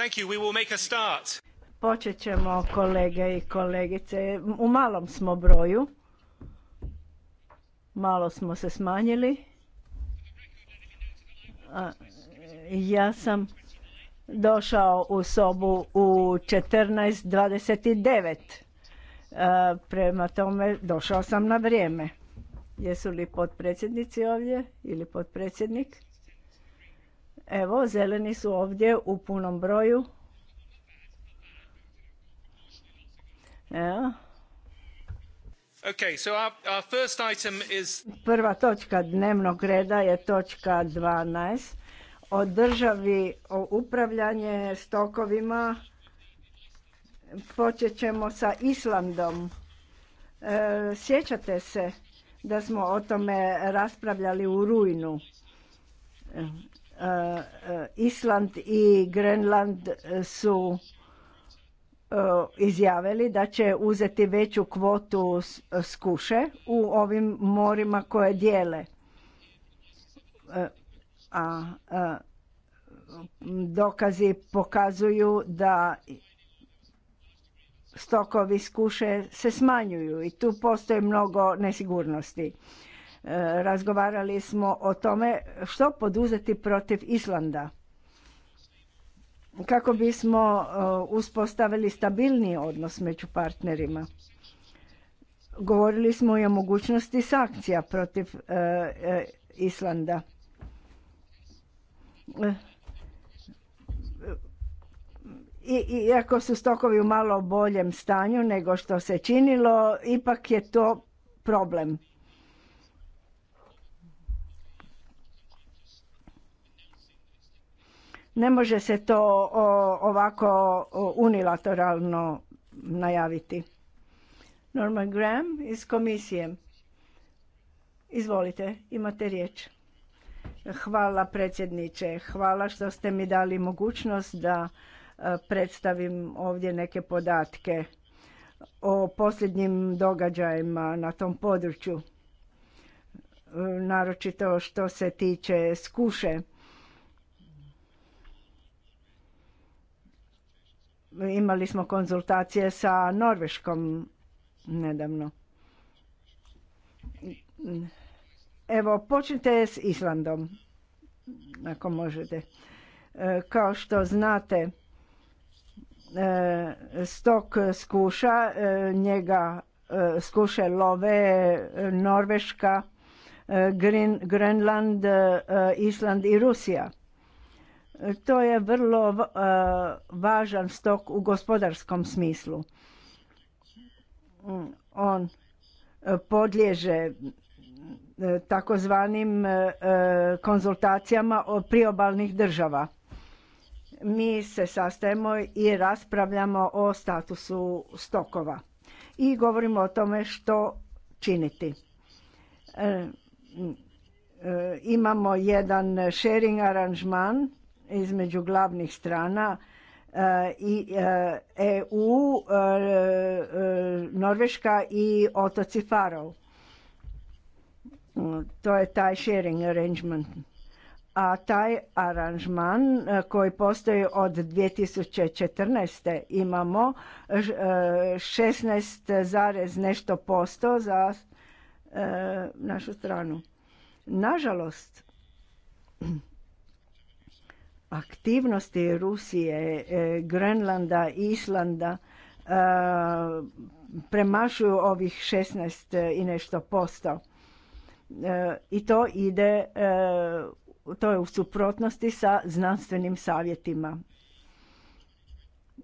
Thank Počet ćemo kolege i kolegice. U malom smo broju. Malo smo se smanjili. Ja sam došao u sobu u 14.29. Prema tome došao sam na vrijeme. Jesu li potpredsjednici ovdje ili potpredsjednik? Evo, zeleni su ovdje u punom broju. Prva točka dnevnog reda je točka 12 o državi o upravljanje stokovima. Počet ćemo sa Islandom. E, sjećate se da smo o tome raspravljali u rujnu. Eh, Island i Grenland eh, su eh, izjavili da će uzeti veću kvotu skuše u ovim morima koje dijele. A dokazi pokazuju da stokovi skuše se smanjuju i tu postoji mnogo nesigurnosti. E, razgovarali smo o tome što poduzeti protiv Islanda kako bismo e, uspostavili stabilniji odnos među partnerima. Govorili smo i o mogućnosti sankcija protiv e, Islanda. I, iako su stokovi u malo boljem stanju nego što se činilo, ipak je to problem. Ne može se to ovako unilateralno najaviti. Norman Graham iz komisije. Izvolite, imate riječ. Hvala predsjedniče, hvala što ste mi dali mogućnost da e, predstavim ovdje neke podatke o posljednjim događajima na tom području, e, naročito što se tiče skuše Imali smo konzultacije sa Norveškom nedavno. Evo, počnite s Islandom, ako možete. E, kao što znate, e, stok skuša, e, njega skuše love Norveška, Grenland, Island i Rusija. To je vrlo e, važan stok u gospodarskom smislu. Mm, on e, podliježe e, takozvanim konzultacijama od priobalnih država. Mi se sastajemo i raspravljamo o statusu stokova i govorimo o tome što činiti. Mm, imamo jedan sharing aranžman između glavnih strana e, i EU, e e, Norveška i otoci Farov. Mm, to je taj sharing arrangement. A taj aranžman koji postoji od 2014. imamo 16, nešto posto za našu stranu. Nažalost, aktivnosti Rusije, e, Grenlanda i Islanda e, premašuju ovih 16 e, i nešto posto. I to ide, to je u suprotnosti sa znanstvenim savjetima.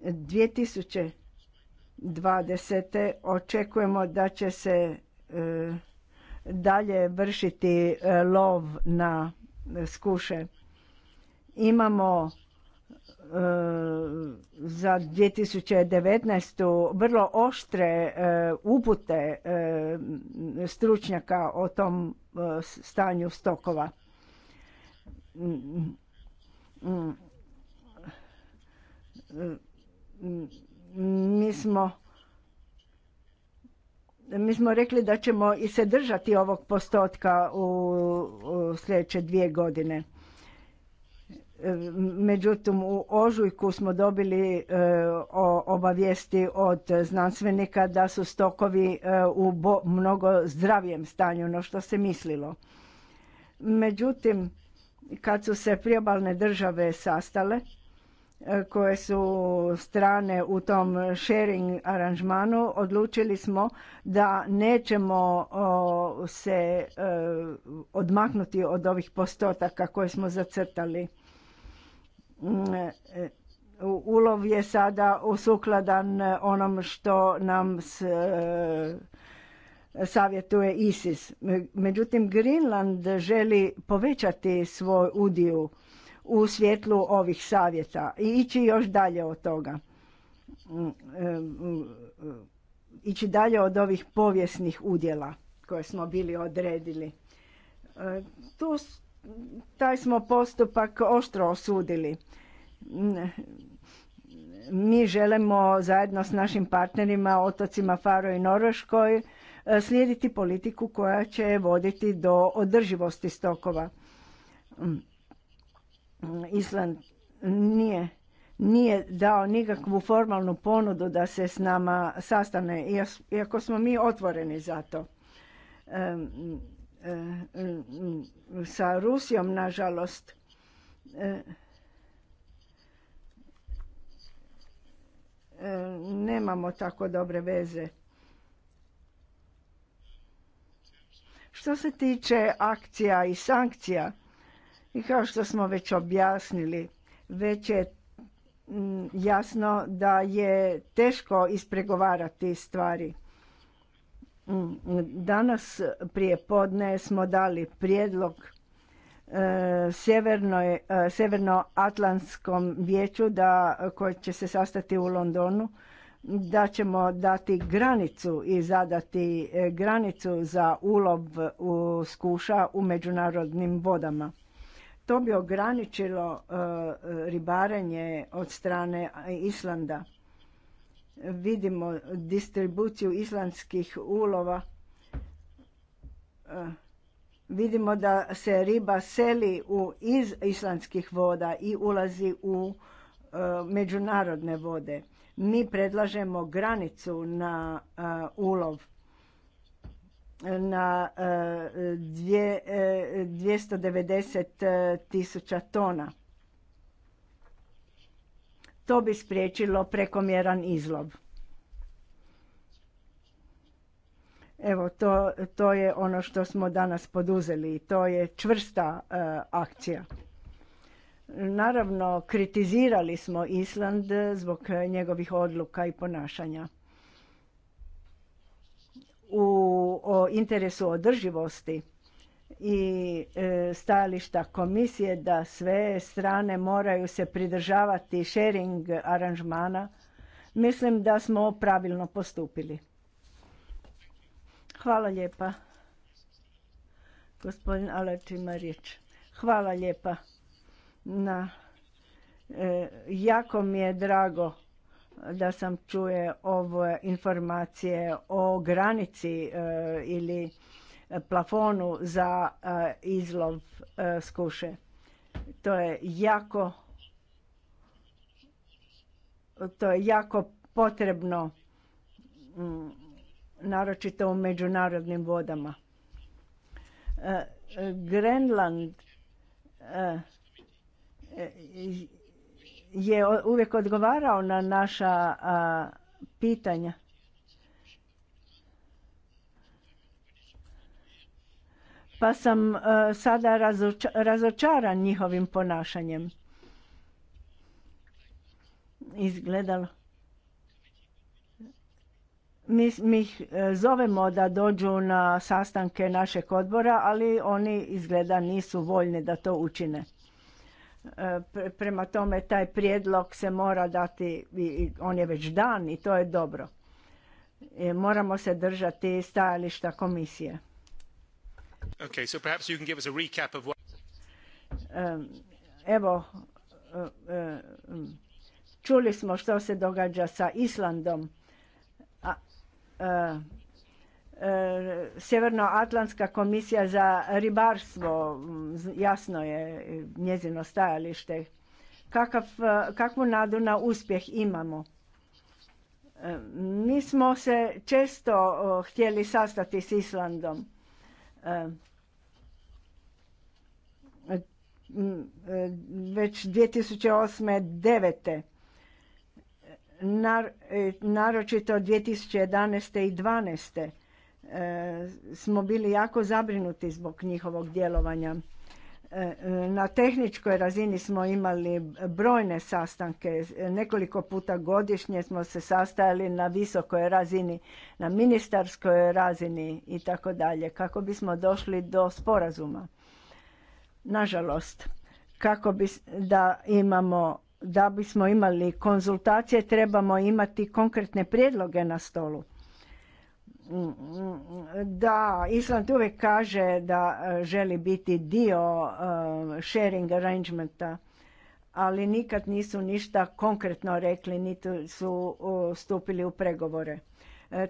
2020. očekujemo da će se dalje vršiti lov na skuše Imamo e, za 2019. vrlo oštre e, upute e, stručnjaka o tom stanju stokova. Mi smo mi smo rekli da ćemo i se držati ovog postotka u sljedeće dvije godine. Međutim, u ožujku smo dobili e, obavijesti od znanstvenika da su stokovi e, u mnogo zdravijem stanju no što se mislilo. Međutim, kad su se priobalne države sastale, e, koje su strane u tom sharing aranžmanu, odlučili smo da nećemo se odmaknuti od ovih postotaka koje smo zacrtali. Mm, e, e, ulov je sada usukladan e, onom što nam s, savjetuje ISIS. Međutim, Greenland želi povećati svoj udiju u svjetlu ovih savjeta i ići još dalje od toga. Mm, mm, ići dalje od ovih povijesnih udjela koje smo bili odredili. Tu taj smo postupak oštro osudili. Mi želimo zajedno s našim partnerima, otocima Faro i Norveškoj, e, slijediti politiku koja će voditi do održivosti stokova. Mm. Island nije, nije dao nikakvu formalnu ponudu da se s nama sastane, iako smo mi otvoreni za to. E, Eh, sa Rusijom, nažalost. Eh, eh, nemamo tako dobre veze. Što se tiče akcija i sankcija, i kao što smo već objasnili, već je mm, jasno da je teško ispregovarati stvari. Danas prije podne smo dali prijedlog e, Sjevernoj, e, Severnoatlantskom vijeću da, koje će se sastati u Londonu da ćemo dati granicu i zadati e, granicu za ulov u skuša u međunarodnim vodama. To bi ograničilo ribarenje od strane Islanda vidimo distribuciju islandskih ulova, eh, vidimo da se riba seli u iz islandskih voda i ulazi u eh, međunarodne vode. Mi predlažemo granicu na eh, ulov na 290 tisuća tona. To bi spriječilo prekomjeran izlov. Evo, to, to je ono što smo danas poduzeli. i To je čvrsta e, akcija. Naravno, kritizirali smo Island zbog njegovih odluka i ponašanja. U o interesu održivosti i e, stajališta komisije da sve strane moraju se pridržavati sharing aranžmana, mislim da smo pravilno postupili. Hvala lijepa. Gospodin Aleć ima riječ. Hvala lijepa. Na, e, jako mi je drago da sam čuje ove informacije o granici e, ili plafonu za e, izlov e, skuše. To je jako to je jako potrebno mm, naročito u međunarodnim vodama. E, Grenland je uvijek odgovarao na naša pitanja pa sam e, sada razočaran njihovim ponašanjem. Izgledalo. Mi, ih e, zovemo da dođu na sastanke našeg odbora, ali oni izgleda nisu voljni da to učine. E, prema tome, taj prijedlog se mora dati, on je već dan i to je dobro. Moramo se držati stajališta komisije. Okay, so perhaps you can give us a recap of what... Evo, e, e, čuli smo što se događa sa Islandom. A, e, Sjevernoatlantska komisija za ribarstvo, jasno je njezino stajalište. kakvu nadu na uspjeh imamo? Mi smo se često htjeli sastati s Islandom E, e, već 2008. 9. Nar, e, naročito 2011. i 2012. smo bili jako zabrinuti zbog njihovog djelovanja. Na tehničkoj razini smo imali brojne sastanke, nekoliko puta godišnje smo se sastajali na visokoj razini, na ministarskoj razini i tako dalje, kako bismo došli do sporazuma. Nažalost, kako bi, da imamo da bismo imali konzultacije trebamo imati konkretne prijedloge na stolu da Island uvijek kaže da e, želi biti dio e, sharing arrangementa, ali nikad nisu ništa konkretno rekli, niti su e, stupili u pregovore.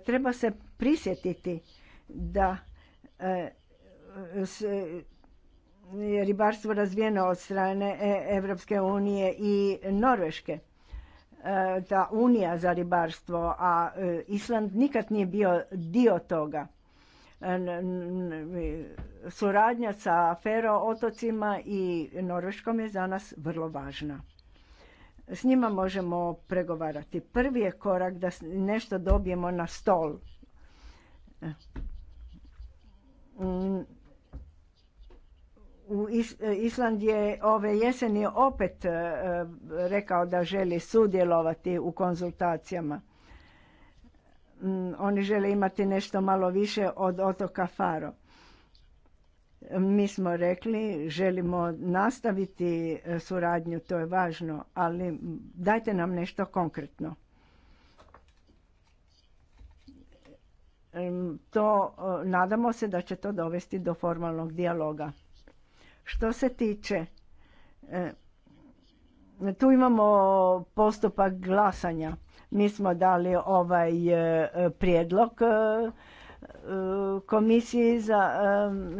Treba se prisjetiti da je ribarstvo razvijeno od strane EU unije i Norveške. E, ta unija za ribarstvo, a e, Island nikad nije bio dio toga. E, suradnja sa Fero otocima i Norveškom je za nas vrlo važna. S njima možemo pregovarati. Prvi je korak da nešto dobijemo na stol u e, Island je ove jeseni opet e, rekao da želi sudjelovati u konzultacijama. Mm, oni žele imati nešto malo više od otoka Faro. Mi smo rekli, želimo nastaviti e, suradnju, to je važno, ali dajte nam nešto konkretno. To, nadamo se da će to dovesti do formalnog dijaloga. Što se tiče, e, tu imamo postupak glasanja. Mi smo dali ovaj e, prijedlog e, komisiji za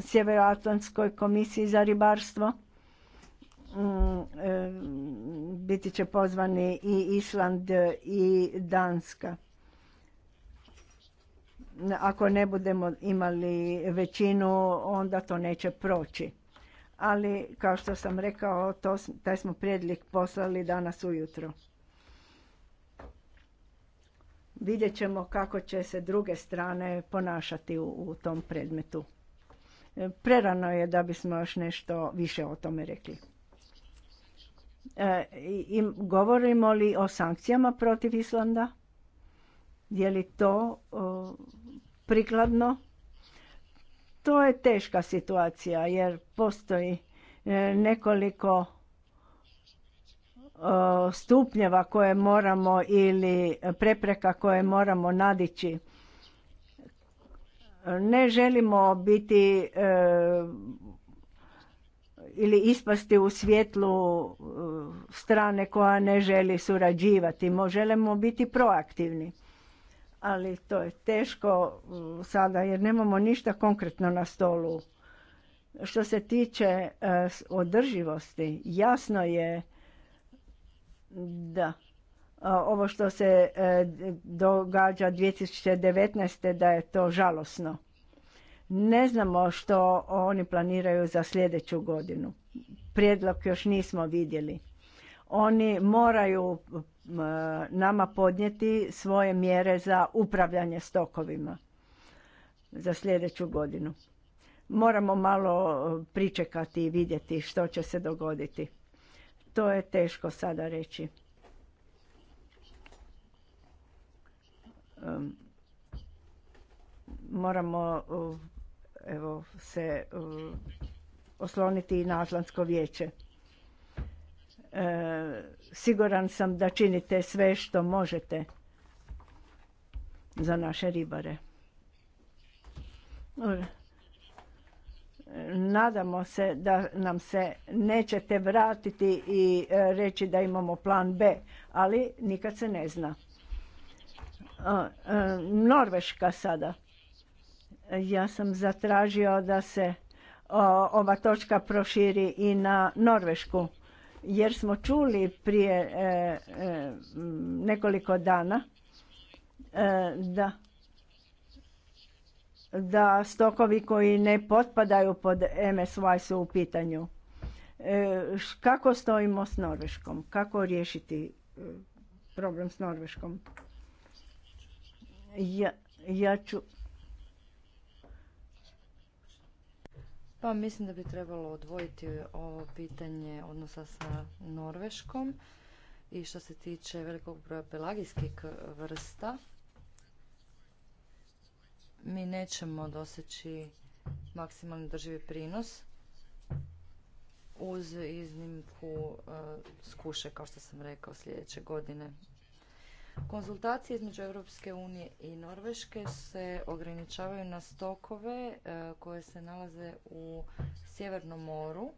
Sjeveroatlantskoj komisiji za ribarstvo. Mm, biti će pozvani i Island i Danska. Ako ne budemo imali većinu, onda to neće proći ali kao što sam rekao, to, taj smo prijedlog poslali danas ujutro. Vidjet ćemo kako će se druge strane ponašati u, tom predmetu. E, prerano je da bismo još nešto više o tome rekli. E, govorimo li o sankcijama protiv Islanda? Je li to prikladno? To je teška situacija jer postoji e, nekoliko e, stupnjeva koje moramo ili prepreka koje moramo nadići. Ne želimo biti e, ili ispasti u svjetlu strane koja ne želi surađivati. Želimo biti proaktivni ali to je teško mm, sada jer nemamo ništa konkretno na stolu. Što se tiče e, održivosti, jasno je da e, ovo što se e, događa 2019. da je to žalosno. Ne znamo što oni planiraju za sljedeću godinu. Prijedlog još nismo vidjeli. Oni moraju nama podnijeti svoje mjere za upravljanje stokovima za sljedeću godinu. Moramo malo pričekati i vidjeti što će se dogoditi. To je teško sada reći. Moramo evo, se osloniti i na Atlantsko vijeće. E, siguran sam da činite sve što možete za naše ribare. E, nadamo se da nam se nećete vratiti i e, reći da imamo plan B, ali nikad se ne zna. Norveška sada. Ja sam zatražio da se ova točka proširi i na Norvešku jer smo čuli prije e, e, nekoliko dana e, da da stokovi koji ne potpadaju pod MSY su u pitanju. Kako stojimo s Norveškom? Kako riješiti problem s Norveškom? Ja, ja ću Pa mislim da bi trebalo odvojiti ovo pitanje odnosa sa Norveškom i što se tiče velikog broja pelagijskih vrsta. Mi nećemo doseći maksimalni drživi prinos uz iznimku e, skuše, kao što sam rekao, sljedeće godine. Konzultacije između Europske unije i Norveške se ograničavaju na stokove e, koje se nalaze u Sjevernom moru,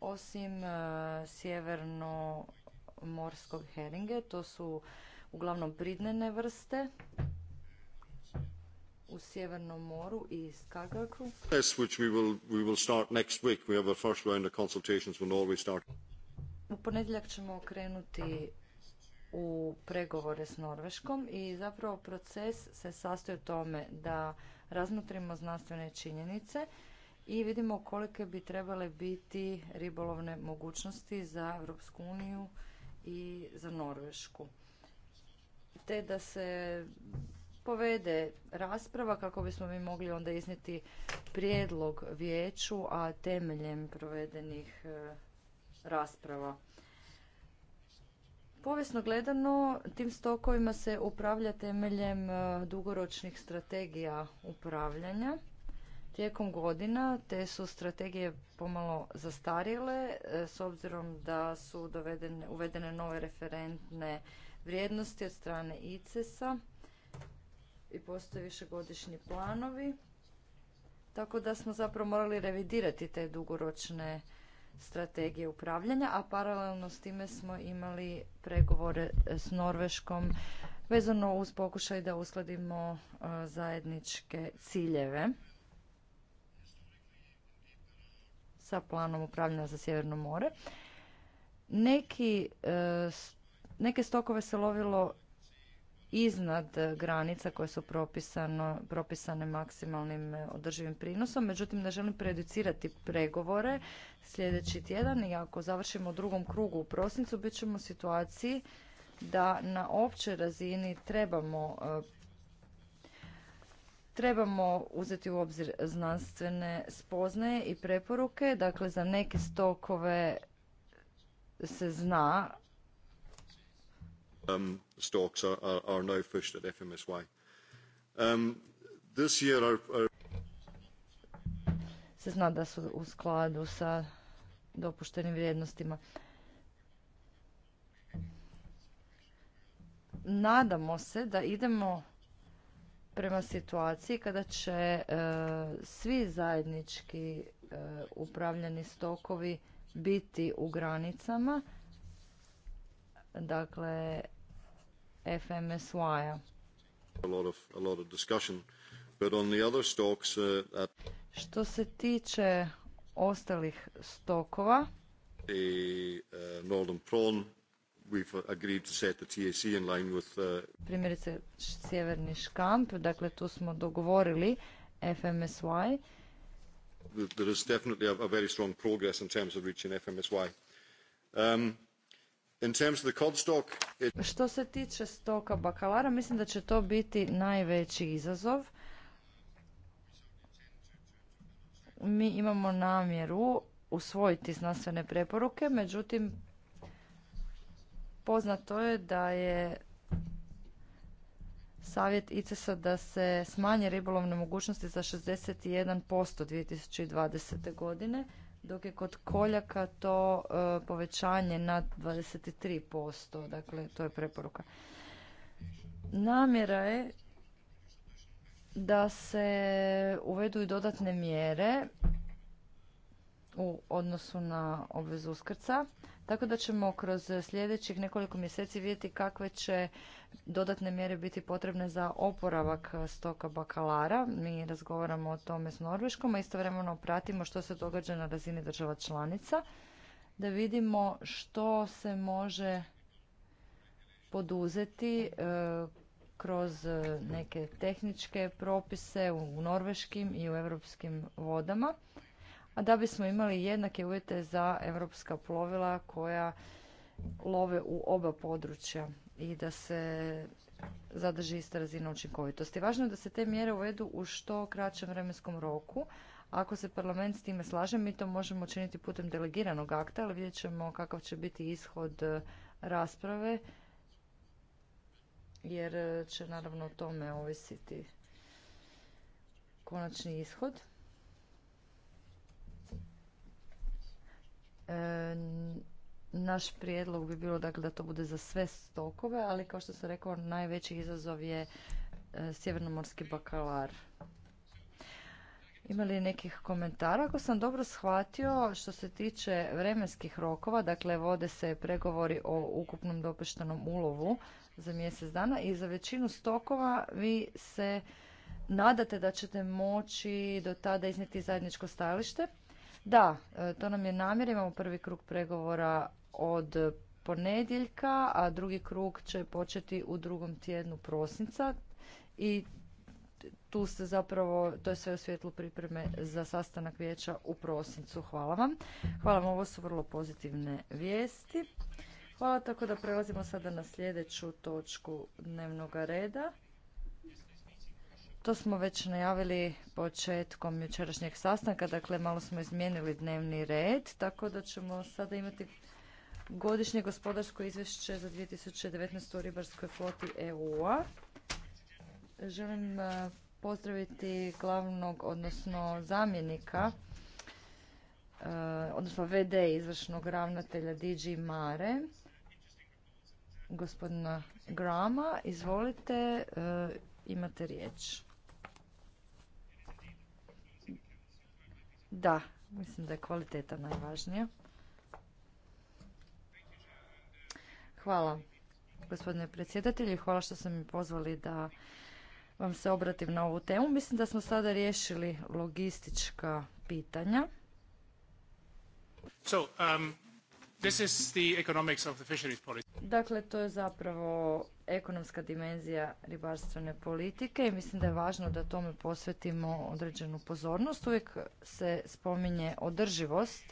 osim e, sjeverno-morskog heringe. To su uglavnom pridnene vrste u Sjevernom moru i Skagerraku. U ponedjeljak ćemo krenuti u pregovore s Norveškom i zapravo proces se sastoji u tome da razmotrimo znanstvene činjenice i vidimo kolike bi trebale biti ribolovne mogućnosti za Europsku uniju i za Norvešku. Te da se povede rasprava kako bismo mi mogli onda iznijeti prijedlog vijeću, a temeljem provedenih e, rasprava. Povijesno gledano, tim stokovima se upravlja temeljem e, dugoročnih strategija upravljanja. Tijekom godina te su strategije pomalo zastarjele e, s obzirom da su dovedene, uvedene nove referentne vrijednosti od strane ICES-a i postoje višegodišnji planovi. Tako da smo zapravo morali revidirati te dugoročne strategije upravljanja, a paralelno s time smo imali pregovore s Norveškom vezano uz pokušaj da uskladimo e, zajedničke ciljeve sa planom upravljanja za Sjeverno more. Neki, e, neke stokove se lovilo iznad granica koje su propisane maksimalnim e, održivim prinosom. Međutim, ne želim prejudicirati pregovore sljedeći tjedan i ako završimo u drugom krugu u prosincu, bit ćemo u situaciji da na općoj razini trebamo e, trebamo uzeti u obzir znanstvene spoznaje i preporuke. Dakle, za neke stokove se zna um, stocks are, now at FMSY. Um, this year se zna da su u skladu sa dopuštenim vrijednostima. Nadamo se da idemo prema situaciji kada će e, svi zajednički e, upravljani stokovi biti u granicama. Dakle, FMSY-a. Uh, Što se tiče ostalih stokova, uh, uh, agreed to set in primjerice sjeverni škamp, dakle tu smo dogovorili FMSY. There is definitely a very strong progress in terms of reaching FMSY. Um, što se tiče stoka bakalara, mislim da će to biti najveći izazov. Mi imamo namjeru usvojiti znanstvene preporuke, međutim, poznato je da je savjet ICES-a da se smanje ribolovne mogućnosti za 61% 2020. godine dok je kod koljaka to e, povećanje na 23%, dakle to je preporuka. Namjera je da se uvedu i dodatne mjere u odnosu na obvezu uskrca. Tako da ćemo kroz sljedećih nekoliko mjeseci vidjeti kakve će dodatne mjere biti potrebne za oporavak stoka bakalara. Mi razgovaramo o tome s Norveškom, a istovremeno pratimo što se događa na razini država članica, da vidimo što se može poduzeti e, kroz neke tehničke propise u norveškim i u europskim vodama a da bismo imali jednake uvjete za europska plovila koja love u oba područja i da se zadrži ista razina učinkovitosti. Važno je da se te mjere uvedu u što kraćem vremenskom roku. Ako se parlament s time slaže, mi to možemo učiniti putem delegiranog akta, ali vidjet ćemo kakav će biti ishod e, rasprave, jer e, će naravno o tome ovisiti konačni ishod. E, naš prijedlog bi bilo dakle, da to bude za sve stokove, ali kao što sam rekao, najveći izazov je e, sjevernomorski bakalar. Ima li nekih komentara? Ako sam dobro shvatio, što se tiče vremenskih rokova, dakle vode se pregovori o ukupnom dopuštenom ulovu za mjesec dana i za većinu stokova vi se nadate da ćete moći do tada iznijeti zajedničko stajalište. Da, e, to nam je namjer. Imamo prvi krug pregovora od ponedjeljka, a drugi krug će početi u drugom tjednu prosinca i tu se zapravo, to je sve u svjetlu pripreme za sastanak vijeća u prosincu. Hvala vam. Hvala vam, ovo su vrlo pozitivne vijesti. Hvala, tako da prelazimo sada na sljedeću točku dnevnog reda. To smo već najavili početkom jučerašnjeg sastanka, dakle malo smo izmijenili dnevni red, tako da ćemo sada imati godišnje gospodarsko izvješće za 2019. u ribarskoj floti EU-a. Želim e, pozdraviti glavnog, odnosno zamjenika, e, odnosno VD izvršnog ravnatelja DG Mare, gospodina Grama. Izvolite, e, imate riječ. Da, mislim da je kvaliteta najvažnija. Hvala gospodine predsjedatelji, hvala što ste mi pozvali da vam se obratim na ovu temu. Mislim da smo sada riješili logistička pitanja. Um, Dakle, to je zapravo ekonomska dimenzija ribarstvene politike i mislim da je važno da tome posvetimo određenu pozornost. Uvijek se spominje održivost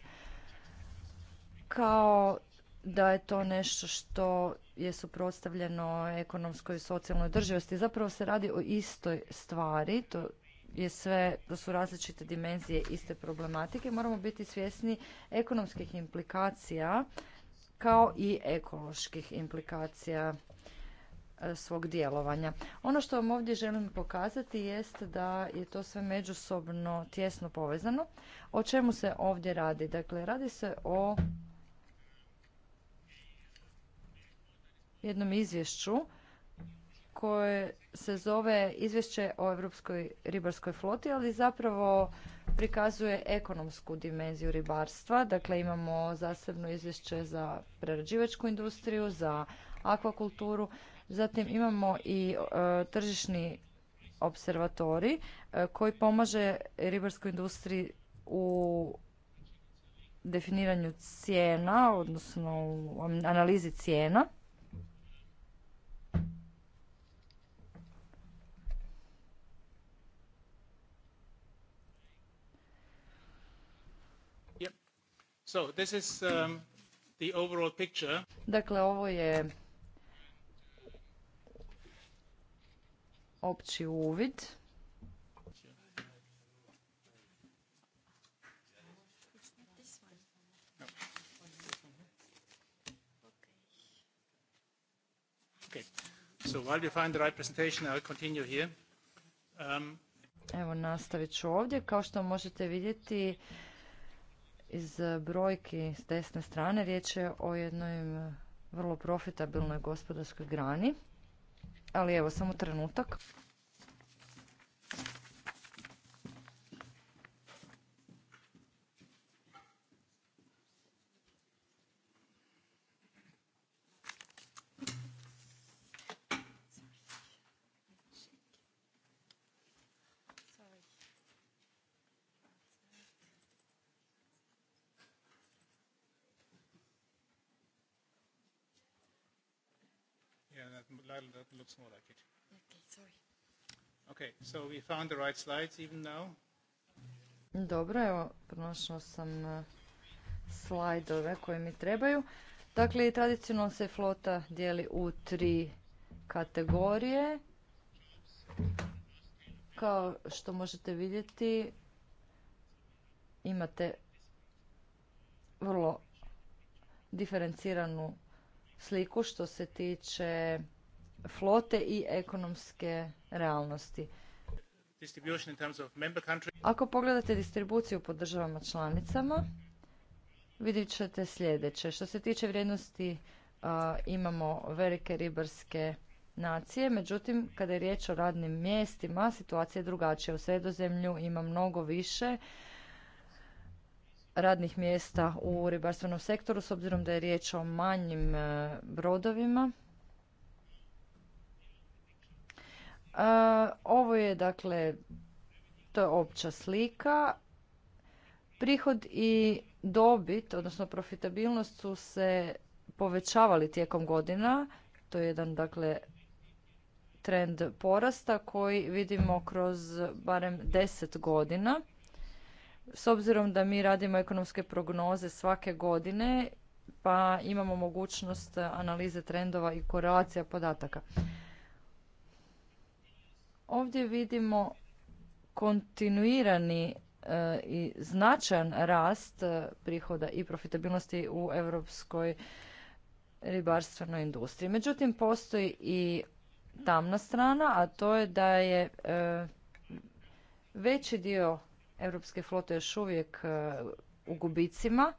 kao da je to nešto što je suprotstavljeno ekonomskoj i socijalnoj održivosti. Zapravo se radi o istoj stvari, to je sve, da su različite dimenzije iste problematike. Moramo biti svjesni ekonomskih implikacija kao i ekoloških implikacija e, svog djelovanja. Ono što vam ovdje želim pokazati jest da je to sve međusobno tjesno povezano. O čemu se ovdje radi? Dakle, radi se o jednom izvješću koje se zove Izvješće o Europskoj ribarskoj floti, ali zapravo prikazuje ekonomsku dimenziju ribarstva. Dakle, imamo zasebno izvješće za prerađivačku industriju, za akvakulturu. Zatim imamo i e, tržišni observatori e, koji pomaže ribarskoj industriji u definiranju cijena, odnosno u analizi cijena. So, this is, um, the overall picture. Dakle, ovo je opći uvid. So while we find the right presentation, I'll continue here. Um... Evo nastavit ću ovdje. Kao što možete vidjeti, iz brojki s desne strane riječ je o jednoj eh, vrlo profitabilnoj gospodarskoj grani. Ali evo, samo trenutak. Okay, so we found the right slides even now. Dobro, evo, pronašao sam e, slajdove koje mi trebaju. Dakle, tradicionalno se flota dijeli u tri kategorije. Kao što možete vidjeti, imate vrlo diferenciranu sliku što se tiče flote i ekonomske realnosti. Ako pogledate distribuciju po državama članicama, vidjet ćete sljedeće. Što se tiče vrijednosti imamo velike ribarske nacije, međutim kada je riječ o radnim mjestima situacija je drugačija. U sredozemlju ima mnogo više radnih mjesta u ribarstvenom sektoru s obzirom da je riječ o manjim e, brodovima Ovo je dakle, to je opća slika. Prihod i dobit, odnosno profitabilnost su se povećavali tijekom godina. To je jedan dakle trend porasta koji vidimo kroz barem 10 godina. S obzirom da mi radimo ekonomske prognoze svake godine, pa imamo mogućnost analize trendova i korelacija podataka. Ovdje vidimo kontinuirani e, i značajan rast e, prihoda i profitabilnosti u europskoj ribarstvenoj industriji. Međutim, postoji i tamna strana, a to je da je e, veći dio evropske flote još uvijek u gubicima.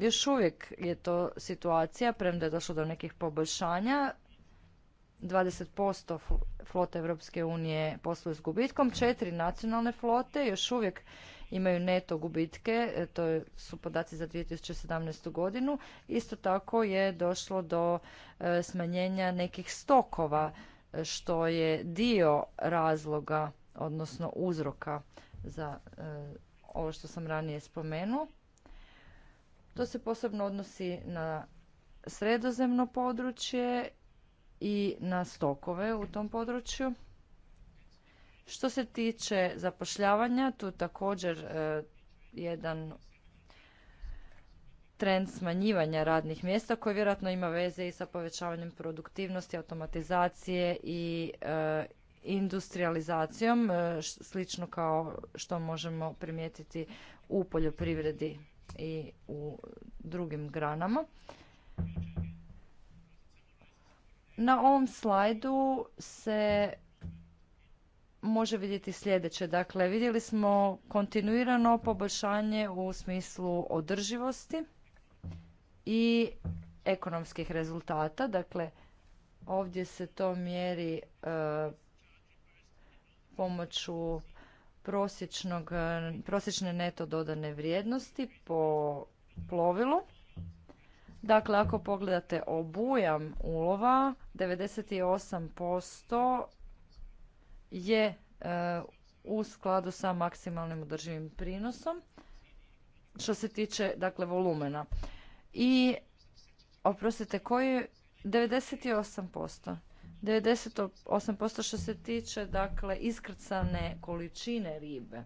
još uvijek je to situacija, premda je došlo do nekih poboljšanja. 20% flote Europske unije posluje s gubitkom, četiri nacionalne flote još uvijek imaju neto gubitke, e, to su podaci za 2017. godinu. Isto tako je došlo do e, smanjenja nekih stokova e, što je dio razloga, odnosno uzroka za ovo što sam ranije spomenuo. To se posebno odnosi na sredozemno područje i na stokove u tom području. Što se tiče zapošljavanja, tu također e, jedan trend smanjivanja radnih mjesta koji vjerojatno ima veze i sa povećavanjem produktivnosti, automatizacije i e, industrializacijom, e, slično kao što možemo primijetiti u poljoprivredi i u drugim granama. Na ovom slajdu se može vidjeti sljedeće. Dakle, vidjeli smo kontinuirano poboljšanje u smislu održivosti i ekonomskih rezultata. Dakle, ovdje se to mjeri e, pomoću e, prosječne neto dodane vrijednosti po plovilu. Dakle, ako pogledate obujam ulova, 98% je e, u skladu sa maksimalnim održivim prinosom što se tiče dakle volumena. I oprostite koji je 98%. 98% što se tiče dakle iskrcane količine ribe.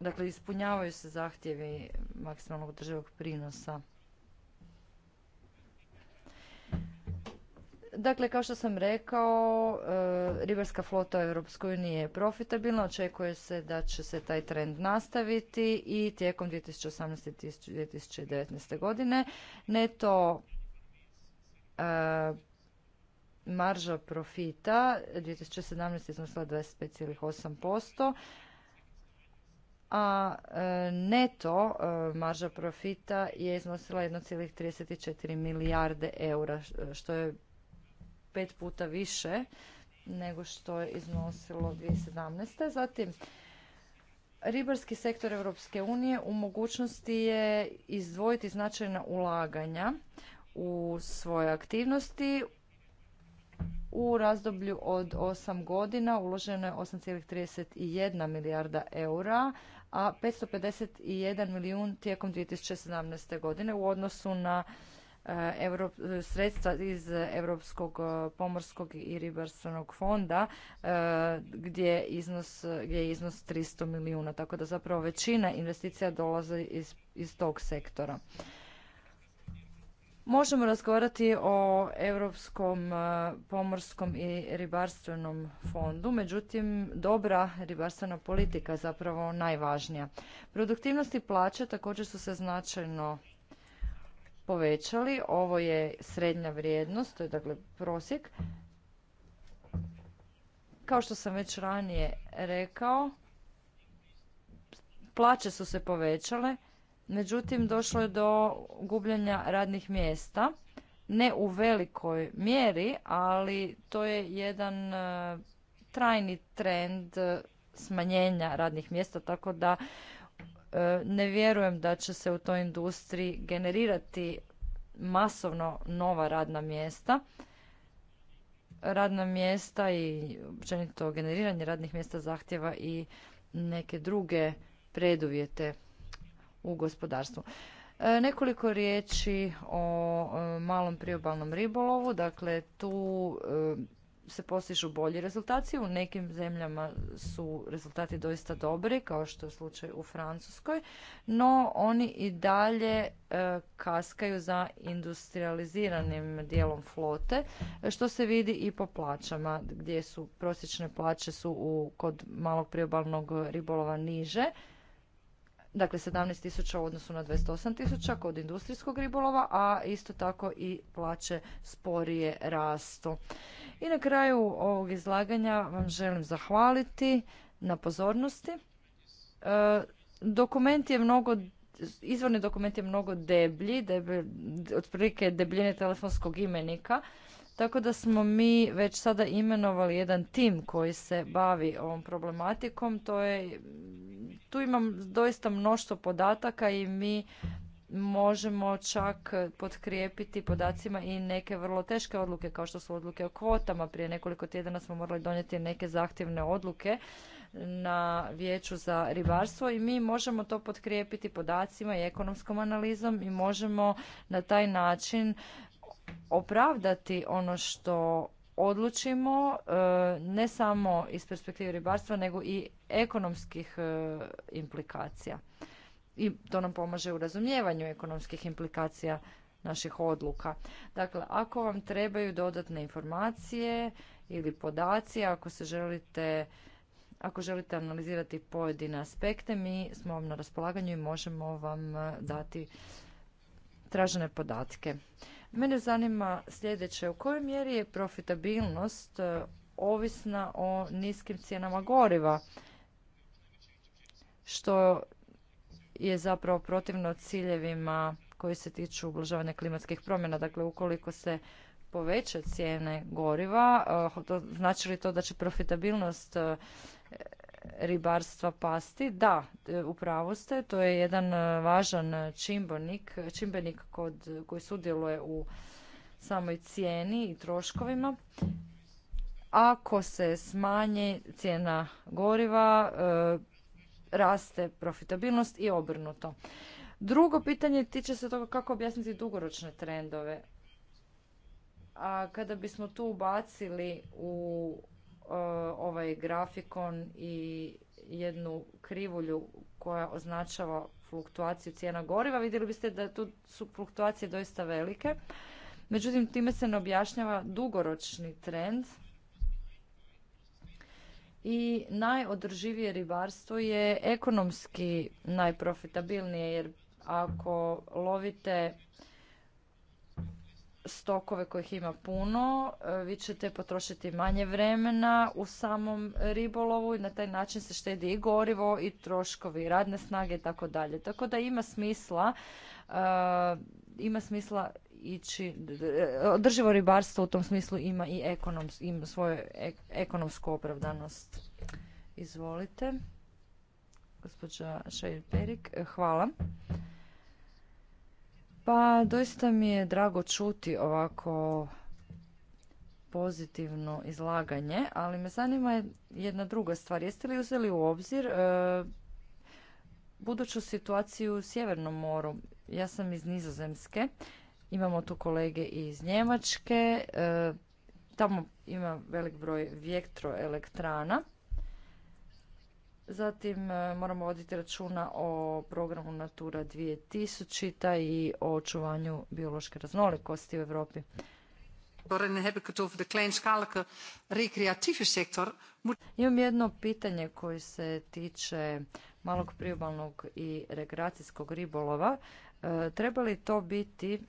Dakle, ispunjavaju se zahtjevi maksimalnog državog prinosa. Dakle, kao što sam rekao, e, ribarska flota u Europskoj uniji je profitabilna, očekuje se da će se taj trend nastaviti i tijekom 2018. i 2019. godine neto e, marža profita 2017. iznosila 25,8%, a e, neto e, marža profita je iznosila 1,34 milijarde eura, što je pet puta više nego što je iznosilo 2017. Zatim, ribarski sektor Europske unije u mogućnosti je izdvojiti značajna ulaganja u svoje aktivnosti. U razdoblju od 8 godina uloženo je 8,31 milijarda eura, a 551 milijun tijekom 2017. godine u odnosu na e, sredstva iz Europskog e, pomorskog i ribarstvenog fonda e, gdje je iznos 300 milijuna, tako da zapravo većina investicija dolazi iz tog sektora. Možemo razgovarati o Europskom e, pomorskom i ribarstvenom fondu, međutim dobra ribarstvena politika je zapravo najvažnija. Produktivnost i plaće također su se značajno povećali. Ovo je srednja vrijednost, to je dakle prosjek. Kao što sam već ranije rekao, plaće su se povećale međutim došlo je do gubljenja radnih mjesta. Ne u velikoj mjeri, ali to je jedan e, trajni trend e, smanjenja radnih mjesta, tako da e, ne vjerujem da će se u toj industriji generirati masovno nova radna mjesta. Radna mjesta i općenito generiranje radnih mjesta zahtjeva i neke druge preduvjete u gospodarstvu. E, nekoliko riječi o e, malom priobalnom ribolovu. Dakle, tu e, se postižu bolji rezultati. U nekim zemljama su rezultati doista dobri, kao što je slučaj u Francuskoj, no oni i dalje kaskaju za industrializiranim dijelom flote, što se vidi i po plaćama, gdje su prosječne plaće su kod malog priobalnog ribolova niže dakle 17 tisuća u odnosu na 28 tisuća kod industrijskog ribolova, a isto tako i plaće sporije rastu. I na kraju ovog izlaganja vam želim zahvaliti na pozornosti. E, dokument je mnogo izvorni dokument je mnogo deblji, otprilike debljine telefonskog imenika, tako da smo mi već sada imenovali jedan tim koji se bavi ovom problematikom. To je, tu imam doista mnoštvo podataka i mi možemo čak potkrijepiti podacima i neke vrlo teške odluke kao što su odluke o kvotama. Prije nekoliko tjedana smo morali donijeti neke zahtjevne odluke na vijeću za ribarstvo i mi možemo to potkrijepiti podacima i ekonomskom analizom i možemo na taj način opravdati ono što odlučimo e, ne samo iz perspektive ribarstva nego i ekonomskih e, implikacija. I to nam pomaže u razumijevanju ekonomskih implikacija naših odluka. Dakle, ako vam trebaju dodatne informacije ili podaci, ako se želite ako želite analizirati pojedine aspekte, mi smo vam na raspolaganju i možemo vam e, dati tražene podatke. Mene zanima sljedeće, u kojoj mjeri je profitabilnost e, ovisna o niskim cijenama goriva, što je zapravo protivno ciljevima koji se tiču ublažavanja klimatskih promjena. Dakle, ukoliko se poveća cijene goriva, e, znači li to da će profitabilnost e, ribarstva pasti. Da, e, upravo ste, to je jedan e, važan čimbenik, čimbenik kod, koji sudjeluje u samoj cijeni i troškovima. Ako se smanje cijena goriva, e, raste profitabilnost i obrnuto. Drugo pitanje tiče se toga kako objasniti dugoročne trendove. A kada bismo tu ubacili u E, ovaj grafikon i jednu krivulju koja označava fluktuaciju cijena goriva, vidjeli biste da tu su fluktuacije doista velike. Međutim, time se ne objašnjava dugoročni trend i najodrživije ribarstvo je ekonomski najprofitabilnije jer ako lovite stokove kojih ima puno, e, vi ćete potrošiti manje vremena u samom ribolovu i na taj način se štedi i gorivo i troškovi radne snage i tako dalje. Tako da ima smisla e, ima smisla ići e, održivo ribarstvo u tom smislu ima i svoju ekonomsku opravdanost. Izvolite. Gospođa šajer Perik, hvala. Pa doista mi je drago čuti ovako pozitivno izlaganje, ali me zanima jedna druga stvar. Jeste li uzeli u obzir e, buduću situaciju u Sjevernom moru? Ja sam iz Nizozemske, imamo tu kolege iz Njemačke, e, tamo ima velik broj vjetroelektrana Zatim e, moramo voditi računa o programu Natura 2000 i o očuvanju biološke raznolikosti u Europi. Imam jedno pitanje koje se tiče malog priobalnog i rekreacijskog ribolova. E, treba li to biti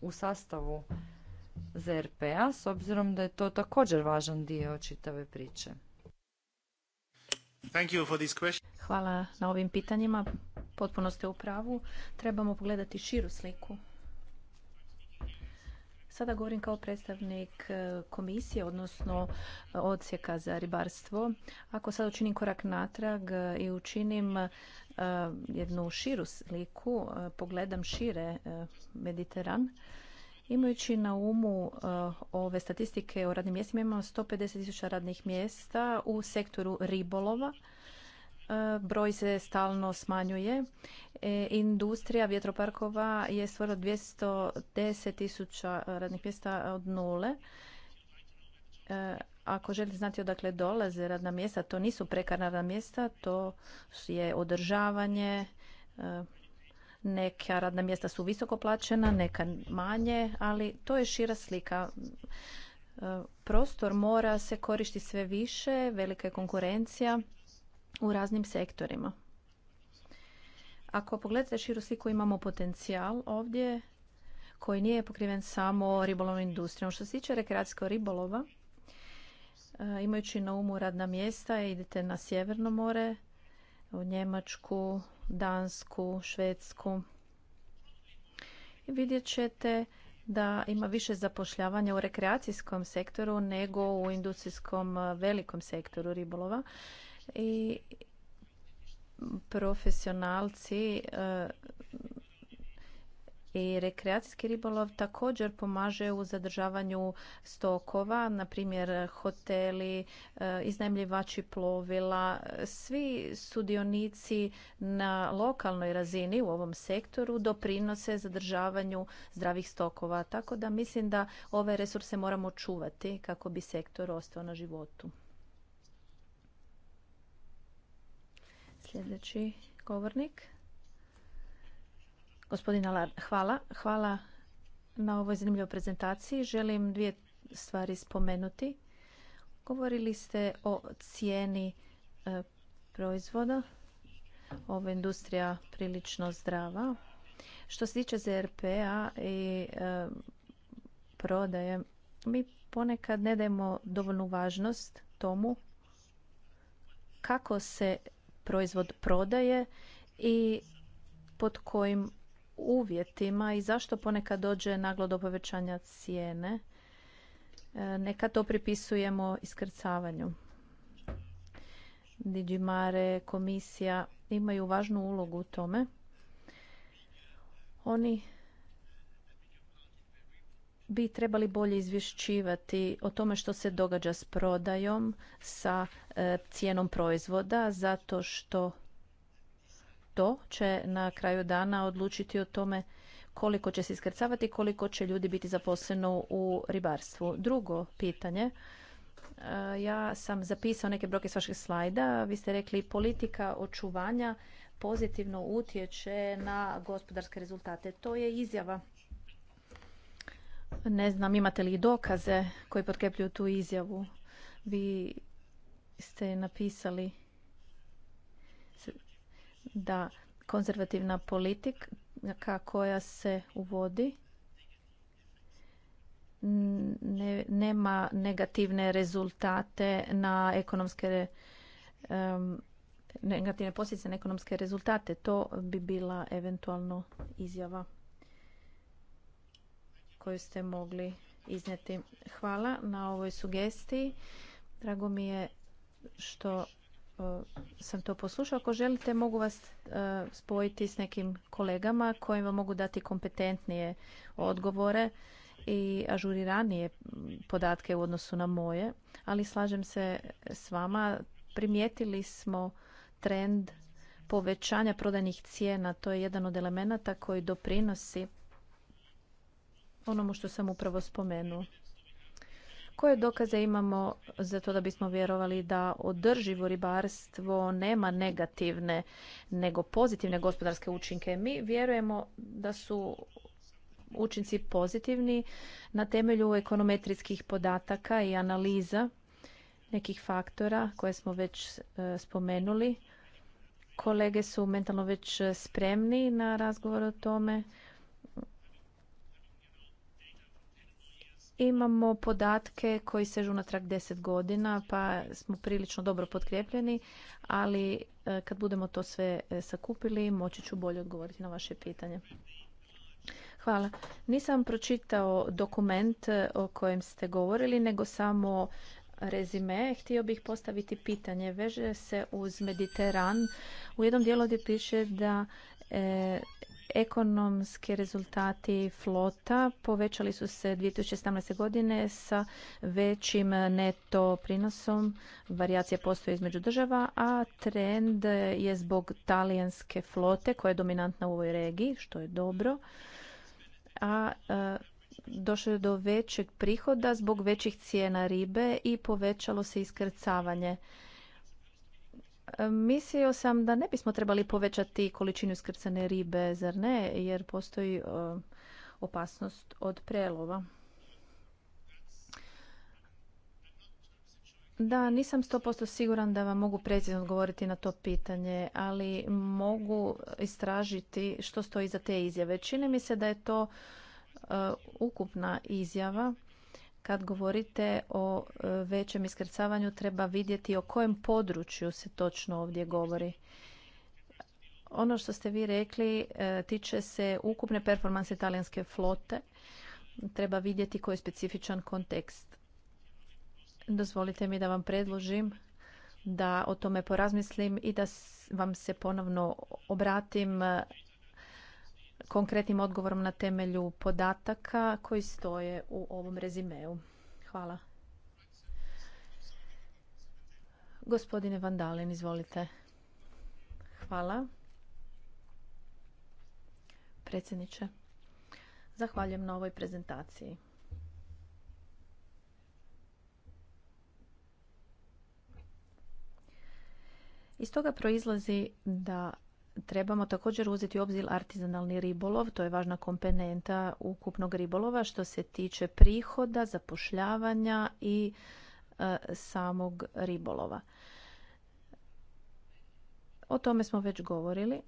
u sastavu ZRP-a s obzirom da je to također važan dio čitave priče? Hvala na ovim pitanjima. Potpuno ste u pravu. Trebamo pogledati širu sliku. Sada govorim kao predstavnik e, komisije, odnosno e, odsjeka za ribarstvo. Ako sad učinim korak natrag e, i učinim jednu širu sliku, pogledam šire Mediteran, Imajući na umu e, ove statistike o radnim mjestima, imamo 150.000 radnih mjesta u sektoru ribolova. E, broj se stalno smanjuje. E, industrija vjetroparkova je stvorila 210.000 radnih mjesta od nule. Ako želite znati odakle dolaze radna mjesta, to nisu prekarna radna mjesta, to je održavanje, neka radna mjesta su visoko plaćena, neka manje, ali to je šira slika. E, prostor mora se koristi sve više, velika je konkurencija u raznim sektorima. Ako pogledate širu sliku, imamo potencijal ovdje koji nije pokriven samo ribolovnom industrijom. Što se tiče rekreacijskog ribolova, e, imajući na umu radna mjesta, idete na Sjeverno more, u Njemačku, Dansku, Švedsku. I vidjet ćete da ima više zapošljavanja u rekreacijskom sektoru nego u industrijskom e, velikom sektoru ribolova. I profesionalci e, i rekreacijski ribolov također pomaže u zadržavanju stokova, na primjer hoteli, e, iznajmljivači plovila, svi sudionici na lokalnoj razini u ovom sektoru doprinose zadržavanju zdravih stokova, tako da mislim da ove resurse moramo čuvati kako bi sektor ostao na životu. Sljedeći govornik. Gospodina Alar, hvala. Hvala na ovoj zanimljivoj prezentaciji. Želim dvije stvari spomenuti. Govorili ste o cijeni e, proizvoda. Ova industrija prilično zdrava. Što se tiče ZRP-a i e, prodaje, mi ponekad ne dajemo dovoljnu važnost tomu kako se proizvod prodaje i pod kojim uvjetima i zašto ponekad dođe naglo do povećanja cijene. E, neka to pripisujemo iskrcavanju. Digimare, komisija imaju važnu ulogu u tome. Oni bi trebali bolje izvješćivati o tome što se događa s prodajom, sa e, cijenom proizvoda, zato što to će na kraju dana odlučiti o tome koliko će se iskrcavati, i koliko će ljudi biti zaposleno u ribarstvu. Drugo pitanje, e, ja sam zapisao neke broke s vaših slajda. Vi ste rekli politika očuvanja pozitivno utječe na gospodarske rezultate. To je izjava. Ne znam imate li dokaze koji potkrepljuju tu izjavu. Vi ste napisali da konzervativna politika koja se uvodi nema negativne rezultate na ekonomske negativne posljedice na ekonomske rezultate. To bi bila eventualno izjava koju ste mogli iznijeti. Hvala na ovoj sugestiji. Drago mi je što E, sam to poslušao. Ako želite mogu vas e, spojiti s nekim kolegama koji vam mogu dati kompetentnije odgovore i ažuriranije podatke u odnosu na moje, ali slažem se s vama. Primijetili smo trend povećanja prodajnih cijena. To je jedan od elemenata koji doprinosi onomu što sam upravo spomenuo. Koje dokaze imamo za to da bismo vjerovali da održivo ribarstvo nema negativne nego pozitivne gospodarske učinke? Mi vjerujemo da su učinci pozitivni na temelju ekonometrijskih podataka i analiza nekih faktora koje smo već e, spomenuli. Kolege su mentalno već e, spremni na razgovor o tome Imamo podatke koji sežu trak deset godina, pa smo prilično dobro potkrepljeni, ali e, kad budemo to sve e, sakupili, moći ću bolje odgovoriti na vaše pitanje. Hvala. Nisam pročitao dokument e, o kojem ste govorili, nego samo rezime. Htio bih postaviti pitanje. Veže se uz Mediteran. U jednom dijelu gdje piše da Ekonomski rezultati flota povećali su se 2017. godine sa većim neto prinosom. Varijacije postoje između država, a trend je zbog talijanske flote koja je dominantna u ovoj regiji, što je dobro. A e, došlo je do većeg prihoda zbog većih cijena ribe i povećalo se iskrcavanje. Mislio sam da ne bismo trebali povećati količinu iskrcane ribe, zar ne? Jer postoji e, opasnost od prelova. Da, nisam 100% siguran da vam mogu precizno odgovoriti na to pitanje, ali mogu istražiti što stoji iza te izjave. Čini mi se da je to e, ukupna izjava kad govorite o e, većem iskrcavanju treba vidjeti o kojem području se točno ovdje govori. Ono što ste vi rekli e, tiče se ukupne performanse talijanske flote. Treba vidjeti koji je specifičan kontekst. Dozvolite mi da vam predložim da o tome porazmislim i da vam se ponovno obratim e, konkretnim odgovorom na temelju podataka koji stoje u ovom rezimeu. Hvala. Gospodine vandalin izvolite. Hvala. Predsjedniče, zahvaljujem na ovoj prezentaciji. Iz toga proizlazi da trebamo također uzeti u obzir artizanalni ribolov, to je važna komponenta ukupnog ribolova što se tiče prihoda, zapošljavanja i e, samog ribolova. O tome smo već govorili,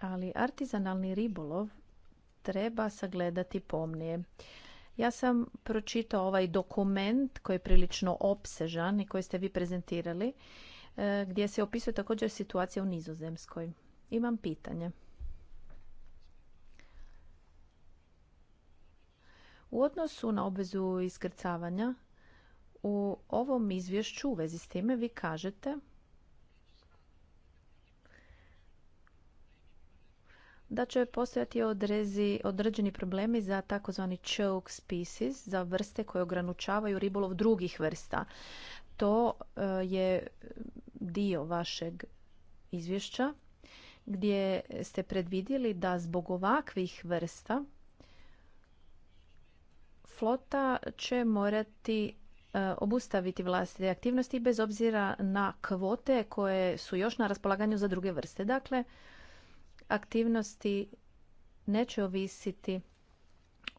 ali artizanalni ribolov treba sagledati pomnije. Ja sam pročitao ovaj dokument koji je prilično opsežan i koji ste vi prezentirali, e, gdje se opisuje također situacija u Nizozemskoj. Imam pitanje. U odnosu na obvezu iskrcavanja, u ovom izvješću u vezi s time vi kažete da će postojati odrezi, određeni problemi za takozvani choke species, za vrste koje ograničavaju ribolov drugih vrsta. To e, je dio vašeg izvješća gdje ste predvidjeli da zbog ovakvih vrsta flota će morati e, obustaviti vlastite aktivnosti bez obzira na kvote koje su još na raspolaganju za druge vrste. Dakle, aktivnosti neće ovisiti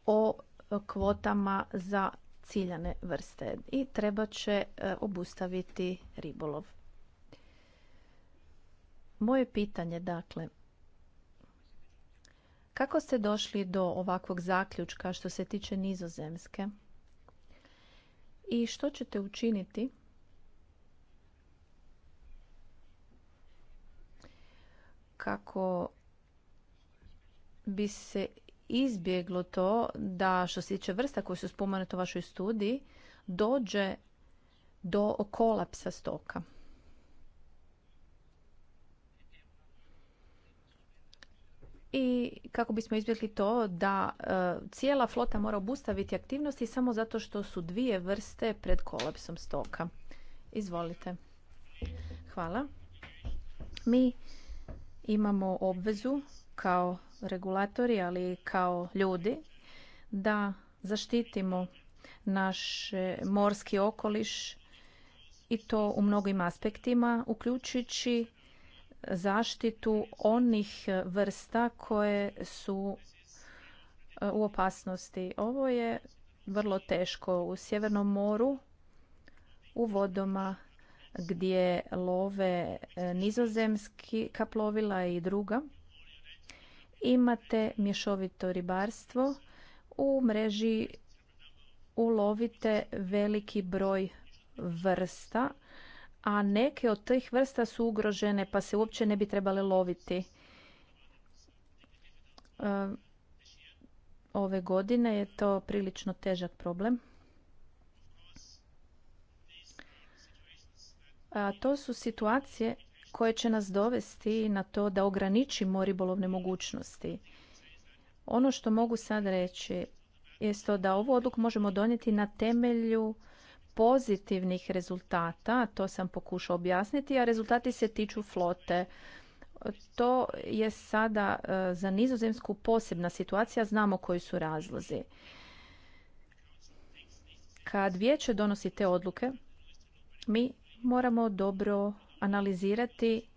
o kvotama za ciljane vrste i treba će e, obustaviti ribolov. Moje pitanje dakle, kako ste došli do ovakvog zaključka što se tiče nizozemske i što ćete učiniti kako bi se izbjeglo to da što se tiče vrsta koje su spomenute u vašoj studiji dođe do kolapsa stoka. i kako bismo izbjegli to da e, cijela flota mora obustaviti aktivnosti samo zato što su dvije vrste pred kolapsom stoka. Izvolite. Hvala. Mi imamo obvezu kao regulatori, ali i kao ljudi da zaštitimo naš morski okoliš i to u mnogim aspektima, uključujući zaštitu onih vrsta koje su e, u opasnosti. Ovo je vrlo teško u Sjevernom moru, u vodama gdje love e, nizozemski kaplovila i druga. Imate mješovito ribarstvo. U mreži ulovite veliki broj vrsta a neke od tih vrsta su ugrožene pa se uopće ne bi trebale loviti. E, ove godine je to prilično težak problem. to su situacije koje će nas dovesti na to da ograničimo ribolovne mogućnosti. Ono što mogu sad reći je to da ovu odluku možemo donijeti na temelju pozitivnih rezultata, to sam pokušao objasniti, a rezultati se tiču flote. To je sada e, za nizozemsku posebna situacija, znamo koji su razlozi. Kad vijeće donosi te odluke, mi moramo dobro analizirati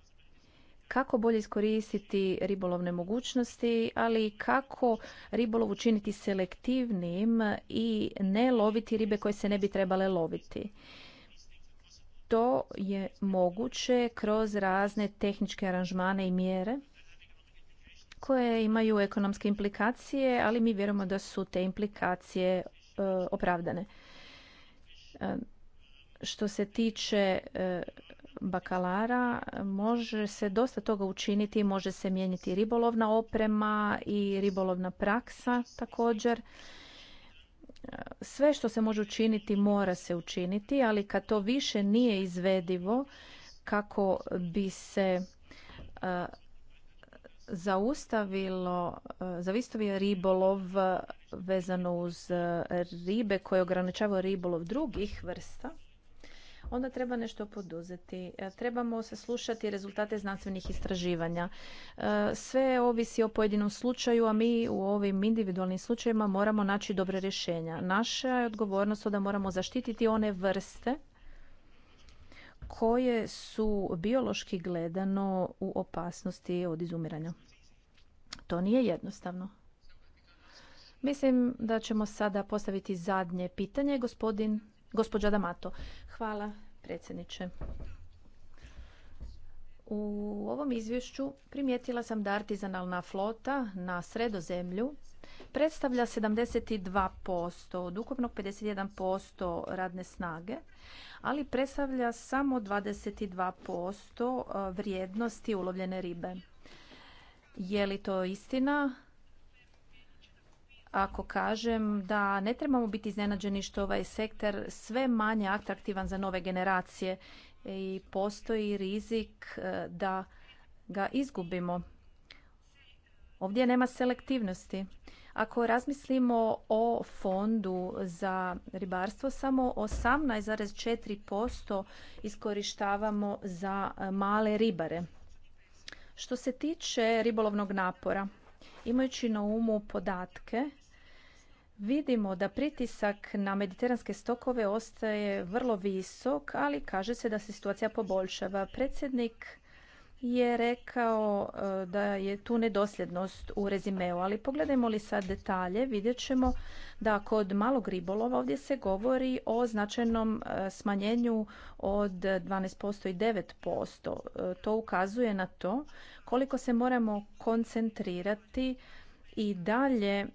kako bolje iskoristiti ribolovne mogućnosti, ali kako ribolov učiniti selektivnim i ne loviti ribe koje se ne bi trebale loviti. To je moguće kroz razne tehničke aranžmane i mjere koje imaju ekonomske implikacije, ali mi vjerujemo da su te implikacije e, opravdane. E, što se tiče e, bakalara može se dosta toga učiniti, može se mijenjati ribolovna oprema i ribolovna praksa također. Sve što se može učiniti mora se učiniti, ali kad to više nije izvedivo kako bi se e, zaustavilo, e, zavistovi ribolov vezano uz ribe koje ograničavaju ribolov drugih vrsta, onda treba nešto poduzeti. E, trebamo se slušati rezultate znanstvenih istraživanja. E, sve ovisi o pojedinom slučaju, a mi u ovim individualnim slučajevima moramo naći dobre rješenja. Naša je odgovornost da moramo zaštititi one vrste koje su biološki gledano u opasnosti od izumiranja. To nije jednostavno. Mislim da ćemo sada postaviti zadnje pitanje. Gospodin Gospođa Damato. Hvala predsjedniče. U ovom izvješću primijetila sam da artizanalna flota na sredozemlju predstavlja 72% od ukupnog 51% radne snage, ali predstavlja samo 22% eh, vrijednosti ulovljene ribe. Je li to istina? ako kažem da ne trebamo biti iznenađeni što ovaj sektor sve manje atraktivan za nove generacije i postoji rizik e, da ga izgubimo. Ovdje nema selektivnosti. Ako razmislimo o fondu za ribarstvo, samo 18,4% iskorištavamo za e, male ribare. Što se tiče ribolovnog napora, imajući na umu podatke Vidimo da pritisak na mediteranske stokove ostaje vrlo visok, ali kaže se da se situacija poboljšava. Predsjednik je rekao e, da je tu nedosljednost u rezimeu, ali pogledajmo li sad detalje, vidjet ćemo da kod malog ribolova ovdje se govori o značajnom e, smanjenju od 12% i 9%. E, to ukazuje na to koliko se moramo koncentrirati i dalje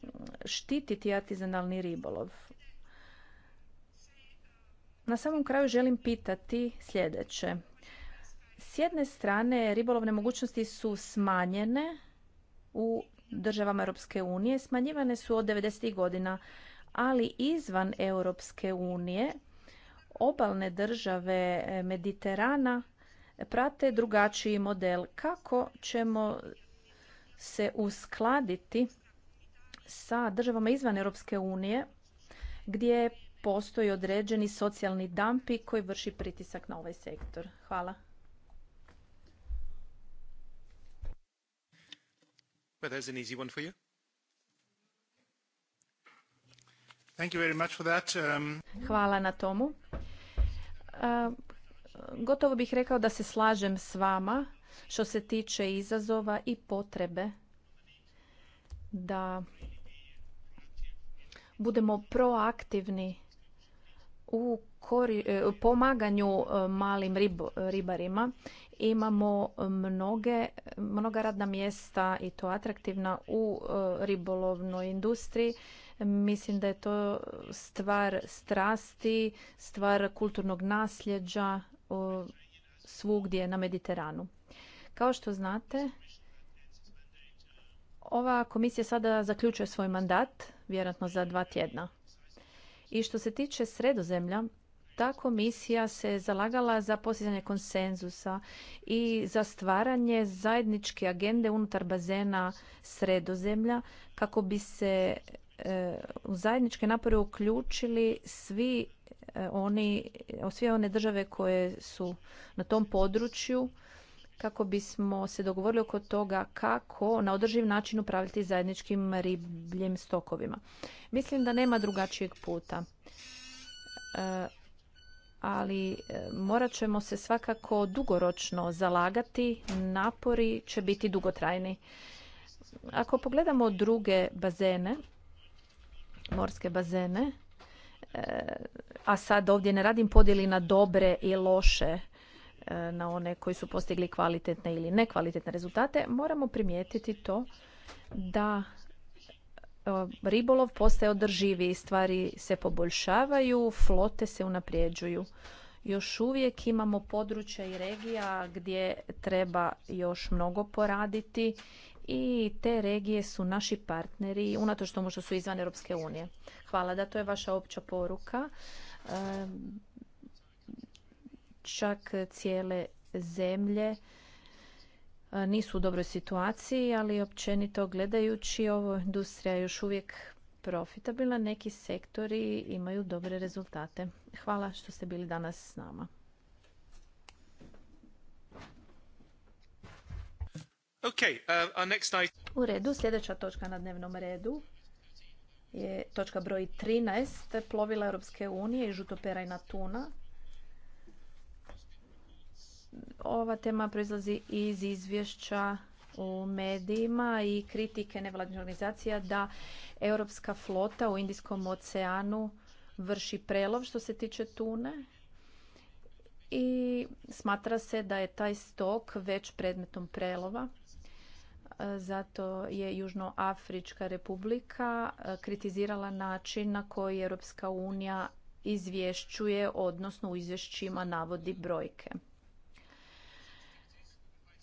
štititi artizanalni ribolov. Na samom kraju želim pitati sljedeće. S jedne strane ribolovne mogućnosti su smanjene u državama Europske unije, smanjivane su od 90. godina, ali izvan Europske unije obalne države Mediterana prate drugačiji model. Kako ćemo se uskladiti sa državama izvan Europske unije gdje postoji određeni socijalni dampi koji vrši pritisak na ovaj sektor. Hvala. Hvala na tomu. gotovo bih rekao da se slažem s vama što se tiče izazova i potrebe da budemo proaktivni u e, pomaganju e, malim ribarima. Imamo mnoga radna mjesta i to atraktivna u e, ribolovnoj industriji. Mislim da je to stvar strasti, stvar kulturnog nasljeđa svugdje na Mediteranu. Kao što znate, ova komisija sada zaključuje svoj mandat, vjerojatno za dva tjedna. I što se tiče sredozemlja, ta komisija se zalagala za postizanje konsenzusa i za stvaranje zajedničke agende unutar bazena sredozemlja kako bi se e, u zajedničke napore uključili svi e, oni, sve one države koje su na tom području kako bismo se dogovorili oko toga kako na održiv način upravljati zajedničkim ribljim stokovima. Mislim da nema drugačijeg puta. E, ali e, morat ćemo se svakako dugoročno zalagati, napori će biti dugotrajni. Ako pogledamo druge bazene, morske bazene, e, a sad ovdje ne radim podjeli na dobre i loše E, na one koji su postigli kvalitetne ili nekvalitetne rezultate, moramo primijetiti to da e, ribolov postaje održiviji, stvari se poboljšavaju, flote se unapređuju. Još uvijek imamo područja i regija gdje treba još mnogo poraditi i te regije su naši partneri, unatoč tomu što su izvan Europske unije. Hvala da to je vaša opća poruka. E, čak cijele zemlje e, nisu u dobroj situaciji, ali općenito gledajući ovo industrija je još uvijek profitabilna. Neki sektori imaju dobre rezultate. Hvala što ste bili danas s nama. Uh, u redu, sljedeća točka na dnevnom redu je točka broj 13, plovila Europske unije i žutoperajna tuna ova tema proizlazi iz izvješća u medijima i kritike nevladnih organizacija da europska flota u Indijskom oceanu vrši prelov što se tiče tune i smatra se da je taj stok već predmetom prelova. Zato je Južnoafrička republika e, kritizirala način na koji Europska unija izvješćuje, odnosno u izvješćima navodi brojke.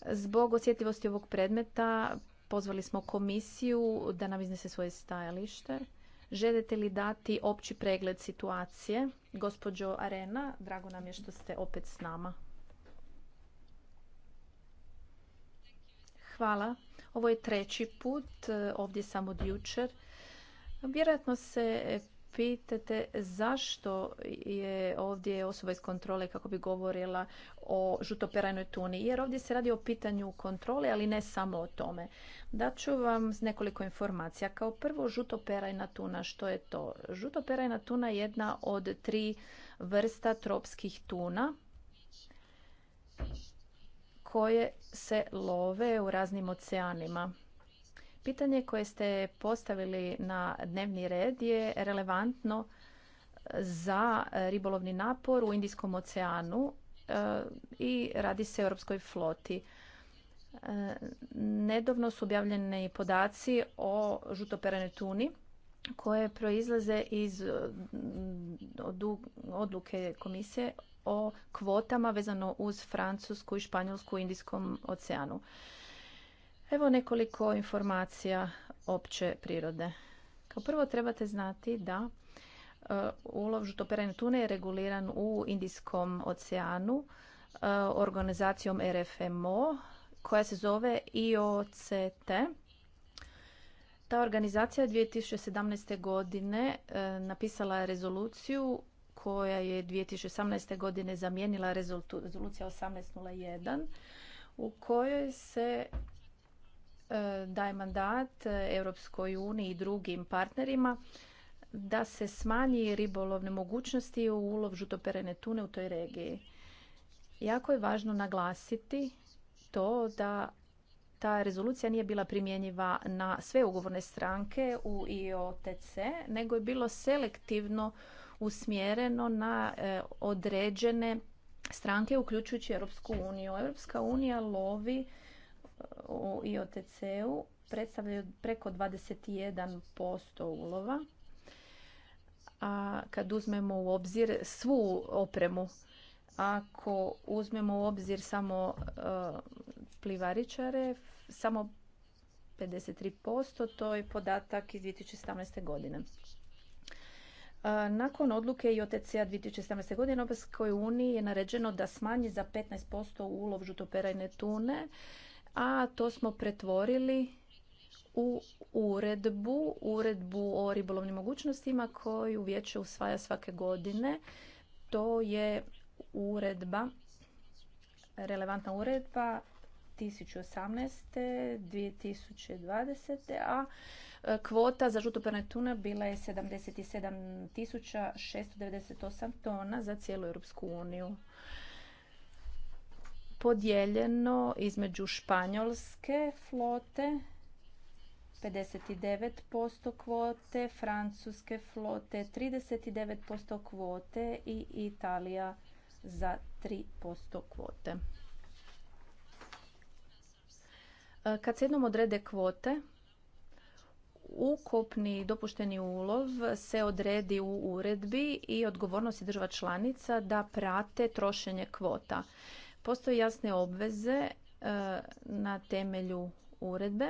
Zbog osjetljivosti ovog predmeta pozvali smo komisiju da nam iznese svoje stajalište. Želite li dati opći pregled situacije? Gospođo Arena, drago nam je što ste opet s nama. Hvala. Ovo je treći put, eh, ovdje sam od jučer. Vjerojatno se pitate zašto je ovdje osoba iz kontrole kako bi govorila o žutoperajnoj tuni. Jer ovdje se radi o pitanju kontrole, ali ne samo o tome. Daću vam nekoliko informacija. Kao prvo, žutoperajna tuna. Što je to? Žutoperajna tuna je jedna od tri vrsta tropskih tuna koje se love u raznim oceanima. Pitanje koje ste postavili na dnevni red je relevantno za ribolovni napor u Indijskom oceanu eh, i radi se o europskoj floti. Eh, nedavno su objavljeni podaci o žutoperane tuni koje proizlaze iz mm, odluke komisije o kvotama vezano uz Francusku i Španjolsku u Indijskom oceanu. Evo nekoliko informacija opće prirode. Kao prvo trebate znati da e, ulov žutoperajne tune je reguliran u Indijskom oceanu e, organizacijom RFMO koja se zove IOCT. Ta organizacija 2017. godine e, napisala je rezoluciju koja je 2018. godine zamijenila rezolucija 1801 u kojoj se Eh, daje mandat eh, Europskoj uniji i drugim partnerima da se smanji ribolovne mogućnosti u ulov žutoperene tune u toj regiji. Jako je važno naglasiti to da ta rezolucija nije bila primjenjiva na sve ugovorne stranke u IOTC, nego je bilo selektivno usmjereno na eh, određene stranke, uključujući Europsku uniju. Europska unija lovi u IOTC-u predstavljaju preko 21% ulova. A kad uzmemo u obzir svu opremu, ako uzmemo u obzir samo e, plivaričare, samo 53%, to je podatak iz 2017. godine. E, nakon odluke IOTC-a 2017. godine Europskoj uniji je naređeno da smanji za 15% ulov žutoperajne tune a to smo pretvorili u uredbu, uredbu o ribolovnim mogućnostima koju vijeće usvaja svake godine. To je uredba, relevantna uredba 2018. 2020. a e, kvota za žutoperna tuna bila je 77.698 tona za cijelu Europsku uniju podijeljeno između španjolske flote 59% kvote, francuske flote 39% kvote i Italija za 3% kvote. E, kad se jednom odrede kvote, ukupni dopušteni ulov se odredi u uredbi i odgovornosti država članica da prate trošenje kvota. Postoje jasne obveze e, na temelju uredbe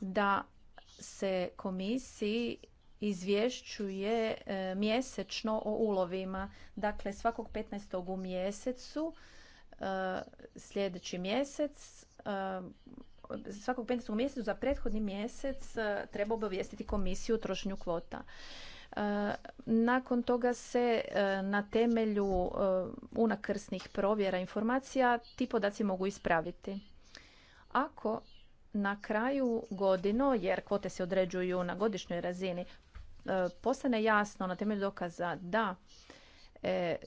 da se komisiji izvješćuje e, mjesečno o ulovima. Dakle, svakog 15. u mjesecu e, sljedeći mjesec svakog 15. mjesecu za prethodni mjesec treba obavijestiti komisiju o trošenju kvota. Nakon toga se e, na temelju e, unakrsnih provjera informacija ti podaci mogu ispraviti. Ako na kraju godino, jer kvote se određuju na godišnjoj razini, e, postane jasno na temelju dokaza da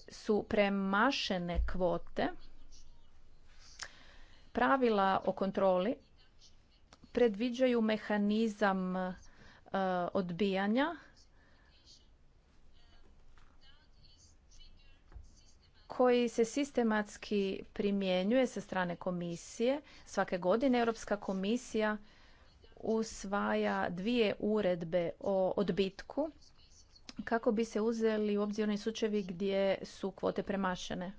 su premašene kvote, pravila o kontroli predviđaju mehanizam odbijanja koji se sistematski primjenjuje sa strane komisije. Svake godine Europska komisija usvaja dvije uredbe o odbitku kako bi se uzeli u obzir oni slučajevi gdje su kvote premašene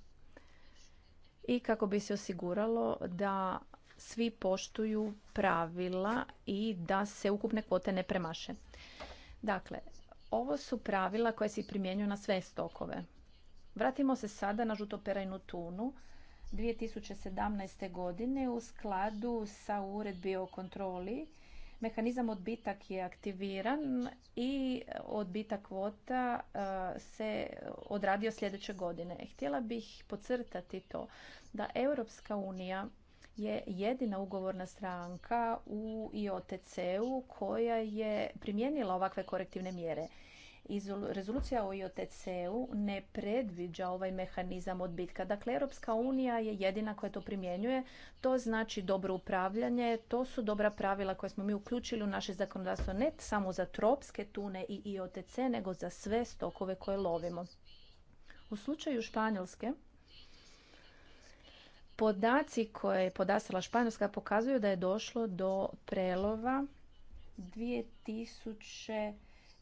i kako bi se osiguralo da svi poštuju pravila i da se ukupne kvote ne premaše. Dakle, ovo su pravila koje se primjenjuju na sve stokove. Vratimo se sada na žutoperajnu tunu. 2017. godine u skladu sa uredbi o kontroli mehanizam odbitak je aktiviran i odbitak kvota e, se odradio sljedeće godine. Htjela bih podcrtati to da Europska unija je jedina ugovorna stranka u IOTC-u koja je primijenila ovakve korektivne mjere. Rezolucija o IOTC-u ne predviđa ovaj mehanizam odbitka. Dakle, Europska unija je jedina koja to primjenjuje. To znači dobro upravljanje, to su dobra pravila koja smo mi uključili u naše zakonodavstvo ne samo za tropske tune i IOTC, nego za sve stokove koje lovimo. U slučaju Španjolske, podaci koje je podastala Španjolska pokazuju da je došlo do prelova 2000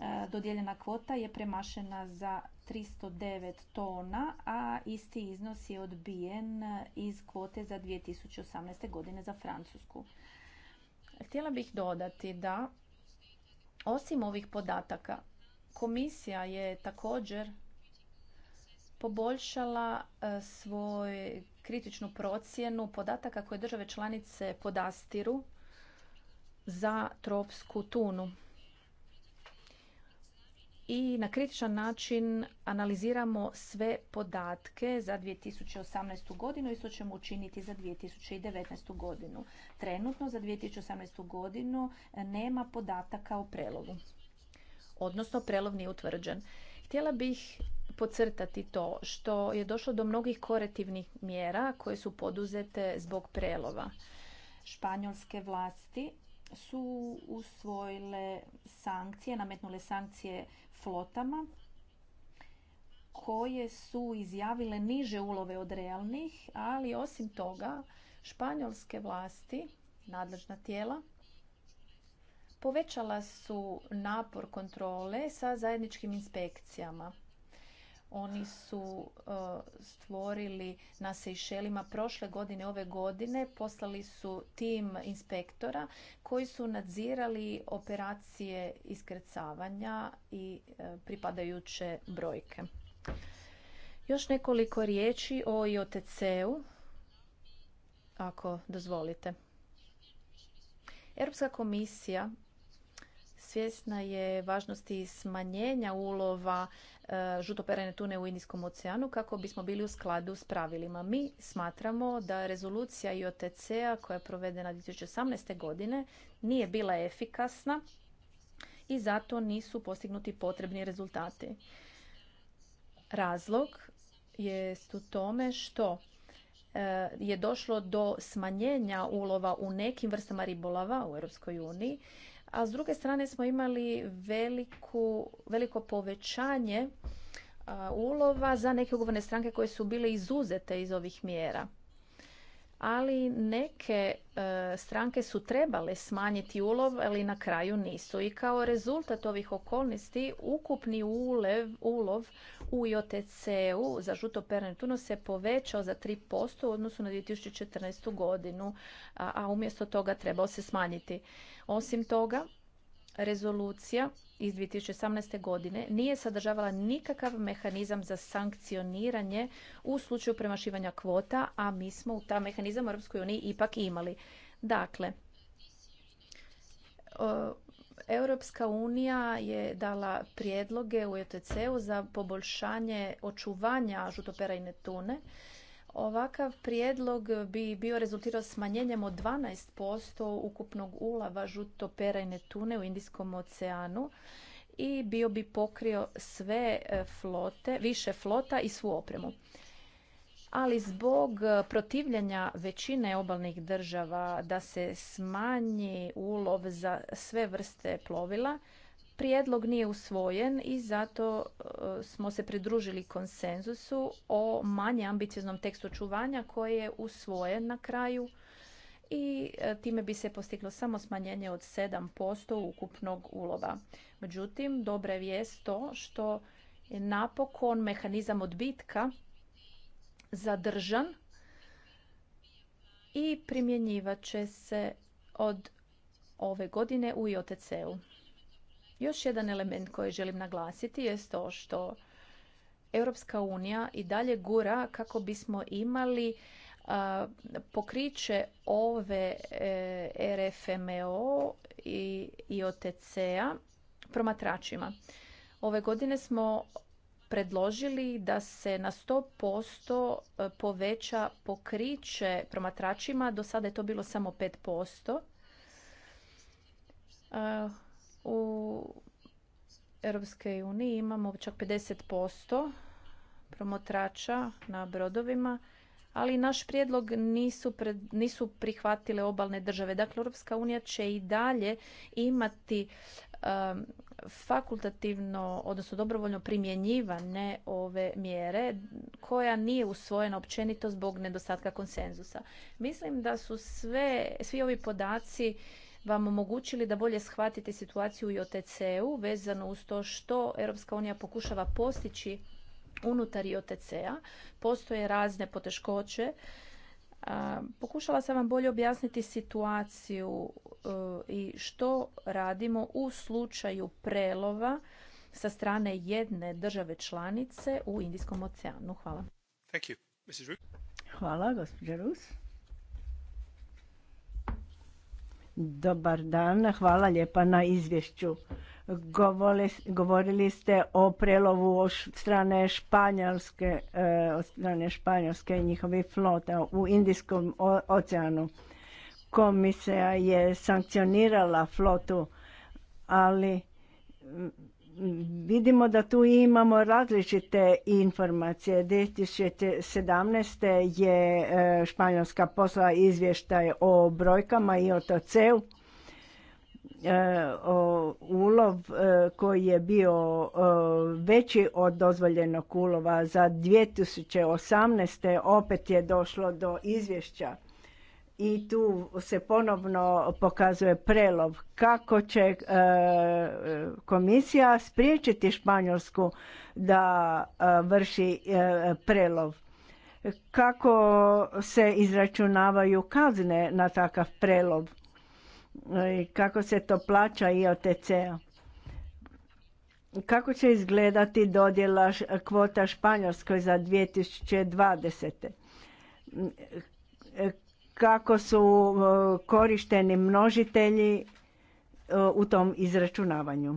E, dodijeljena kvota je premašena za 309 tona, a isti iznos je odbijen iz kvote za 2018. godine za Francusku. Htjela bih dodati da osim ovih podataka komisija je također poboljšala e, svoju kritičnu procjenu podataka koje države članice podastiru za tropsku tunu i na kritičan način analiziramo sve podatke za 2018. godinu. i što ćemo učiniti za 2019. godinu. Trenutno za 2018. godinu nema podataka o prelovu. Odnosno, prelov nije utvrđen. Htjela bih podcrtati to što je došlo do mnogih korektivnih mjera koje su poduzete zbog prelova. Španjolske vlasti su usvojile sankcije, nametnule sankcije flotama koje su izjavile niže ulove od realnih, ali osim toga španjolske vlasti, nadležna tijela, povećala su napor kontrole sa zajedničkim inspekcijama. Oni su e, stvorili na Sejšelima prošle godine, ove godine. Poslali su tim inspektora koji su nadzirali operacije iskrcavanja i e, pripadajuće brojke. Još nekoliko riječi o IOTC-u, ako dozvolite. Europska komisija svjesna je važnosti smanjenja ulova e, žutoperene tune u Indijskom oceanu kako bismo bili u skladu s pravilima. Mi smatramo da rezolucija IOTC-a koja je provedena 2018. godine nije bila efikasna i zato nisu postignuti potrebni rezultati. Razlog je u tome što e, je došlo do smanjenja ulova u nekim vrstama ribolava u Europskoj uniji a s druge strane smo imali veliku, veliko povećanje ulova za neke ugovorne stranke koje su bile izuzete iz ovih mjera ali neke e, stranke su trebale smanjiti ulov, ali na kraju nisu. I kao rezultat ovih okolnosti ukupni ulov u IOTC-u za žuto pernetuno se povećao za 3% u odnosu na 2014. godinu, a, a umjesto toga trebao se smanjiti. Osim toga, rezolucija iz 2018. godine nije sadržavala nikakav mehanizam za sankcioniranje u slučaju premašivanja kvota, a mi smo u ta mehanizam u Europskoj uniji ipak imali. Dakle, Europska unija je dala prijedloge u ETC-u za poboljšanje očuvanja žutopera i netune Ovakav prijedlog bi bio rezultirao smanjenjem od 12% ukupnog ulava žutoperajne tune u Indijskom oceanu i bio bi pokrio sve e, flote, više flota i svu opremu. Ali zbog e, protivljenja većine obalnih država da se smanji ulov za sve vrste plovila, prijedlog nije usvojen i zato e, smo se pridružili konsenzusu o manje ambicioznom tekstu očuvanja koji je usvojen na kraju i e, time bi se postiglo samo smanjenje od 7% ukupnog ulova. Međutim, dobra vijest to što je napokon mehanizam odbitka zadržan i primjenjivat će se od ove godine u IOTC-u. Još jedan element koji želim naglasiti je to što Europska unija i dalje gura kako bismo imali pokriće ove e, RFMO i otc a promatračima. Ove godine smo predložili da se na 100% e, poveća pokriće promatračima. Do sada je to bilo samo 5%. U Europskoj uniji imamo čak 50% promotrača na brodovima, ali naš prijedlog nisu, prihvatile obalne države. Dakle, Europska unija će i dalje imati um, fakultativno, odnosno dobrovoljno primjenjivane ove mjere koja nije usvojena općenito zbog nedostatka konsenzusa. Mislim da su sve, svi ovi podaci vam omogućili da bolje shvatite situaciju i OTC-u vezano uz to što Europska unija pokušava postići unutar otc a Postoje razne poteškoće. Pokušala sam vam bolje objasniti situaciju e, i što radimo u slučaju prelova sa strane jedne države članice u Indijskom oceanu. Hvala. Hvala, Rus. Dobar dan, hvala lijepa na izvješću. Govorili ste o prelovu od strane Španjolske, e, od strane Španjolske i njihovih flota u Indijskom oceanu. Komisija je sankcionirala flotu, ali Vidimo da tu imamo različite informacije. 2017. je e, Španjolska posla izvještaj o brojkama i o TOC-u. E, ulov e, koji je bio veći od dozvoljenog ulova za 2018. opet je došlo do izvješća i tu se ponovno pokazuje prelov kako će e, komisija spriječiti Španjolsku da e, vrši e, prelov. Kako se izračunavaju kazne na takav prelov? Kako se to plaća otc a Kako će izgledati dodjela kvota Španjolskoj za 2020 kako su e, korišteni množitelji e, u tom izračunavanju.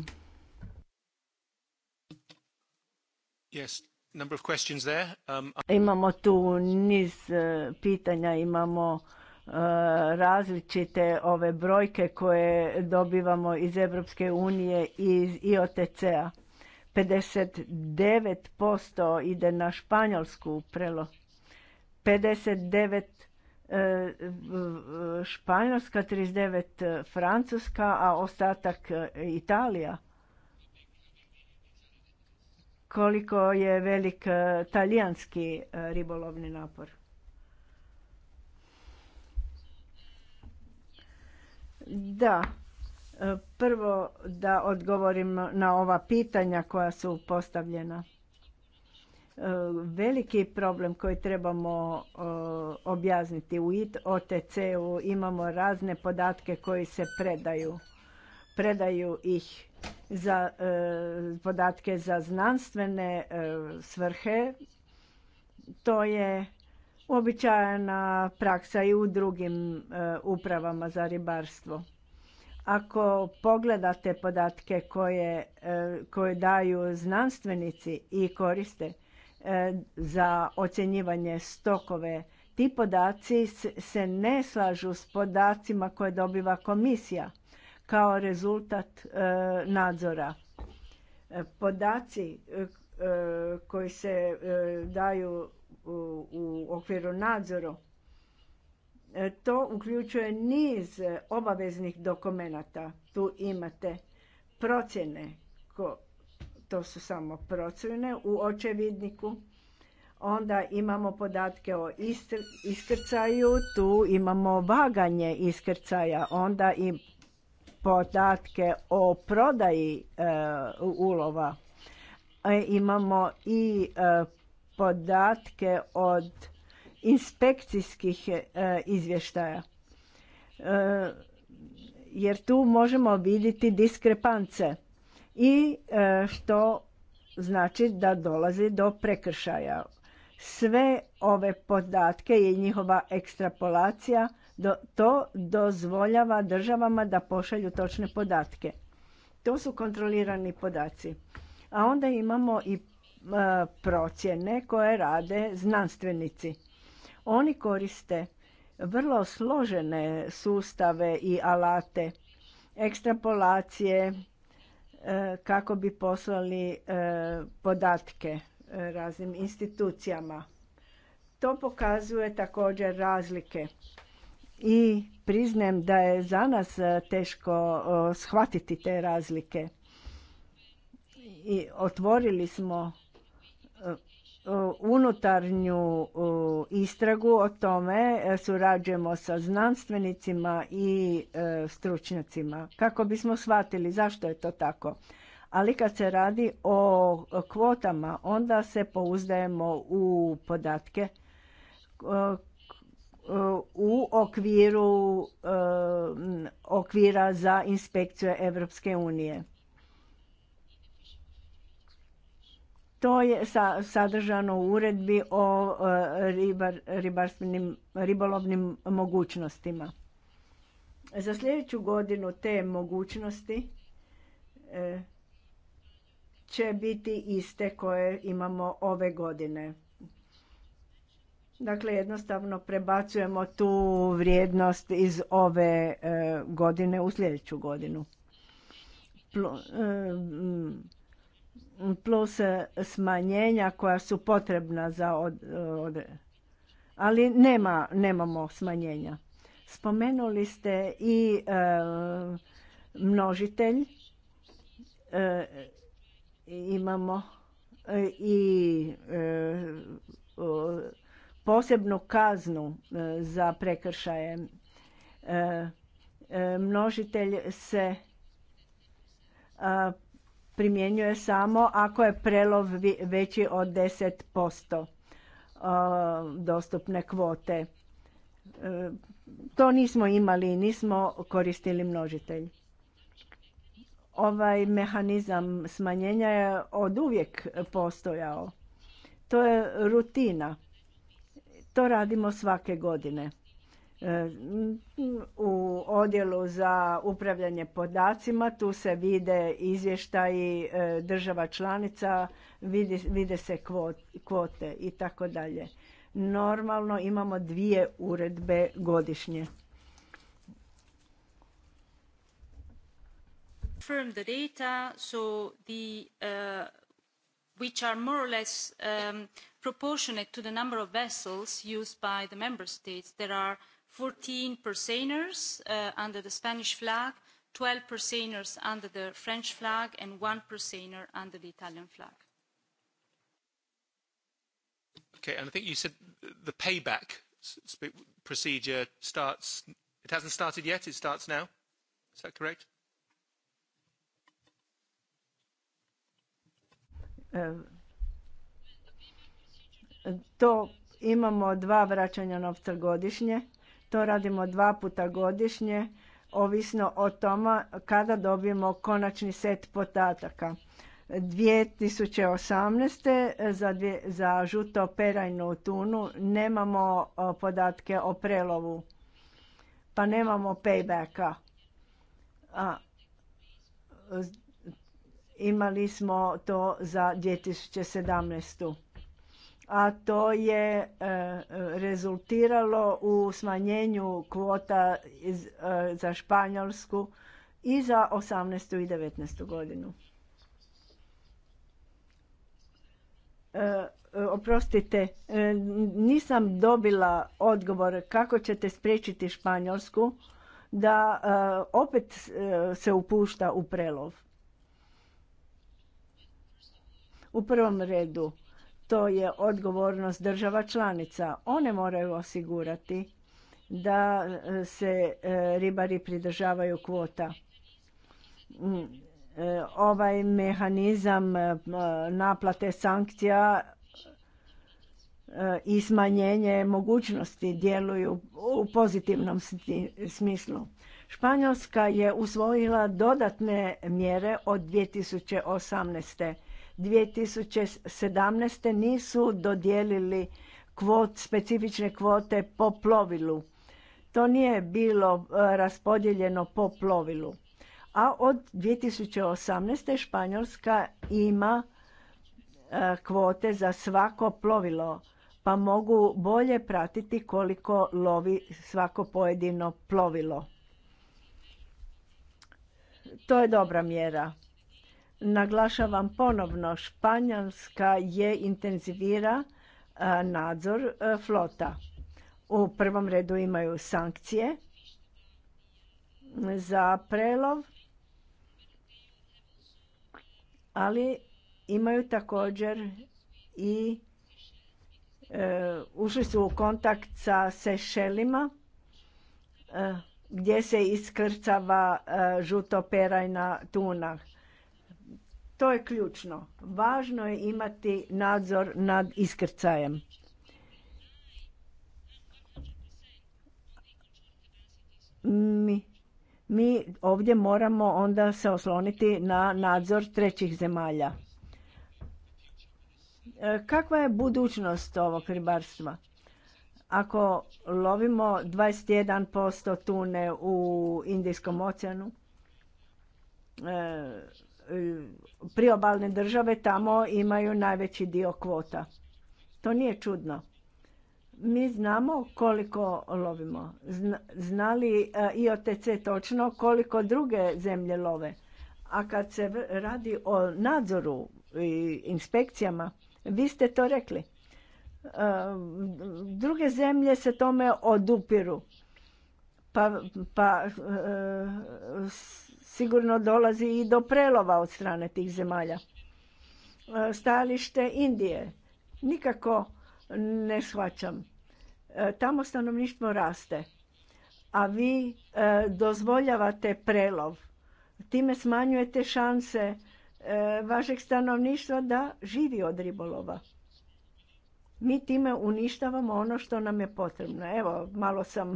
of there. Um, imamo tu niz e, pitanja, imamo različite ove brojke koje dobivamo iz Europske unije i iz IOTC-a. 59% ide na Španjolsku prelo. 59 E, Španjolska 39 Francuska, a ostatak e, Italija. Koliko je velik e, talijanski ribolovni napor. Da, prvo da odgovorim na ova pitanja koja su postavljena veliki problem koji trebamo e, objasniti. U OTC-u imamo razne podatke koji se predaju. Predaju ih za e, podatke za znanstvene e, svrhe. To je uobičajena praksa i u drugim upravama za ribarstvo. Ako pogledate podatke koje, koje daju znanstvenici i koriste, E, za ocjenjivanje stokove. Ti podaci se ne slažu s podacima koje dobiva komisija kao rezultat e, nadzora. E, podaci koji se daju u okviru nadzoru to uključuje niz obaveznih dokumenata. Tu imate procjene to su samo procjene u očevidniku. Onda imamo podatke o iskrcaju, tu imamo vaganje iskrcaja, onda i podatke o prodaji e, ulova. E, imamo i e, podatke od inspekcijskih izvještaja. Jer tu možemo vidjeti diskrepance i e, što znači da dolazi do prekršaja. Sve ove podatke i njihova ekstrapolacija to dozvoljava državama da pošalju točne podatke. To su kontrolirani podaci. A onda imamo i e, procjene koje rade znanstvenici. Oni koriste vrlo složene sustave i alate, ekstrapolacije, E, kako bi poslali e, podatke e, raznim institucijama. To pokazuje također razlike i priznem da je za nas teško shvatiti te razlike. I otvorili smo unutarnju istragu o tome, e, surađujemo sa znanstvenicima i e, stručnjacima kako bismo shvatili zašto je to tako. Ali kad se radi o kvotama, onda se pouzdajemo u podatke e, u okviru okvira za inspekciju Evropske unije. To je sadržano u uredbi o e, ribar, ribolovnim mogućnostima. Za sljedeću godinu te mogućnosti e, će biti iste koje imamo ove godine. Dakle, jednostavno prebacujemo tu vrijednost iz ove e, godine u sljedeću godinu plus e, smanjenja koja su potrebna za e, od, ali nema, nemamo smanjenja. Spomenuli ste i e, množitelj. E, imamo i posebnu kaznu za prekršaje. Množitelj se primjenjuje samo ako je prelov veći od 10% uh, dostupne kvote. Uh, to nismo imali, nismo koristili množitelj. Ovaj mehanizam smanjenja je od uvijek postojao. To je rutina. To radimo svake godine. E, u odjelu za upravljanje podacima. Tu se vide izvještaji e, država članica, vide se kvote i tako dalje. Normalno imamo dvije uredbe godišnje. Firm the data, so the uh, which are more or less um, proportionate to the number of vessels used by the member states. There are fourteen persianers uh, under the spanish flag 12 persianers under the french flag and one persianer under the italian flag. okay and i think you said the payback procedure starts it hasn't started yet it starts now is that correct? Uh, to imamo dva vraćanja novca godišnje to radimo dva puta godišnje, ovisno o tome kada dobijemo konačni set podataka. 2018. za, za žuto perajnu tunu nemamo podatke o prelovu, pa nemamo paybacka. A, imali smo to za 2017 a to je e, rezultiralo u smanjenju kvota e, za Španjolsku i za 18. i 19. godinu. E, oprostite, nisam dobila odgovor kako ćete spriječiti Španjolsku da opet se upušta u prelov. U prvom redu to je odgovornost država članica. One moraju osigurati da e, se e, ribari pridržavaju kvota. Mm, e, ovaj mehanizam naplate sankcija i smanjenje mogućnosti djeluju u pozitivnom smislu. Španjolska je usvojila dodatne mjere od 2018 2017. nisu dodijelili kvot, specifične kvote po plovilu. To nije bilo e, raspodijeljeno po plovilu. A od 2018. Španjolska ima e, kvote za svako plovilo, pa mogu bolje pratiti koliko lovi svako pojedino plovilo. To je dobra mjera. Naglašavam ponovno, Španjolska je intenzivira e, nadzor e, flota. U prvom redu imaju sankcije za prelov, ali imaju također i e, ušli su u kontakt sa Sešelima gdje se iskrcava žuto perajna tuna to je ključno. Važno je imati nadzor nad iskrcajem. Mi, mi ovdje moramo onda se osloniti na nadzor trećih zemalja. E, kakva je budućnost ovog ribarstva? Ako lovimo 21% tune u Indijskom oceanu, e, E, priobalne države tamo imaju najveći dio kvota. To nije čudno. Mi znamo koliko lovimo. Znali li e, otc točno koliko druge zemlje love? A kad se radi o nadzoru i inspekcijama, vi ste to rekli. E, druge zemlje se tome odupiru. Pa, pa sigurno dolazi i do prelova od strane tih zemalja. E, stajalište Indije nikako ne shvaćam. E, tamo stanovništvo raste, a vi e, dozvoljavate prelov. Time smanjujete šanse vašeg stanovništva da živi od ribolova. Mi time uništavamo ono što nam je potrebno. Evo, malo sam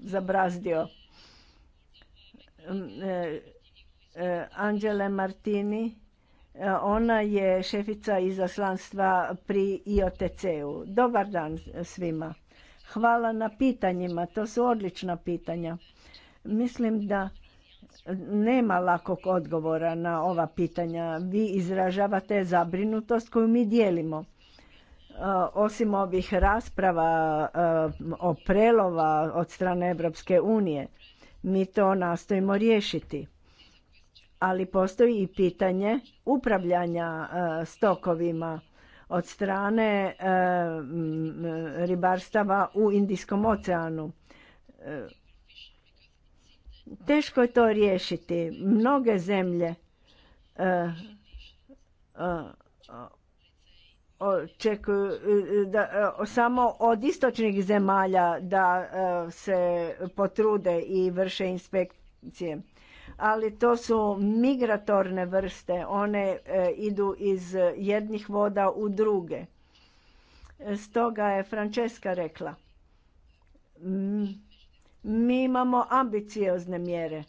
zabrazdio. E, e, Angele Martini, e, ona je šefica izaslanstva pri IOTC-u. Dobar dan svima. Hvala na pitanjima, to su odlična pitanja. Mislim da nema lakog odgovora na ova pitanja. Vi izražavate zabrinutost koju mi dijelimo. Osim ovih rasprava o prelova od strane Europske unije, mi to nastojimo riješiti. Ali postoji i pitanje upravljanja e, stokovima od strane e, ribarstava u Indijskom oceanu. E, teško je to riješiti. Mnoge zemlje očekuju e, da, e, samo od istočnih zemalja da e, se potrude i vrše inspekcije. Ali to su migratorne vrste, one idu iz jednih voda u druge. Stoga je Francesca rekla, mi imamo ambiciozne mjere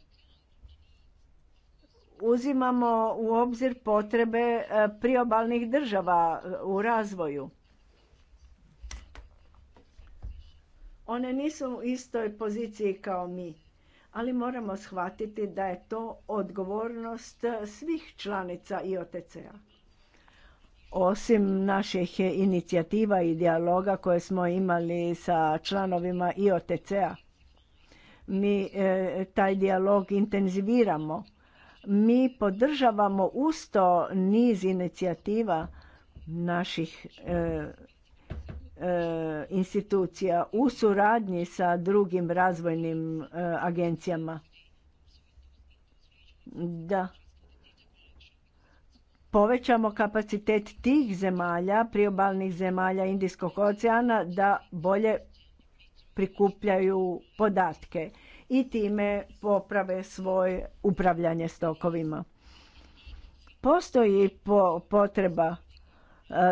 uzimamo u obzir potrebe e, priobalnih država e, u razvoju. One nisu u istoj poziciji kao mi, ali moramo shvatiti da je to odgovornost e, svih članica IOTC-a. Osim naših inicijativa i dijaloga koje smo imali sa članovima IOTC-a, mi taj dijalog intenziviramo mi podržavamo usto niz inicijativa naših e, e, institucija u suradnji sa drugim razvojnim e, agencijama. Da povećamo kapacitet tih zemalja, priobalnih zemalja Indijskog oceana da bolje prikupljaju podatke i time poprave svoje upravljanje stokovima. Postoji potreba e,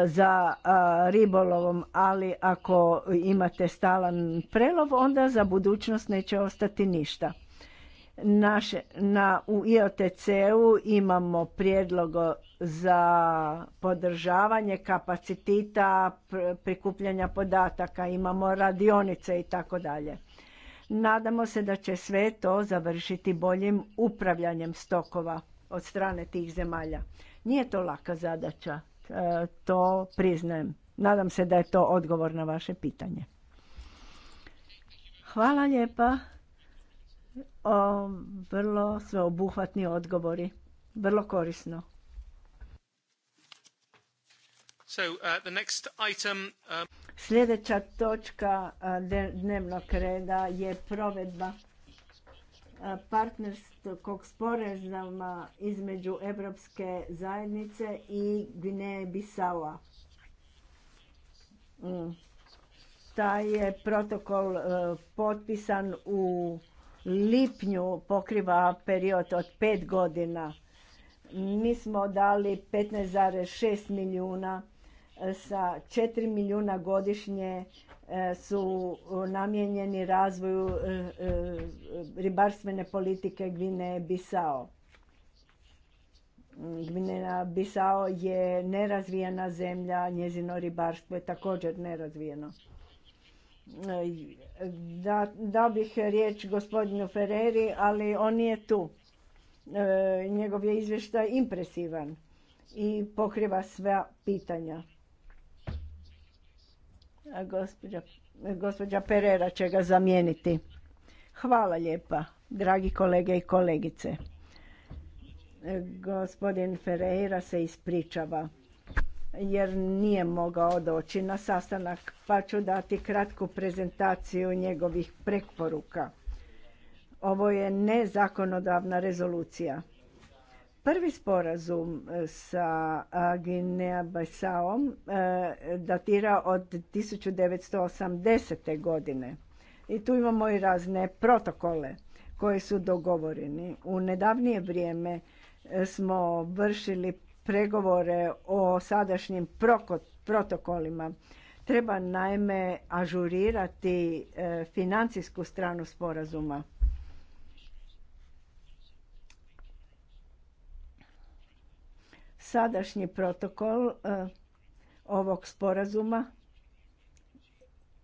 za e, ribolovom, ali ako imate stalan prelov, onda za budućnost neće ostati ništa. na, u IOTC-u imamo prijedlog za podržavanje kapacitita prikupljanja podataka, imamo radionice i tako dalje. Nadamo se da će sve to završiti boljim upravljanjem stokova od strane tih zemalja. Nije to laka zadaća, e, to priznajem. Nadam se da je to odgovor na vaše pitanje. Hvala lijepa. O, vrlo sveobuhvatni odgovori. Vrlo korisno. Uh, um, Sljedeća točka uh, dnevnog reda je provedba uh, partnerskog sporazuma između Europske zajednice i Gvineje Bisaua. Mm. Taj je protokol potpisan u lipnju, pokriva period od pet godina. Mi smo dali 15,6 milijuna sa 4 milijuna godišnje e, su namijenjeni razvoju e, e, ribarstvene politike Gvine Bisao. Gvineja Bisao je nerazvijena zemlja, njezino ribarstvo je također nerazvijeno. Da, bih riječ gospodinu Ferreri, ali on nije tu. Njegov je izvještaj impresivan i pokriva sva pitanja a gospođa, gospođa Perera će ga zamijeniti. Hvala lijepa, dragi kolege i kolegice. Gospodin Ferreira se ispričava jer nije mogao doći na sastanak, pa ću dati kratku prezentaciju njegovih preporuka. Ovo je nezakonodavna rezolucija. Prvi sporazum e, sa Gineja Bajsaom e, datira od 1980. godine. I tu imamo i razne protokole koje su dogovoreni. U nedavnije vrijeme e, smo vršili pregovore o sadašnjim protokolima. Treba naime ažurirati financijsku stranu sporazuma Sadašnji protokol e, ovog sporazuma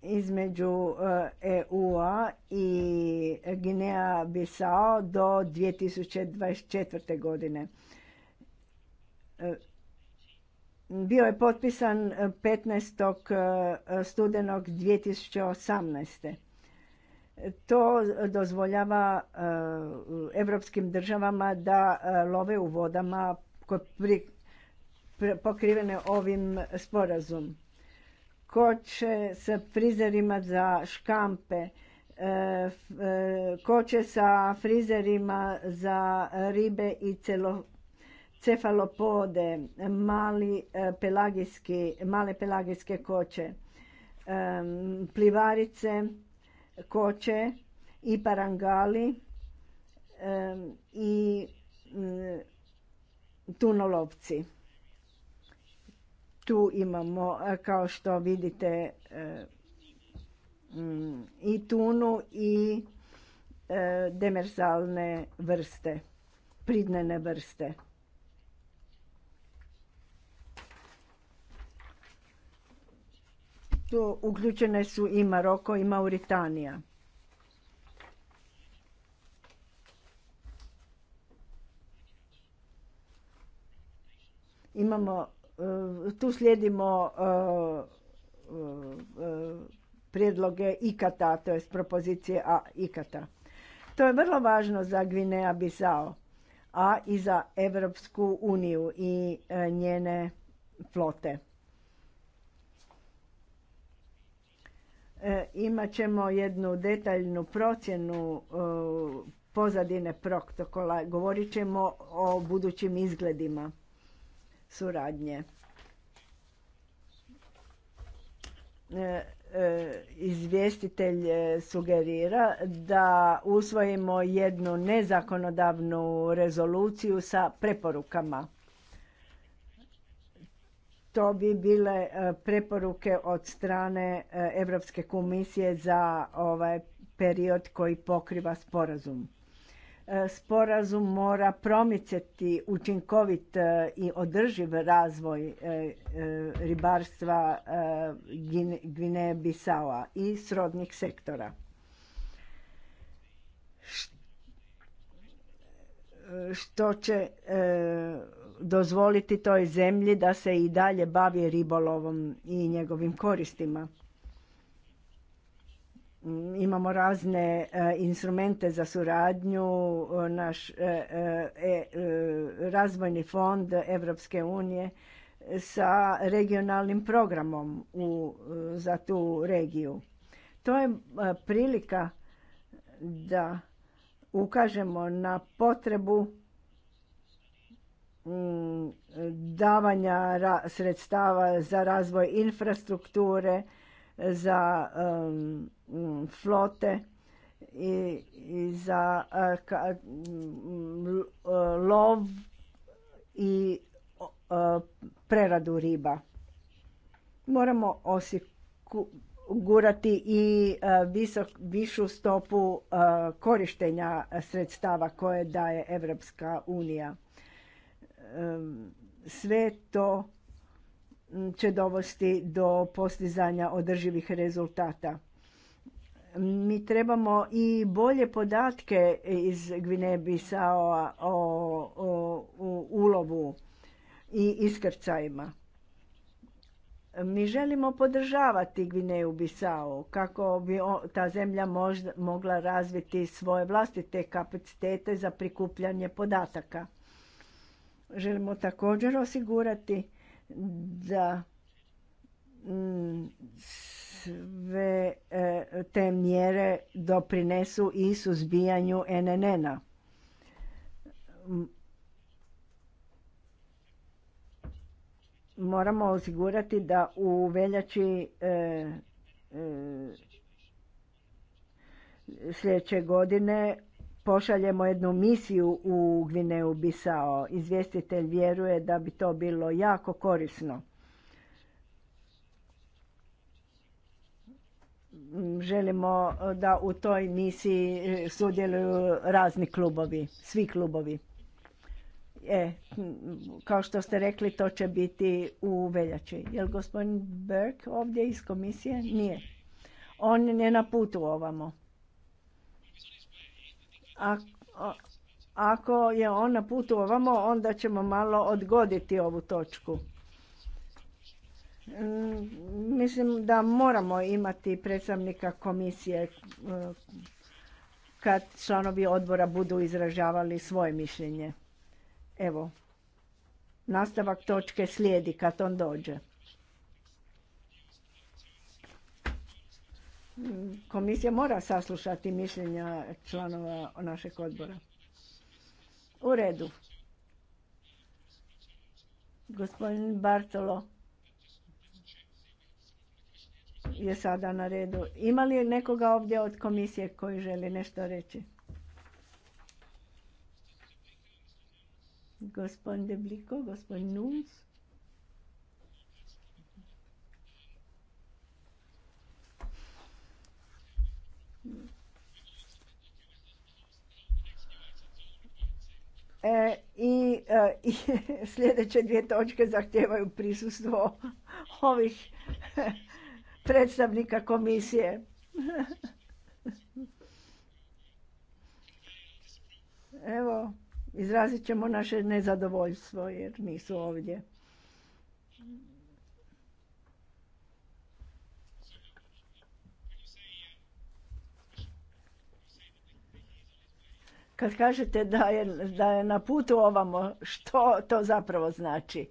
između EU-a e i Gineja Bisao do 2024. godine. E, bio je potpisan 15. studenog 2018. To dozvoljava evropskim državama da love u vodama pokrivene ovim sporazum. Ko će sa frizerima za škampe, e, e, koče sa frizerima za ribe i cefalopode, mali e, male pelagijske koče, plivarice, koče i parangali i tunolopci. Tu imamo, e, kao što vidite, e, mm, i tunu i e, demersalne vrste, pridnene vrste. Tu uključene su i Maroko i Mauritanija. Imamo, eh, tu slijedimo eh, eh, prijedloge ikata, to je propozicije a ikata. To je vrlo važno za Gvineja Bisao, a i za Evropsku uniju i njene flote. Imaćemo imat ćemo jednu detaljnu procjenu pozadine protokola. Govorit ćemo o budućim izgledima suradnje. E, e, izvjestitelj e, sugerira da usvojimo jednu nezakonodavnu rezoluciju sa preporukama. To bi bile preporuke od strane Europske komisije za ovaj period koji pokriva sporazum. E, sporazum mora promicati učinkovit e, i održiv razvoj e, ribarstva Gvineje Bisaua i srodnih sektora. Što će dozvoliti toj zemlji da se i dalje bavi ribolovom i njegovim koristima imamo razne e, instrumente za suradnju, e, naš e, razvojni fond Evropske unije sa regionalnim programom za tu regiju. To je prilika da ukažemo na potrebu davanja sredstava za razvoj infrastrukture, za flote i, za e, lov i e, preradu riba. Moramo osigurati i e, višu stopu korištenja sredstava koje daje Evropska unija. Sve to će dovesti do postizanja održivih rezultata. Mi trebamo i bolje podatke iz Gvine Bisao o, ulovu i iskrcajima. Mi želimo podržavati Gvineju Bisao kako bi ta zemlja možda, mogla razviti svoje vlastite kapacitete za prikupljanje podataka. Želimo također osigurati da mm, sve e, te mjere doprinesu i suzbijanju NNN-a. Moramo osigurati da u veljači e, e, sljedeće godine pošaljemo jednu misiju u Gvineju Bisao. Izvjestitelj vjeruje da bi to bilo jako korisno. Želimo da u toj misiji sudjeluju razni klubovi, svi klubovi. E, kao što ste rekli, to će biti u veljači. Je li gospodin Berg ovdje iz komisije? Nije. On je na putu ovamo. Ako je on na putu ovamo, onda ćemo malo odgoditi ovu točku. Mm, mislim da moramo imati predstavnika komisije e, kad članovi odbora budu izražavali svoje mišljenje. Evo, nastavak točke slijedi kad on dođe. komisija mora saslušati mišljenja članova našeg odbora. U redu. Gospodin Bartolo je sada na redu. Ima li nekoga ovdje od komisije koji želi nešto reći? Gospodin Debliko, gospodin nunc? E, i, e, sljedeće dvije točke zahtijevaju prisustvo ovih predstavnika komisije. Evo, izrazit ćemo naše nezadovoljstvo jer nisu ovdje. Kad kažete da je, da je na putu ovamo, što to zapravo znači?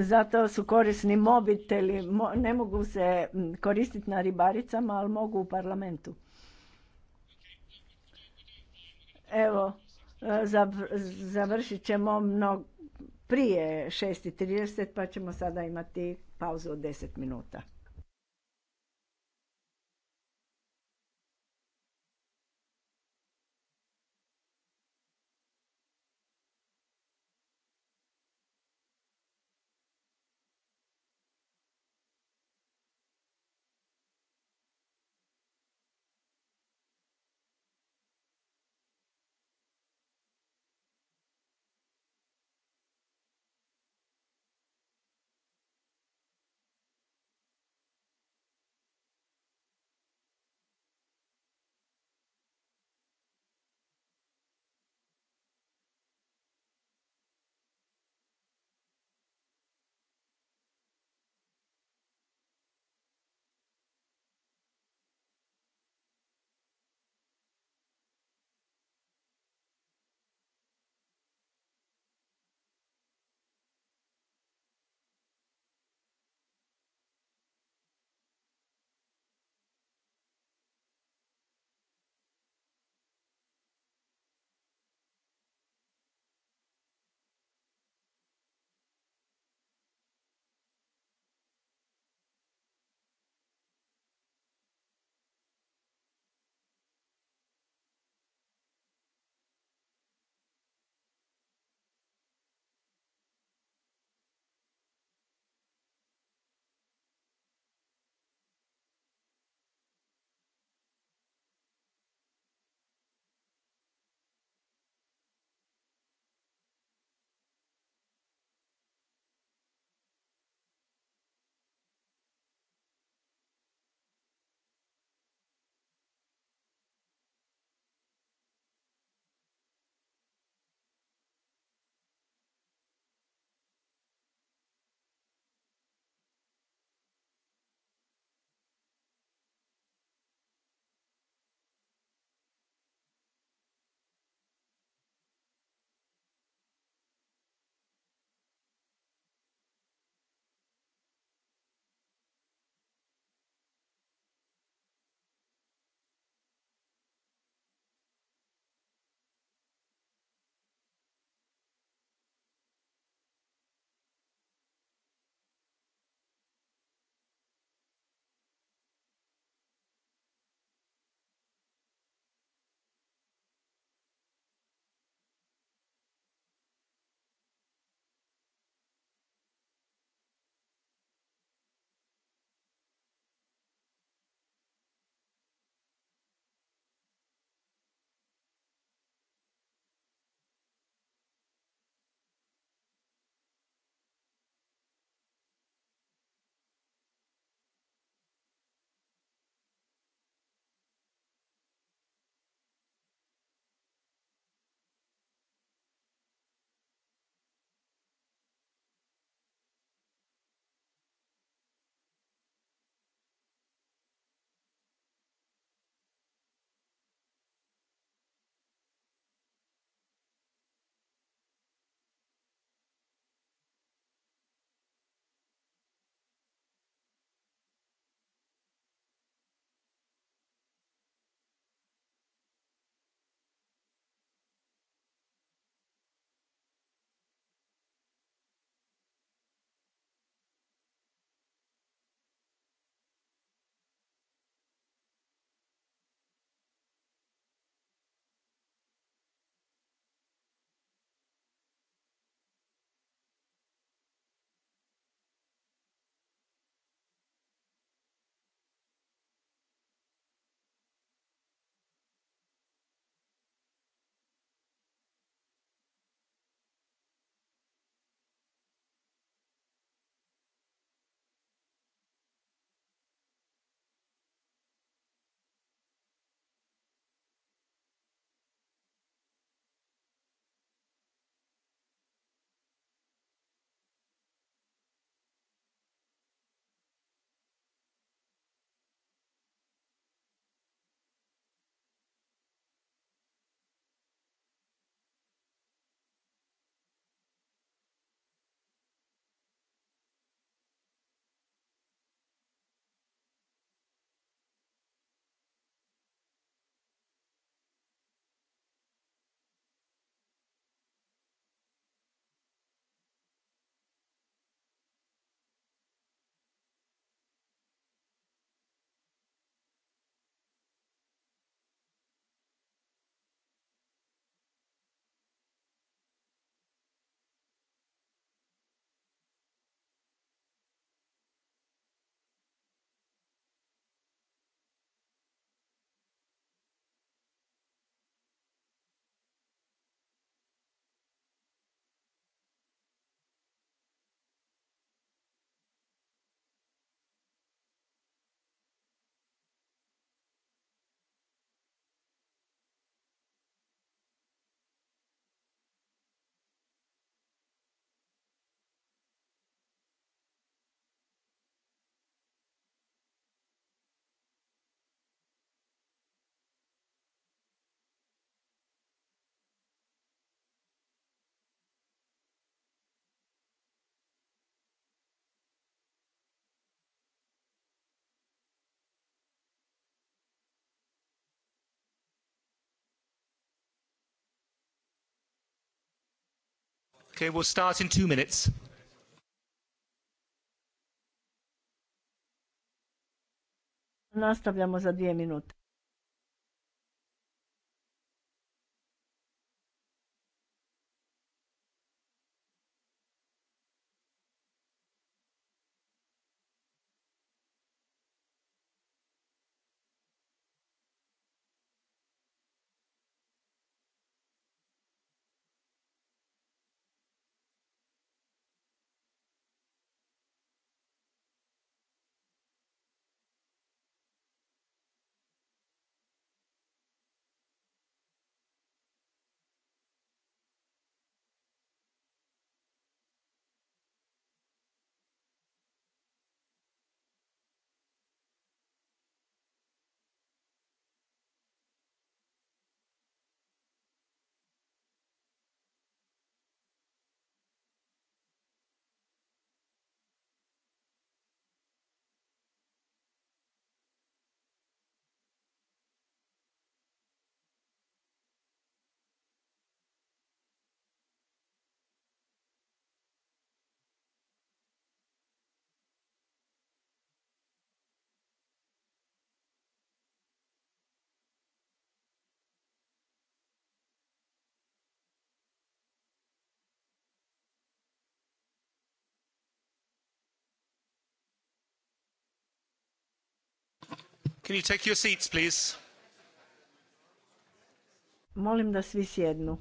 Zato su korisni mobiteli, ne mogu se koristiti na ribaricama, ali mogu u parlamentu. Evo, završit ćemo mnogo prije 6.30 pa ćemo sada imati pauzu od 10 minuta. Okay, we'll start in two minutes. Nastavljamo za dvije minute. Molim da svi sjednu.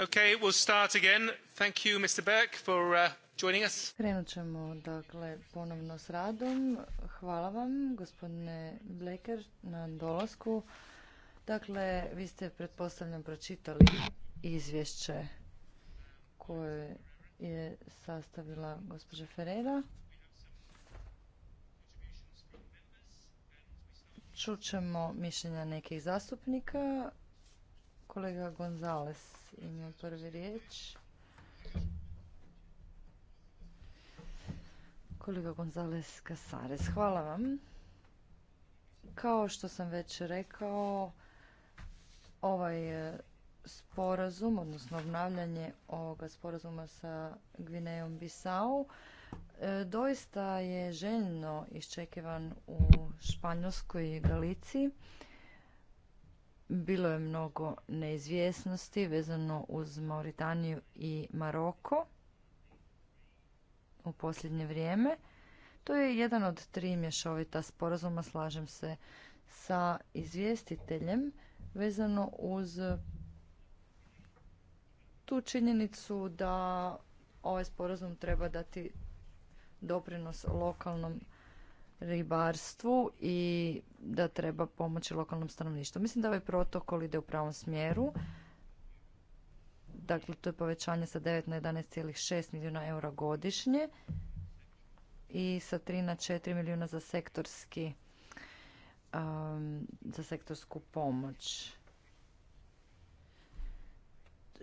Okay, we'll start again. Uh, ćemo dakle, ponovno s radom. Hvala vam, gospodine Bleker, na dolasku. Dakle, vi ste pretpostavljam pročitali izvješće koje je sastavila gospođa Ferreira. ćemo mišljenja nekih zastupnika. Kolega Gonzales ima prvi riječ. Kolega Gonzales Casares, hvala vam. Kao što sam već rekao, ovaj e, sporazum, odnosno obnavljanje ovoga sporazuma sa Gvinejom Bisau, e, doista je željno iščekivan u Španjolskoj i Galiciji. Bilo je mnogo neizvjesnosti vezano uz Mauritaniju i Maroko u posljednje vrijeme. To je jedan od tri mješovita sporazuma, slažem se sa izvjestiteljem, vezano uz tu činjenicu da ovaj sporazum treba dati doprinos lokalnom ribarstvu i da treba pomoći lokalnom stanovništvu. Mislim da ovaj protokol ide u pravom smjeru. Dakle, to je povećanje sa 9 na 11,6 milijuna eura godišnje i sa 3 na 4 milijuna za sektorski um, za sektorsku pomoć.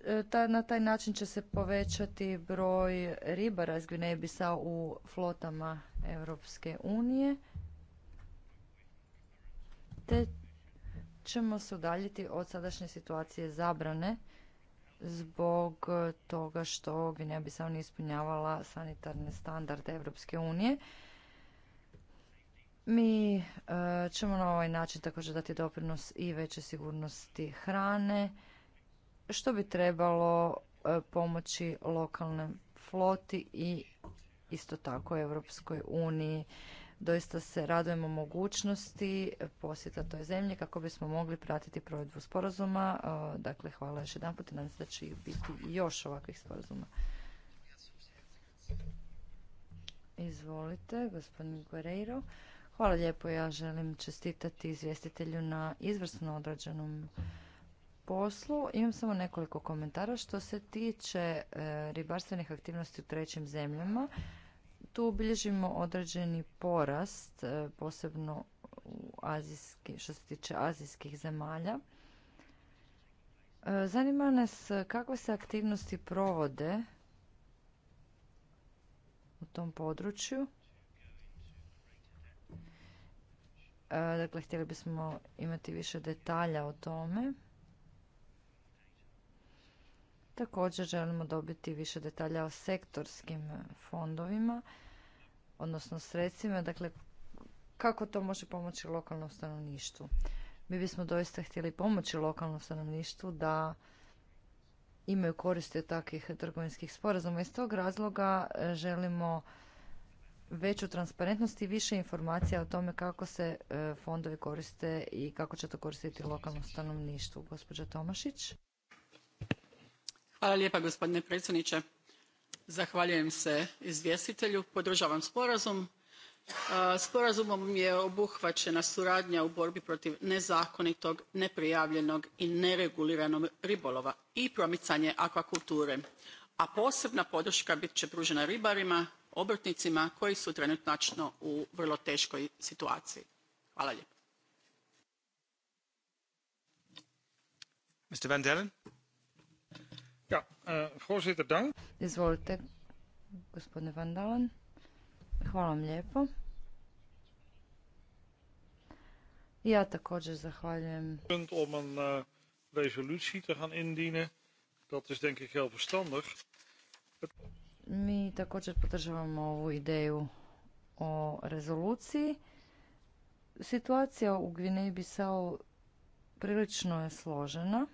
E, na taj način će se povećati broj ribara iz Gvineje u flotama Europske unije te ćemo se udaljiti od sadašnje situacije zabrane zbog toga što Gvineja Bisao ne ispunjavala sanitarne standarde Europske unije. Mi e, ćemo na ovaj način također dati doprinos i veće sigurnosti hrane što bi trebalo e, pomoći lokalnoj floti i isto tako Europskoj uniji. Doista se radujemo mogućnosti posjeta toj zemlji kako bismo mogli pratiti provedbu sporazuma. E, dakle, hvala još jedan put i nadam se da će biti još ovakvih sporazuma. Izvolite, gospodin Guerreiro. Hvala lijepo, ja želim čestitati izvjestitelju na izvrsno odrađenom poslu. Imam samo nekoliko komentara. Što se tiče e, ribarstvenih aktivnosti u trećim zemljama, tu obilježimo određeni porast, e, posebno u azijski, što se tiče azijskih zemalja. E, zanima nas kakve se aktivnosti provode u tom području. Dakle, htjeli bismo imati više detalja o tome. Također želimo dobiti više detalja o sektorskim fondovima, odnosno sredstvima, dakle kako to može pomoći lokalnom stanovništvu. Mi bismo doista htjeli pomoći lokalnom stanovništvu da imaju koriste od takvih trgovinskih sporazuma. Iz tog razloga e, želimo veću transparentnost i više informacija o tome kako se e, fondovi koriste i kako će to koristiti lokalnom stanovništvu. Gospođa Tomašić lijepa gospodine predsjedniče. Zahvaljujem se izvjestitelju, podržavam sporazum. E, sporazumom je obuhvaćena suradnja u borbi protiv nezakonitog, neprijavljenog i nereguliranog ribolova i promicanje akvakulture, a posebna podrška bit će pružena ribarima, obrtnicima koji su trenutačno u vrlo teškoj situaciji. Hvala lijepa. Eh, voorzitter, Izvolite, gospodine Van Dalen. Hvala vam lijepo. Ja također zahvaljujem. om een eh, resolutie te gaan indienen, dat is denk ik heel verstandig. Mi također podržavamo ovu ideju o rezoluciji. Situacija u Gvineji se prilično je složena.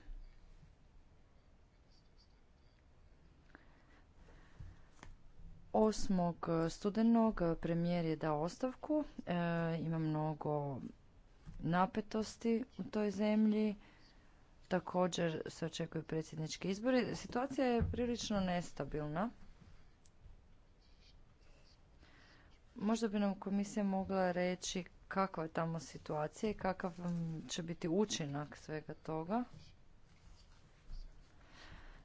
8. studenog premijer je dao ostavku. E, ima mnogo napetosti u toj zemlji. Također se očekuju predsjednički izbori. Situacija je prilično nestabilna. Možda bi nam komisija mogla reći kakva je tamo situacija i kakav će biti učinak svega toga.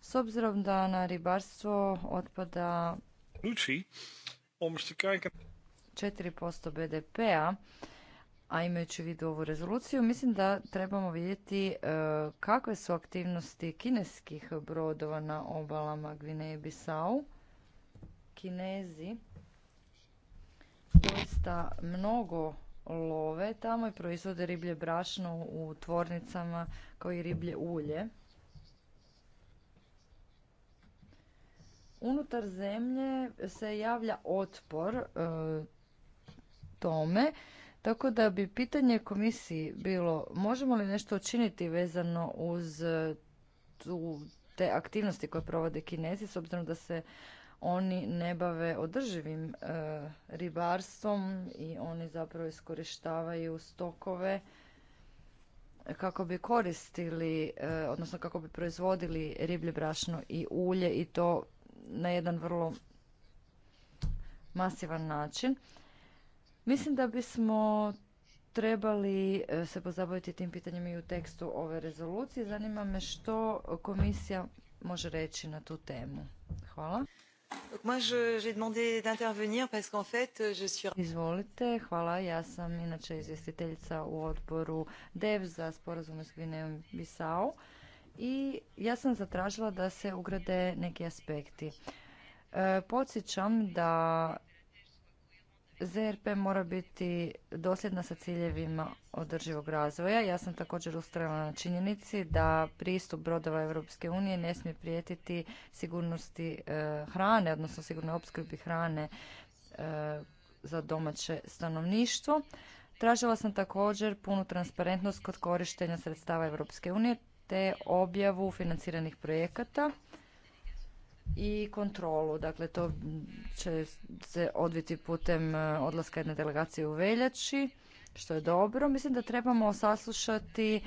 S obzirom da na ribarstvo otpada om eens te kijken... 4% BDP-a, a imajući u vidu ovu rezoluciju, mislim da trebamo vidjeti e, kakve su aktivnosti kineskih brodova na obalama Gvineje Bisau. Kinezi doista mnogo love tamo i proizvode riblje brašno u tvornicama kao i riblje ulje. unutar zemlje se javlja otpor e, tome tako da bi pitanje komisiji bilo možemo li nešto učiniti vezano uz e, tu, te aktivnosti koje provode kinezi s obzirom da se oni ne bave održivim e, ribarstvom i oni zapravo iskorištavaju stokove kako bi koristili, odnosno kako bi proizvodili riblje brašno i ulje i to na jedan vrlo masivan način. Mislim da bismo trebali e, se pozabaviti tim pitanjima i u tekstu ove rezolucije. Zanima me što komisija može reći na tu temu. Hvala. Izvolite, hvala. Ja sam inače izvjestiteljica u odboru DEV za sporazum s Gvinejom Bisao i ja sam zatražila da se ugrade neki aspekti. E, podsjećam da ZRP mora biti dosljedna sa ciljevima održivog razvoja. Ja sam također ustrajala na činjenici da pristup brodova Europske unije ne smije prijetiti sigurnosti e, hrane, odnosno sigurnoj opskrbi hrane e, za domaće stanovništvo. Tražila sam također punu transparentnost kod korištenja sredstava Europske unije te objavu financiranih projekata i kontrolu. Dakle, to će se odviti putem e, odlaska jedne delegacije u veljači, što je dobro. Mislim da trebamo saslušati e,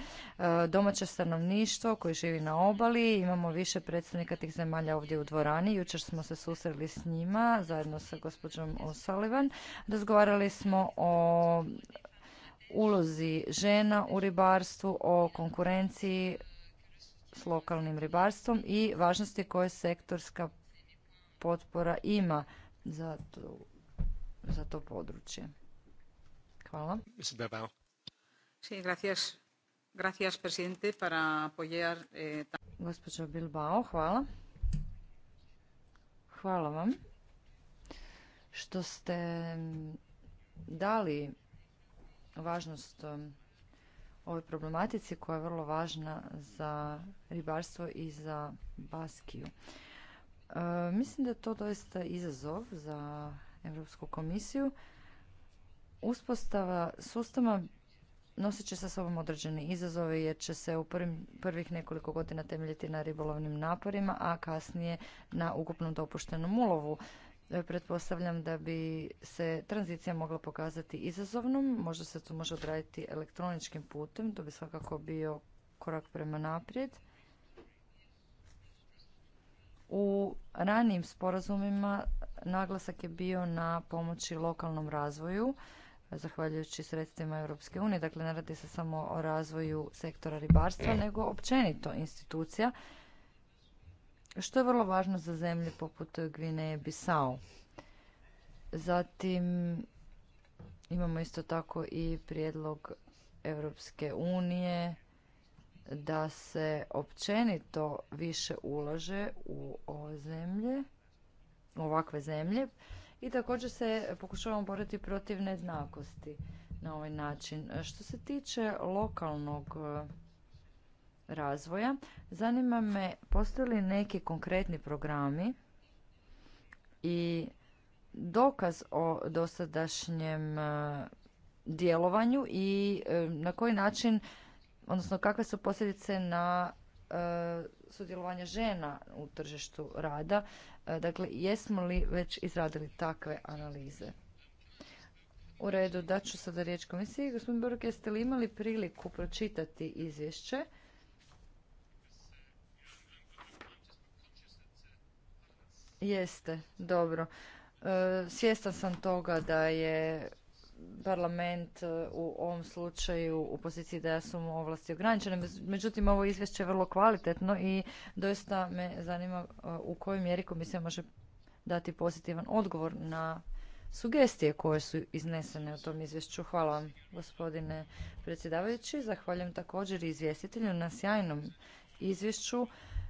domaće stanovništvo koji živi na obali. Imamo više predstavnika tih zemalja ovdje u dvorani. Jučer smo se susreli s njima zajedno sa gospođom O'Sullivan. Razgovarali smo o ulozi žena u ribarstvu, o konkurenciji s lokalnim ribarstvom i važnosti koje sektorska potpora ima za to, za to područje. Hvala. Eh, Gospođo Bilbao, hvala. Hvala vam što ste dali važnost um, ovoj problematici koja je vrlo važna za ribarstvo i za Baskiju. E, mislim da je to doista izazov za Europsku komisiju. Uspostava sustava nosit će sa sobom određene izazove jer će se u prvih nekoliko godina temeljiti na ribolovnim naporima, a kasnije na ukupnom dopuštenom ulovu. E, pretpostavljam da bi se tranzicija mogla pokazati izazovnom, možda se to može odraditi elektroničkim putem, to bi svakako bio korak prema naprijed. U ranijim sporazumima naglasak je bio na pomoći lokalnom razvoju, e, zahvaljujući sredstvima Europske unije. Dakle, ne radi se samo o razvoju sektora ribarstva, nego općenito institucija što je vrlo važno za zemlje poput Gvineje Bissau. Zatim imamo isto tako i prijedlog Europske unije da se općenito više ulaže u ove zemlje, u ovakve zemlje i također se pokušavamo boriti protiv nejednakosti na ovaj način. Što se tiče lokalnog razvoja. Zanima me, postoje li neki konkretni programi i dokaz o dosadašnjem e, djelovanju i e, na koji način, odnosno kakve su posljedice na e, sudjelovanje žena u tržištu rada. Dakle, jesmo li već izradili takve analize? U redu, daću sada riječ komisiji. Gospodin Boruk, jeste li imali priliku pročitati izvješće? Jeste, dobro. E, svjestan sam toga da je parlament e, u ovom slučaju u poziciji da su mu ovlasti ograničene. Međutim, ovo izvješće je vrlo kvalitetno i doista me zanima e, u kojoj mjeri komisija može dati pozitivan odgovor na sugestije koje su iznesene u tom izvješću. Hvala vam, gospodine predsjedavajući. Zahvaljujem također i izvjestitelju na sjajnom izvješću.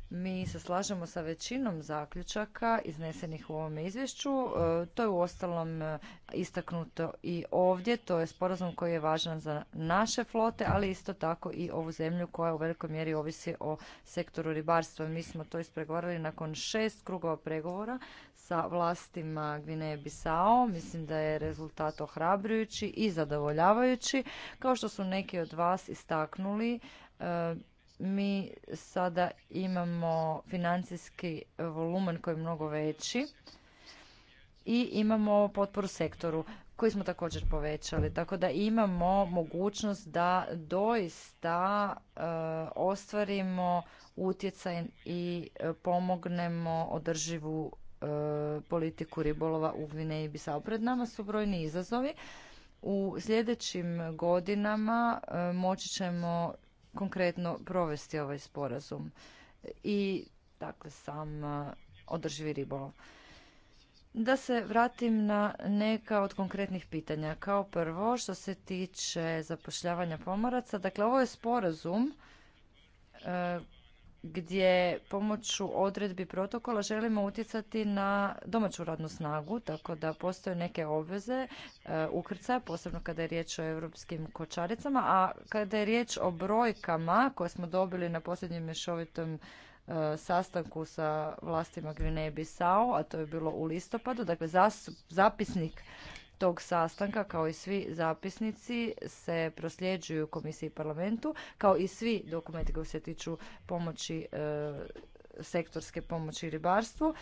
Mi se slažemo sa većinom zaključaka iznesenih u ovom izvješću. E, to je u ostalom e, istaknuto i ovdje. To je sporazum koji je važan za naše flote, ali isto tako i ovu zemlju koja u velikoj mjeri ovisi o sektoru ribarstva. Mi smo to ispregovarali nakon šest krugova pregovora sa vlastima Gvineje Bisao. Mislim da je rezultat ohrabrujući i zadovoljavajući. Kao što su neki od vas istaknuli, e, mi sada imamo financijski volumen koji je mnogo veći i imamo potporu sektoru koji smo također povećali. Tako da imamo mogućnost da doista e, ostvarimo utjecaj i pomognemo održivu e, politiku ribolova u Gvineji i Bisao. Pred nama su brojni izazovi. U sljedećim godinama e, moći ćemo konkretno provesti ovaj sporazum i dakle sam e, održivi ribolov. Da se vratim na neka od konkretnih pitanja. Kao prvo, što se tiče zapošljavanja pomoraca, dakle ovo je sporazum e, gdje pomoću odredbi protokola želimo utjecati na domaću radnu snagu, tako da postoje neke obveze e, ukrcaja, posebno kada je riječ o europskim kočaricama, a kada je riječ o brojkama koje smo dobili na posljednjem mješovitom e, sastanku sa vlastima Gvineje Bisao, a to je bilo u listopadu. Dakle, zapisnik tog sastanka kao i svi zapisnici se prosljeđuju komisiji i parlamentu kao i svi dokumenti koji se tiču pomoći e, sektorske pomoći ribarstvu.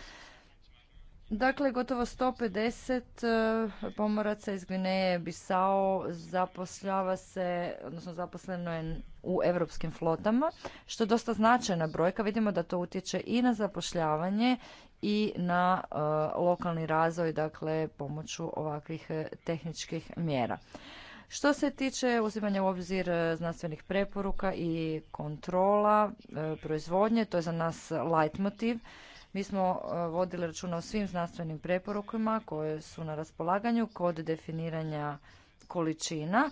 Dakle, gotovo 150 e, pomoraca iz Gvineje Bisao zaposljava se, odnosno zaposleno je u europskim flotama, što je dosta značajna brojka. Vidimo da to utječe i na zapošljavanje i na e, lokalni razvoj, dakle pomoću ovakvih e, tehničkih mjera. Što se tiče uzimanja u obzir e, znanstvenih preporuka i kontrola proizvodnje, to je za nas light motiv. Mi smo vodili računa o svim znanstvenim preporukama koje su na raspolaganju kod definiranja količina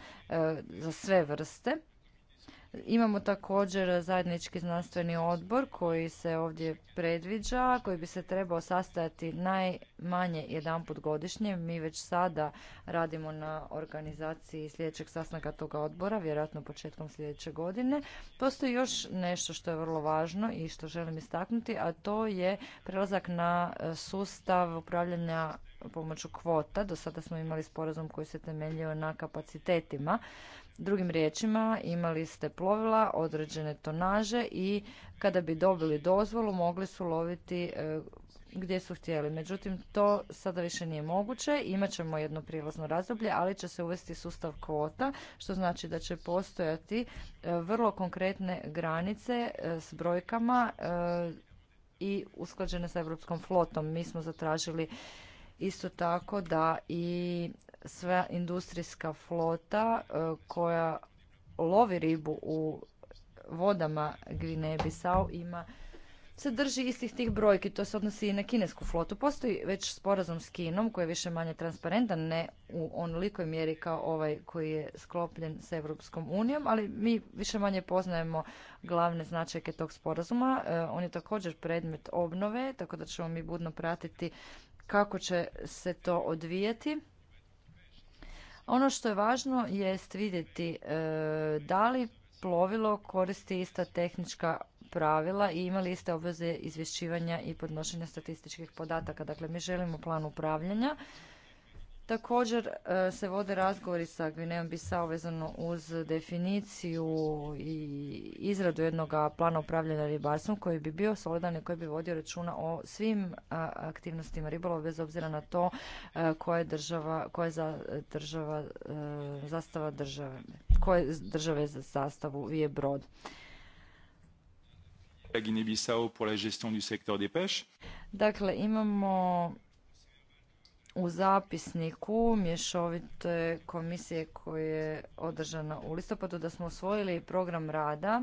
za sve vrste. Imamo također zajednički znanstveni odbor koji se ovdje predviđa, koji bi se trebao sastajati najmanje jedanput godišnje. Mi već sada radimo na organizaciji sljedećeg sastanka toga odbora, vjerojatno početkom sljedeće godine. Postoji još nešto što je vrlo važno i što želim istaknuti, a to je prelazak na e, sustav upravljanja pomoću kvota. Do sada smo imali sporazum koji se temeljio na kapacitetima Drugim riječima, imali ste plovila određene tonaže i kada bi dobili dozvolu mogli su loviti e, gdje su htjeli. Međutim, to sada više nije moguće. Imaćemo jedno prijelazno razdoblje, ali će se uvesti sustav kvota, što znači da će postojati e, vrlo konkretne granice e, s brojkama i usklađene sa Europskom flotom. Mi smo zatražili isto tako da i sva industrijska flota e, koja lovi ribu u vodama Gline bissau ima se drži istih tih brojki, to se odnosi i na kinesku flotu. Postoji već sporazum s Kinom koji je više manje transparentan, ne u onolikoj mjeri kao ovaj koji je sklopljen s Europskom unijom, ali mi više manje poznajemo glavne značajke tog sporazuma. E, on je također predmet obnove, tako da ćemo mi budno pratiti kako će se to odvijeti. Ono što je važno jest vidjeti e, da li plovilo koristi ista tehnička pravila i ima li iste obveze izvješćivanja i podnošenja statističkih podataka. Dakle, mi želimo plan upravljanja Također e, se vode razgovori sa Gvinejom Bisao vezano uz definiciju i izradu jednog plana upravljanja ribarstvom koji bi bio solidan i koji bi vodio računa o svim e, aktivnostima ribolova bez obzira na to e, koja je država, koja za država, zastava države, koje države za zastavu je brod. Dakle, imamo u zapisniku mješovite komisije koja je održana u listopadu da smo usvojili program rada.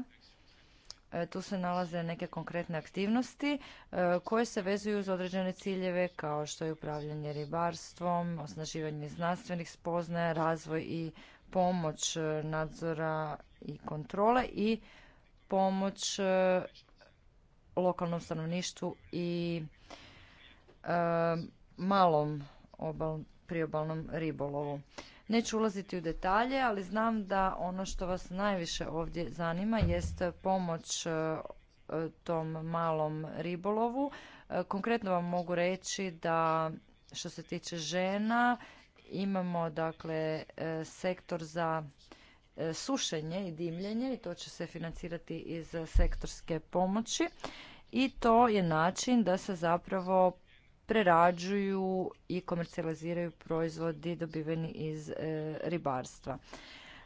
E, tu se nalaze neke konkretne aktivnosti e, koje se vezuju uz određene ciljeve kao što je upravljanje ribarstvom, osnaživanje znanstvenih spoznaja, razvoj i pomoć e, nadzora i kontrole i pomoć lokalnom stanovništvu i malom obal, priobalnom ribolovu. Neću ulaziti u detalje, ali znam da ono što vas najviše ovdje zanima jest pomoć e, tom malom ribolovu. E, konkretno vam mogu reći da što se tiče žena imamo dakle e, sektor za sušenje i dimljenje i to će se financirati iz sektorske pomoći i to je način da se zapravo prerađuju i komercijaliziraju proizvodi dobiveni iz e, ribarstva.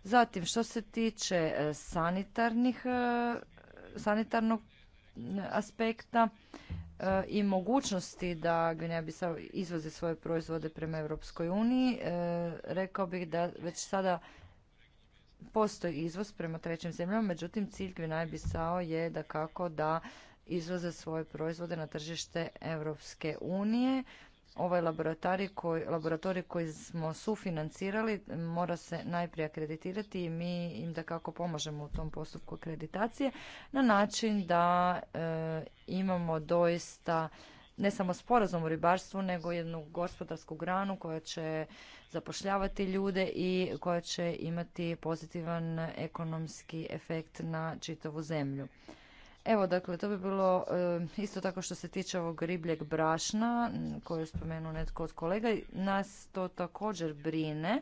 Zatim, što se tiče e, sanitarnih, e, sanitarnog aspekta i mogućnosti da Gvineja Bisao izvozi svoje proizvode prema Europskoj uniji, rekao bih da već sada postoji izvoz prema trećim zemljama, međutim cilj Gvineja Bisao je da kako da izvoze svoje proizvode na tržište Europske unije. Ovaj laboratorij koji, laboratorij koji smo sufinancirali mora se najprije akreditirati i mi im da kako pomožemo u tom postupku akreditacije na način da e, imamo doista ne samo sporazum u ribarstvu, nego jednu gospodarsku granu koja će zapošljavati ljude i koja će imati pozitivan ekonomski efekt na čitavu zemlju. Evo, dakle, to bi bilo e, isto tako što se tiče ovog ribljeg brašna, koje je spomenuo netko od kolega. Nas to također brine. E,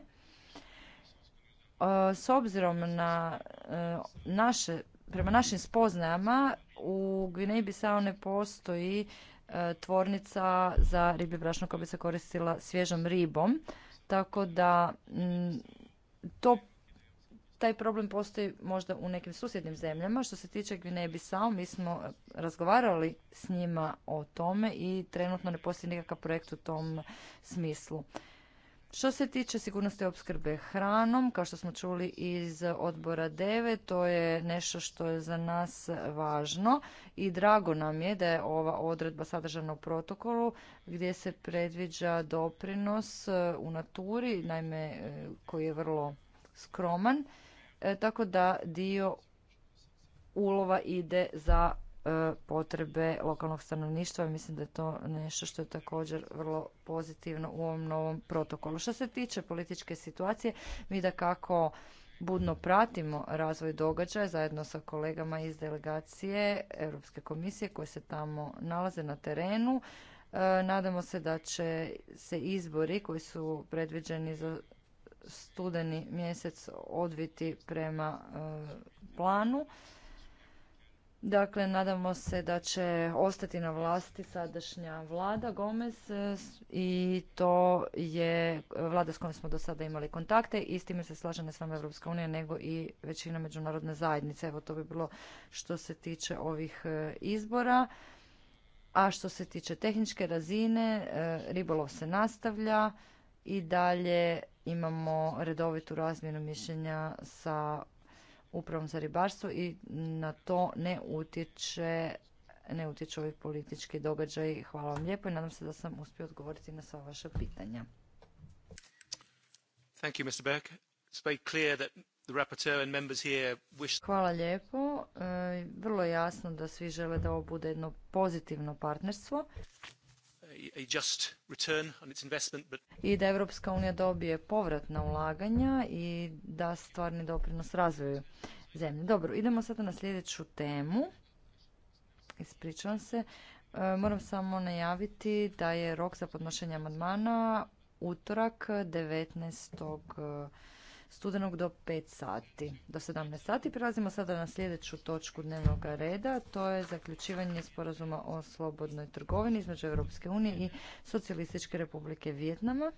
s obzirom na e, naše, prema našim spoznajama, u Gvineji Bisao ne postoji tvornica za riblje brašno koja bi se koristila svježom ribom. Tako da to taj problem postoji možda u nekim susjednim zemljama. Što se tiče Gvineje Bisao, mi smo razgovarali s njima o tome i trenutno ne postoji nikakav projekt u tom smislu. Što se tiče sigurnosti opskrbe hranom, kao što smo čuli iz odbora 9, to je nešto što je za nas važno i drago nam je da je ova odredba sadržana u protokolu gdje se predviđa doprinos e, u naturi, naime e, koji je vrlo skroman E, tako da dio ulova ide za e, potrebe lokalnog stanovništva. Mislim da je to nešto što je također vrlo pozitivno u ovom novom protokolu. Što se tiče političke situacije, mi da kako budno pratimo razvoj događaja zajedno sa kolegama iz delegacije Europske komisije koje se tamo nalaze na terenu. E, nadamo se da će se izbori koji su predviđeni za studeni mjesec odviti prema e, planu. Dakle, nadamo se da će ostati na vlasti sadašnja vlada Gomez e, i to je vlada s kojom smo do sada imali kontakte i s time se slaže ne samo Evropska unija nego i većina međunarodne zajednice. Evo to bi bilo što se tiče ovih e, izbora. A što se tiče tehničke razine, ribolov se nastavlja i dalje imamo redovitu razmjenu mišljenja sa upravom za ribarstvo i na to ne utječe ne utječu ovi politički događaj. Hvala vam lijepo i nadam se da sam uspio odgovoriti na sva vaša pitanja. Hvala lijepo. E, vrlo jasno da svi žele da ovo bude jedno pozitivno partnerstvo i da Europska unija dobije povratna ulaganja i da stvarni doprinos razvoju zemlje. Dobro, idemo sada na sljedeću temu. Ispričavam se. E, moram samo najaviti da je rok za podnošenje amandmana utorak 19 studenog do 5 sati, do 17 sati. Prelazimo sada na sljedeću točku dnevnog reda, to je zaključivanje sporazuma o slobodnoj trgovini između Europske unije i Socijalističke republike Vijetnama.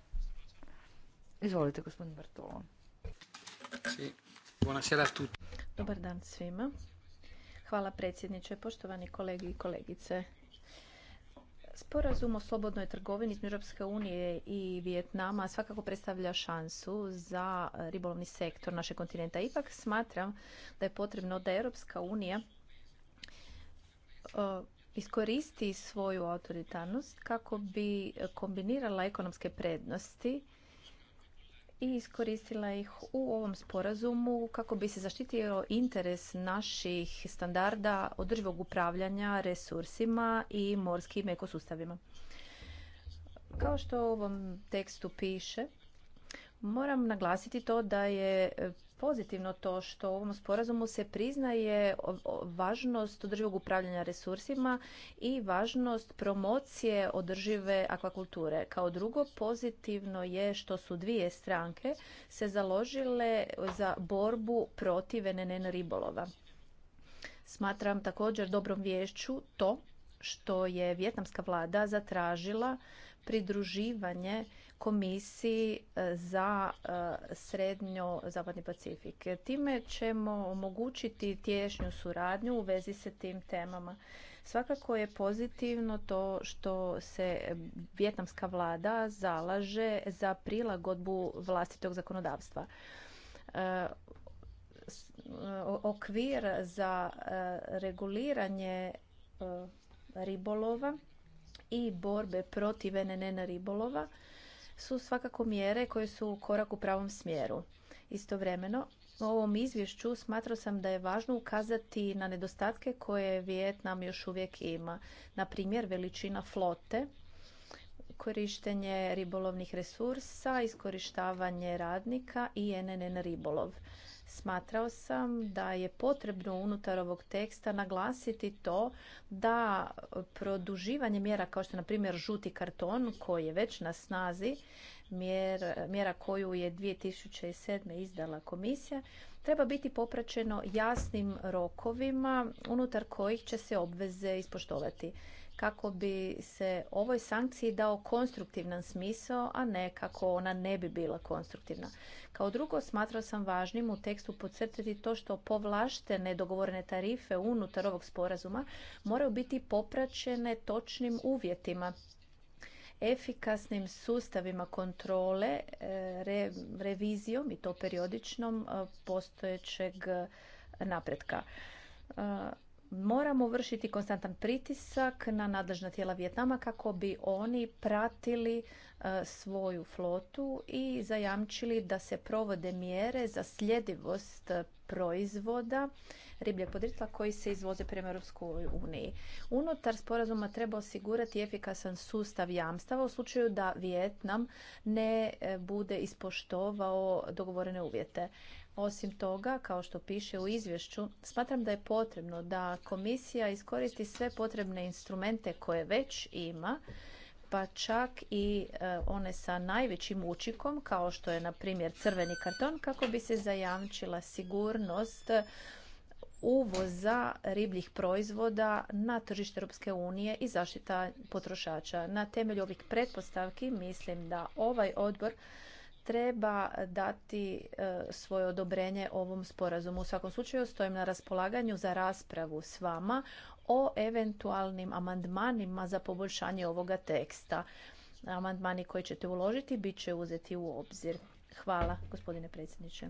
Izvolite, gospodin Bartolo. Dobar dan svima. Hvala predsjedniče, poštovani kolegi i kolegice. Sporazum o slobodnoj trgovini između Europske unije i Vijetnama svakako predstavlja šansu za ribolovni sektor našeg kontinenta. Ipak smatram da je potrebno da Europska unija eh, iskoristi svoju autoritarnost kako bi kombinirala ekonomske prednosti i iskoristila ih u ovom sporazumu kako bi se zaštitio interes naših standarda održivog upravljanja resursima i morskim ekosustavima. Kao što u ovom tekstu piše, moram naglasiti to da je pozitivno to što u ovom sporazumu se priznaje važnost održivog upravljanja resursima i važnost promocije održive akvakulture. Kao drugo, pozitivno je što su dvije stranke se založile za borbu protiv NNN ribolova. Smatram također dobrom vješću to što je vjetnamska vlada zatražila pridruživanje komisiji e, za e, srednjo-zapadni Pacifik. Time ćemo omogućiti tješnju suradnju u vezi sa tim temama. Svakako je pozitivno to što se vjetnamska vlada zalaže za prilagodbu vlastitog zakonodavstva e, okvir za reguliranje ribolova i borbe protiv NNN ribolova su svakako mjere koje su korak u pravom smjeru. Istovremeno, u ovom izvješću smatrao sam da je važno ukazati na nedostatke koje Vijetnam još uvijek ima. Na primjer, veličina flote, korištenje ribolovnih resursa, iskorištavanje radnika i NNN ribolov. Smatrao sam da je potrebno unutar ovog teksta naglasiti to da produživanje mjera kao što je na primjer žuti karton koji je već na snazi, mjera koju je 2007. izdala komisija, treba biti popraćeno jasnim rokovima unutar kojih će se obveze ispoštovati kako bi se ovoj sankciji dao konstruktivan smisao, a ne kako ona ne bi bila konstruktivna. Kao drugo, smatrao sam važnim u tekstu podcrtati to što povlaštene dogovorene tarife unutar ovog sporazuma moraju biti popraćene točnim uvjetima efikasnim sustavima kontrole, e, revizijom i to periodičnom e, postojećeg e, napretka moramo vršiti konstantan pritisak na nadležna tijela Vijetnama kako bi oni pratili e, svoju flotu i zajamčili da se provode mjere za sljedivost proizvoda ribljeg podrijetla koji se izvoze prema Europskoj uniji. Unutar sporazuma treba osigurati efikasan sustav jamstava u slučaju da Vijetnam ne e, bude ispoštovao dogovorene uvjete. Osim toga, kao što piše u izvješću, smatram da je potrebno da komisija iskoristi sve potrebne instrumente koje već ima, pa čak i e, one sa najvećim učikom, kao što je na primjer crveni karton, kako bi se zajamčila sigurnost uvoza ribljih proizvoda na tržište Europske unije i zaštita potrošača. Na temelju ovih pretpostavki mislim da ovaj odbor treba dati e, svoje odobrenje ovom sporazumu. U svakom slučaju stojim na raspolaganju za raspravu s vama o eventualnim amandmanima za poboljšanje ovoga teksta. Amandmani koji ćete uložiti bit će uzeti u obzir. Hvala, gospodine predsjedniče.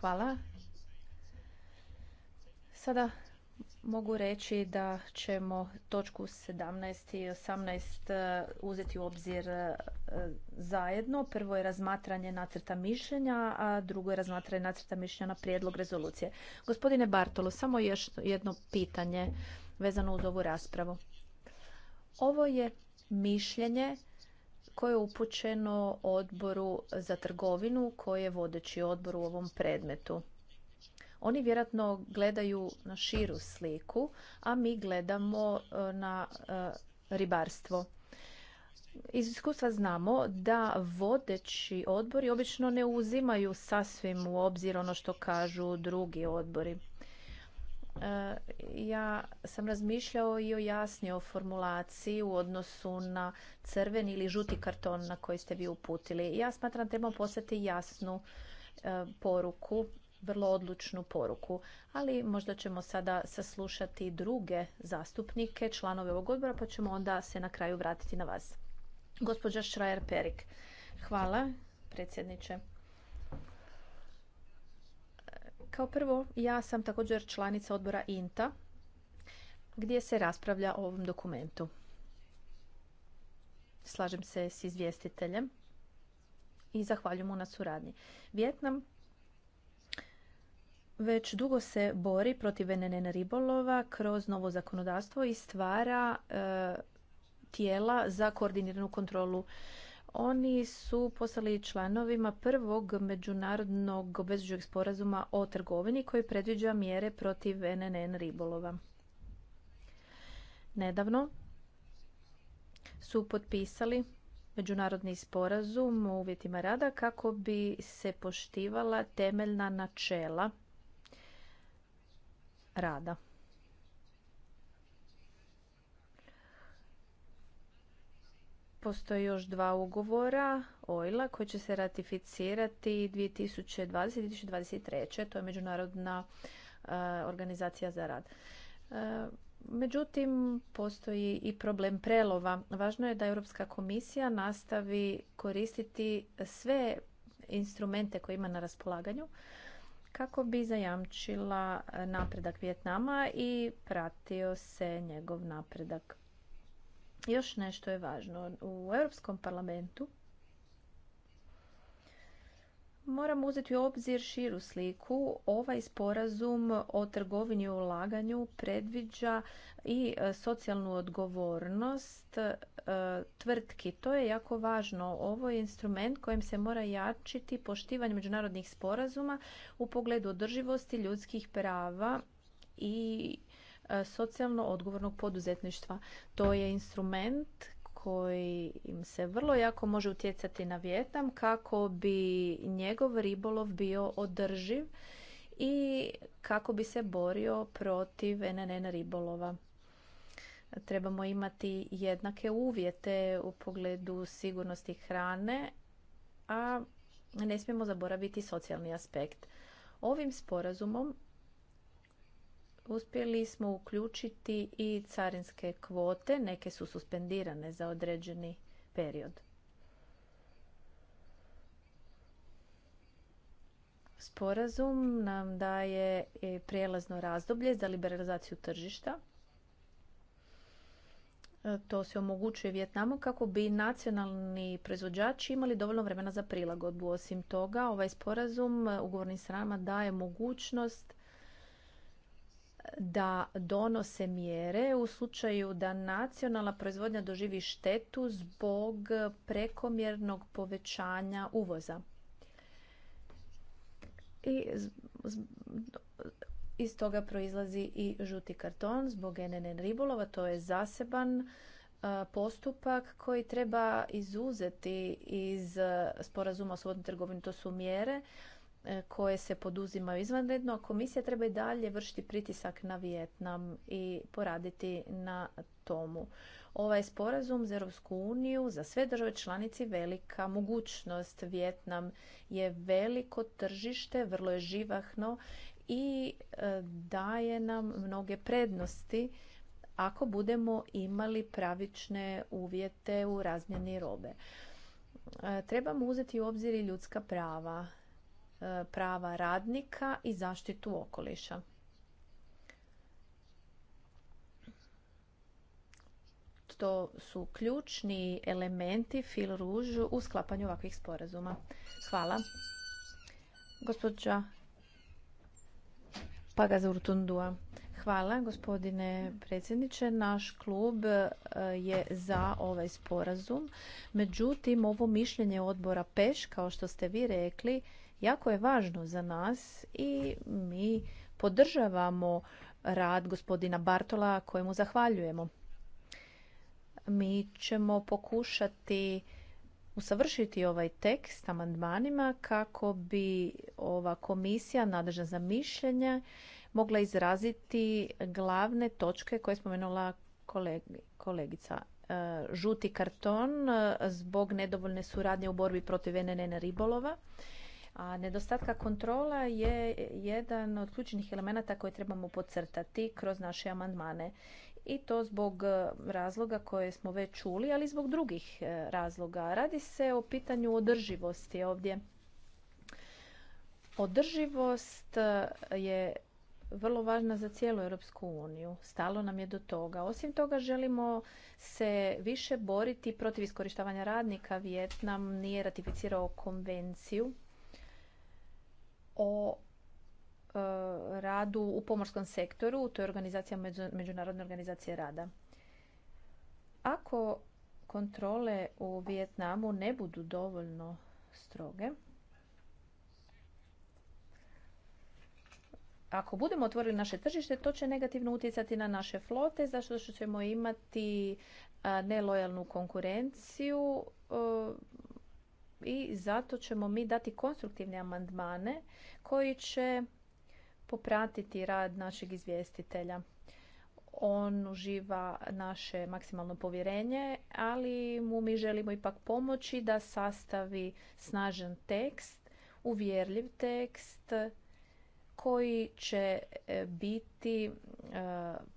Hvala. Sada mogu reći da ćemo točku 17 i 18 e, uzeti u obzir e, zajedno. Prvo je razmatranje nacrta mišljenja, a drugo je razmatranje nacrta mišljenja na prijedlog rezolucije. Gospodine Bartolo, samo još jedno pitanje vezano uz ovu raspravu. Ovo je mišljenje koje je upućeno odboru za trgovinu koji je vodeći odbor u ovom predmetu. Oni vjerojatno gledaju na širu sliku, a mi gledamo e, na e, ribarstvo. Iz iskustva znamo da vodeći odbori obično ne uzimaju sasvim u obzir ono što kažu drugi odbori. E, ja sam razmišljao i o jasnijoj formulaciji u odnosu na crveni ili žuti karton na koji ste vi uputili. Ja smatram da trebamo poslati jasnu poruku vrlo odlučnu poruku. Ali možda ćemo sada saslušati druge zastupnike, članove ovog odbora, pa ćemo onda se na kraju vratiti na vas. Gospođa Šrajer-Perik. Hvala, predsjedniče. Kao prvo, ja sam također članica odbora INTA, gdje se raspravlja o ovom dokumentu. Slažem se s izvjestiteljem i zahvaljujem na suradnji. Vjetnam već dugo se bori protiv NNN ribolova kroz novo zakonodavstvo i stvara e, tijela za koordiniranu kontrolu. Oni su poslali članovima prvog međunarodnog obvezujućeg sporazuma o trgovini koji predviđa mjere protiv NNN ribolova. Nedavno su potpisali međunarodni sporazum o uvjetima rada kako bi se poštivala temeljna načela rada. Postoje još dva ugovora OILA koji će se ratificirati 2020. 2023. To je Međunarodna e, organizacija za rad. E, međutim, postoji i problem prelova. Važno je da Europska komisija nastavi koristiti sve instrumente koje ima na raspolaganju kako bi zajamčila e, napredak Vjetnama i pratio se njegov napredak. Još nešto je važno. U Europskom parlamentu moramo uzeti u obzir širu sliku. Ovaj sporazum o trgovini i ulaganju predviđa i e, socijalnu odgovornost E, tvrtki. To je jako važno. Ovo je instrument kojim se mora jačiti poštivanje međunarodnih sporazuma u pogledu održivosti ljudskih prava i e, socijalno odgovornog poduzetništva. To je instrument koji se vrlo jako može utjecati na Vjetnam kako bi njegov ribolov bio održiv i kako bi se borio protiv NNN ribolova trebamo imati jednake uvjete u pogledu sigurnosti hrane, a ne smijemo zaboraviti socijalni aspekt. Ovim sporazumom uspjeli smo uključiti i carinske kvote, neke su suspendirane za određeni period. Sporazum nam daje prijelazno razdoblje za liberalizaciju tržišta E, to se omogućuje Vijetnamu kako bi nacionalni proizvođači imali dovoljno vremena za prilagodbu. Osim toga, ovaj sporazum e, ugovornim stranama daje mogućnost e, da donose mjere u slučaju da nacionalna proizvodnja doživi štetu zbog prekomjernog povećanja uvoza. I iz toga proizlazi i žuti karton zbog NNN ribolova. To je zaseban postupak koji treba izuzeti iz sporazuma o svodnoj trgovini. To su mjere koje se poduzimaju izvanredno, a komisija treba i dalje vršiti pritisak na Vijetnam i poraditi na tomu. Ovaj sporazum za Europsku uniju za sve države članici velika mogućnost. Vijetnam je veliko tržište, vrlo je živahno i e, daje nam mnoge prednosti ako budemo imali pravične uvjete u razmjeni robe. E, trebamo uzeti u obzir i ljudska prava, e, prava radnika i zaštitu okoliša. To su ključni elementi fil u sklapanju ovakvih sporazuma. Hvala. Gospođa Pagaza Urtundua. Hvala gospodine predsjedniče. Naš klub e, je za ovaj sporazum. Međutim, ovo mišljenje odbora Peš, kao što ste vi rekli, jako je važno za nas i mi podržavamo rad gospodina Bartola kojemu zahvaljujemo. Mi ćemo pokušati usavršiti ovaj tekst amandmanima kako bi ova komisija nadležna za mišljenje mogla izraziti glavne točke koje je spomenula kolegica. E, žuti karton e, zbog nedovoljne suradnje u borbi protiv NNN ribolova. A nedostatka kontrola je jedan od ključnih elemenata koje trebamo podcrtati kroz naše amandmane i to zbog e, razloga koje smo već čuli, ali i zbog drugih e, razloga. Radi se o pitanju održivosti ovdje. Održivost e, je vrlo važna za cijelu Europsku uniju. Stalo nam je do toga. Osim toga želimo se više boriti protiv iskorištavanja radnika. Vjetnam nije ratificirao konvenciju o E, radu u pomorskom sektoru, to je organizacija Međunarodne organizacije rada. Ako kontrole u Vijetnamu ne budu dovoljno stroge, ako budemo otvorili naše tržište, to će negativno utjecati na naše flote, zašto što ćemo imati nelojalnu konkurenciju e, i zato ćemo mi dati konstruktivne amandmane koji će popratiti rad našeg izvjestitelja. On uživa naše maksimalno povjerenje, ali mu mi želimo ipak pomoći da sastavi snažan tekst, uvjerljiv tekst koji će e, biti e,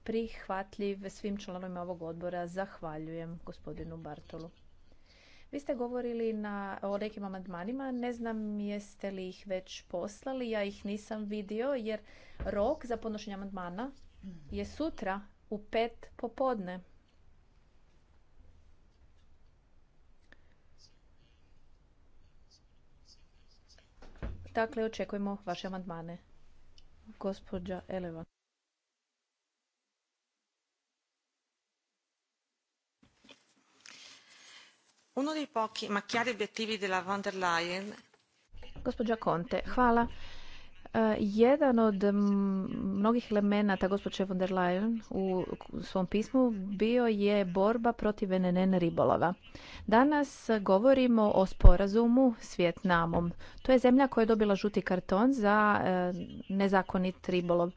prihvatljiv svim članovima ovog odbora. Zahvaljujem gospodinu Bartolu. Vi ste govorili na, o nekim amandmanima, ne znam jeste li ih već poslali, ja ih nisam vidio jer rok za podnošenje amandmana je sutra u pet popodne. Dakle, očekujemo vaše amandmane. Gospođa Eleva. Uno dei pochi der Gospođa Conte, hvala. E, jedan od mnogih elemenata gospođe von der Leyen u svom pismu bio je borba protiv NNN ribolova. Danas govorimo o sporazumu s Vjetnamom. To je zemlja koja je dobila žuti karton za e, nezakonit ribolov.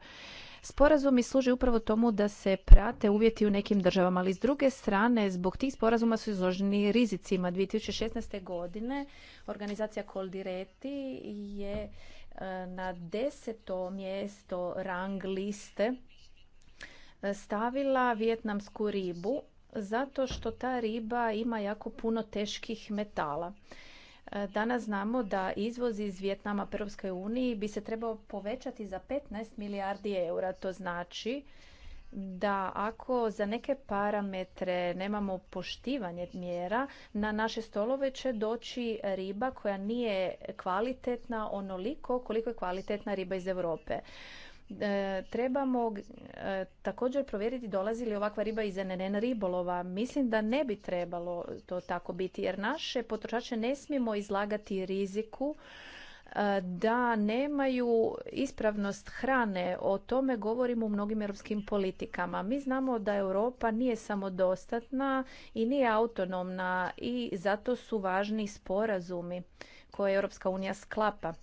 Sporazumi služe upravo tomu da se prate uvjeti u nekim državama, ali s druge strane zbog tih sporazuma su izloženi rizicima. 2016. godine organizacija Koldireti je e, na deseto mjesto rang liste e, stavila vjetnamsku ribu zato što ta riba ima jako puno teških metala. E, danas znamo da izvoz iz Vjetnama Europskoj uniji bi se trebao povećati za 15 milijardi eura. To znači da ako za neke parametre nemamo poštivanje mjera, na naše stolove će doći riba koja nije kvalitetna onoliko koliko je kvalitetna riba iz Europe. E, trebamo e, također provjeriti dolazi li ovakva riba iz NNN ribolova. Mislim da ne bi trebalo to tako biti jer naše potrošače ne smijemo izlagati riziku e, da nemaju ispravnost hrane. O tome govorimo u mnogim europskim politikama. Mi znamo da Europa nije samodostatna i nije autonomna i zato su važni sporazumi koje Europska unija sklapa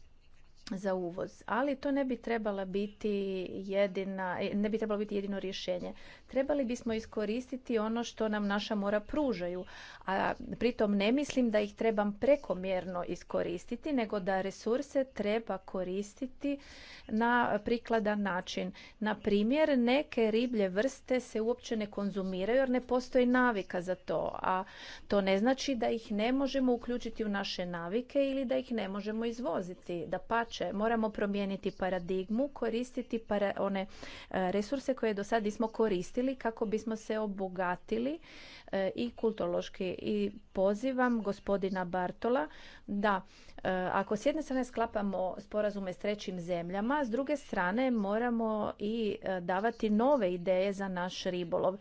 za uvoz, ali to ne bi trebala biti jedina, ne bi trebalo biti jedino rješenje. Trebali bismo iskoristiti ono što nam naša mora pružaju, a pritom ne mislim da ih trebam prekomjerno iskoristiti, nego da resurse treba koristiti na prikladan način. Na primjer, neke riblje vrste se uopće ne konzumiraju jer ne postoji navika za to, a to ne znači da ih ne možemo uključiti u naše navike ili da ih ne možemo izvoziti, da pače Moramo promijeniti paradigmu, koristiti one e, resurse koje do sad nismo koristili kako bismo se obogatili e, i kulturološki. I pozivam gospodina Bartola da e, ako s jedne strane sklapamo sporazume s trećim zemljama, s druge strane moramo i davati nove ideje za naš ribolov.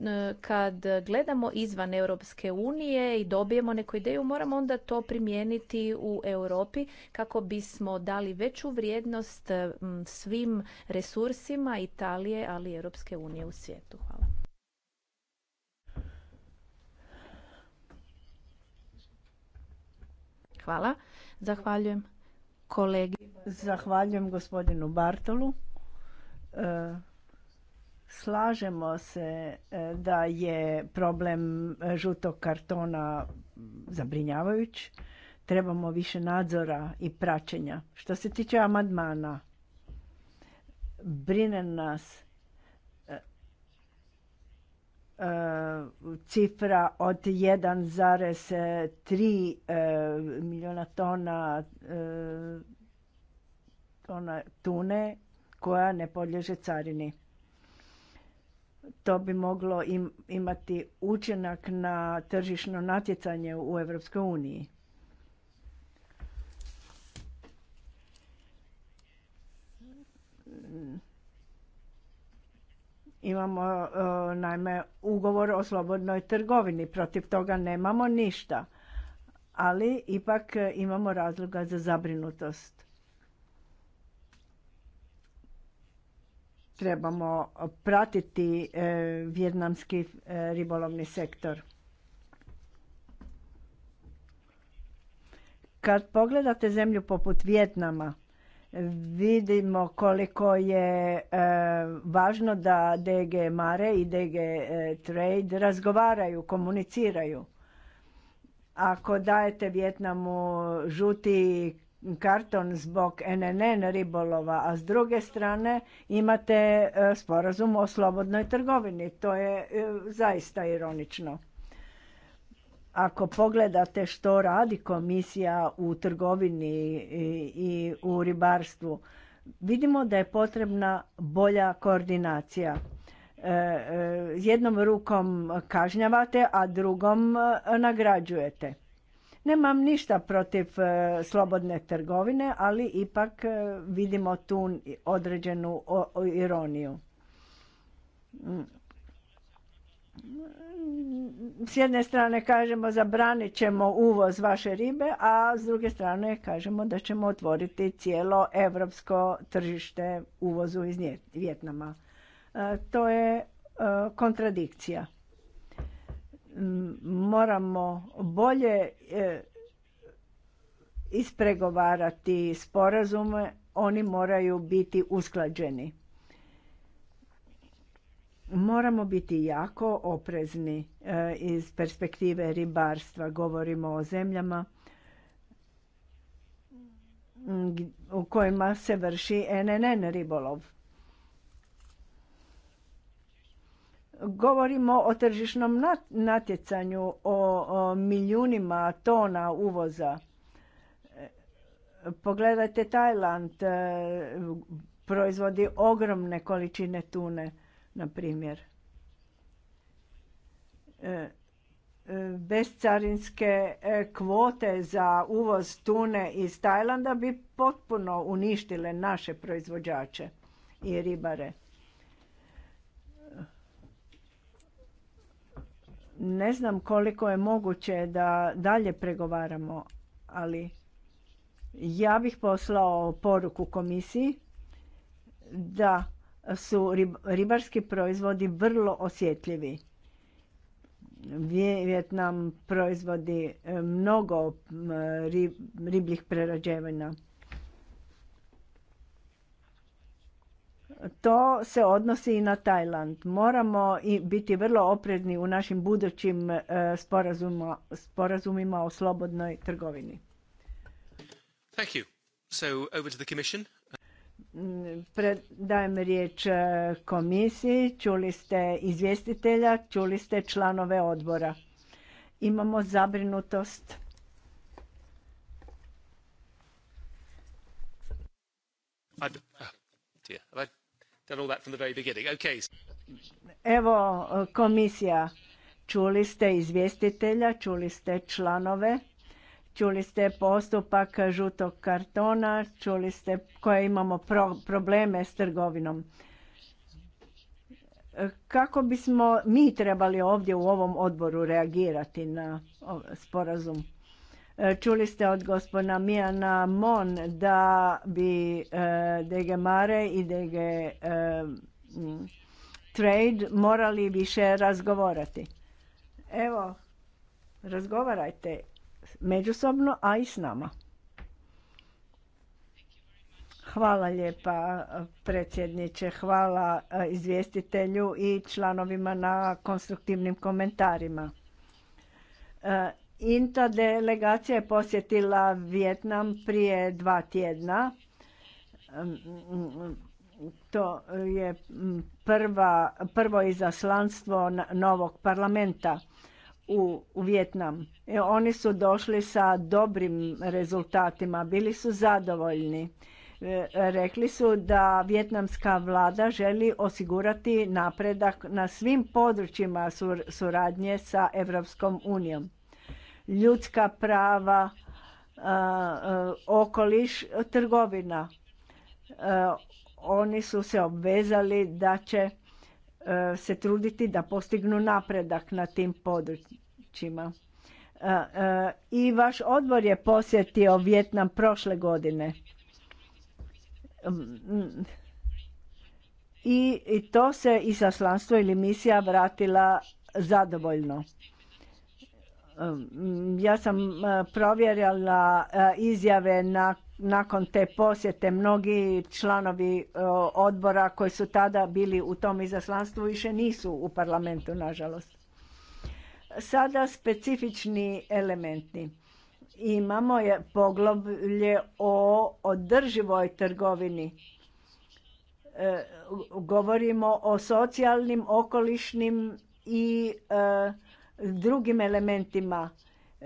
E, kad gledamo izvan Europske unije i dobijemo neku ideju, moramo onda to primijeniti u Europi kako bismo dali veću vrijednost e, svim resursima Italije, ali i Europske unije u svijetu. Hvala. Hvala. Zahvaljujem kolegi. Zahvaljujem gospodinu Bartolu. E, Slažemo se e, da je problem e, žutog kartona zabrinjavajuć. Trebamo više nadzora i praćenja. Što se tiče Amadmana, brine nas e, cifra od 1,3 milijuna tona tune koja ne podlježe carini. To bi moglo imati učinak na tržišno natjecanje u Europskoj uniji. Imamo e, naime ugovor o slobodnoj trgovini, protiv toga nemamo ništa, ali ipak imamo razloga za zabrinutost. trebamo pratiti e, vjetnamski e, ribolovni sektor. Kad pogledate zemlju poput Vjetnama, vidimo koliko je e, važno da DG Mare i DG Trade razgovaraju, komuniciraju. Ako dajete Vjetnamu žuti karton zbog NNN ribolova, a s druge strane imate e, sporazum o slobodnoj trgovini. To je e, zaista ironično. Ako pogledate što radi komisija u trgovini i u ribarstvu, vidimo da je potrebna bolja koordinacija. E, jednom rukom kažnjavate, a drugom nagrađujete Nemam ništa protiv e, slobodne trgovine, ali ipak e, vidimo tu određenu ironiju. S jedne strane kažemo zabranit ćemo uvoz vaše ribe, a s druge strane kažemo da ćemo otvoriti cijelo europsko tržište uvozu iz Vjetnama. E, to je kontradikcija moramo bolje e, ispregovarati sporazume, oni moraju biti usklađeni. Moramo biti jako oprezni e, iz perspektive ribarstva. Govorimo o zemljama u kojima se vrši NNN ribolov. Govorimo o tržišnom natjecanju, o, milijunima tona uvoza. Pogledajte Tajland, e, proizvodi ogromne količine tune, na primjer. E, e, Bezcarinske kvote za uvoz tune iz Tajlanda bi potpuno uništile naše proizvođače i ribare. Ne znam koliko je moguće da dalje pregovaramo, ali ja bih poslao poruku komisiji da su ribarski proizvodi vrlo osjetljivi. Vjetnam proizvodi e, mnogo ribljih prerađevina. To se odnosi i na Tajland. Moramo i biti vrlo opredni u našim budućim e, sporazumima o slobodnoj trgovini. Thank you. So, over to the commission. Predajem riječ e, komisiji, čuli ste izvjestitelja, čuli ste članove odbora. Imamo zabrinutost. Uh, Evo komisija, čuli ste izvjestitelja, čuli ste članove, čuli ste postupak žutog kartona, čuli ste koje imamo probleme s trgovinom. Kako bismo mi trebali ovdje u ovom odboru reagirati na sporazum? E, čuli ste od gospodina Mijana Mon da bi e, DG Mare i DG e, Trade morali više razgovarati. Evo, razgovarajte međusobno, a i s nama. Hvala lijepa predsjedniče, hvala izvjestitelju i članovima na konstruktivnim komentarima. Inta delegacija je posjetila Vjetnam prije dva tjedna. Mm, mm, to je prva, prvo izaslanstvo novog parlamenta u, u Vjetnam. E, oni su došli sa dobrim rezultatima, bili su zadovoljni. E, rekli su da vjetnamska vlada želi osigurati napredak na svim područjima suradnje sa Europskom unijom ljudska prava, e, e, okoliš, trgovina. E, oni su se obvezali da će se truditi da postignu napredak na tim područjima. I vaš odbor je posjetio Vjetnam prošle godine. I to se izaslanstvo ili misija vratila zadovoljno. Ja sam e, provjerila e, izjave nakon te posjete. Mnogi članovi e, odbora koji su tada bili u tom izaslanstvu više nisu u parlamentu, nažalost. Sada specifični elementi. Imamo je poglavlje o održivoj trgovini. Govorimo o socijalnim, okolišnim i drugim elementima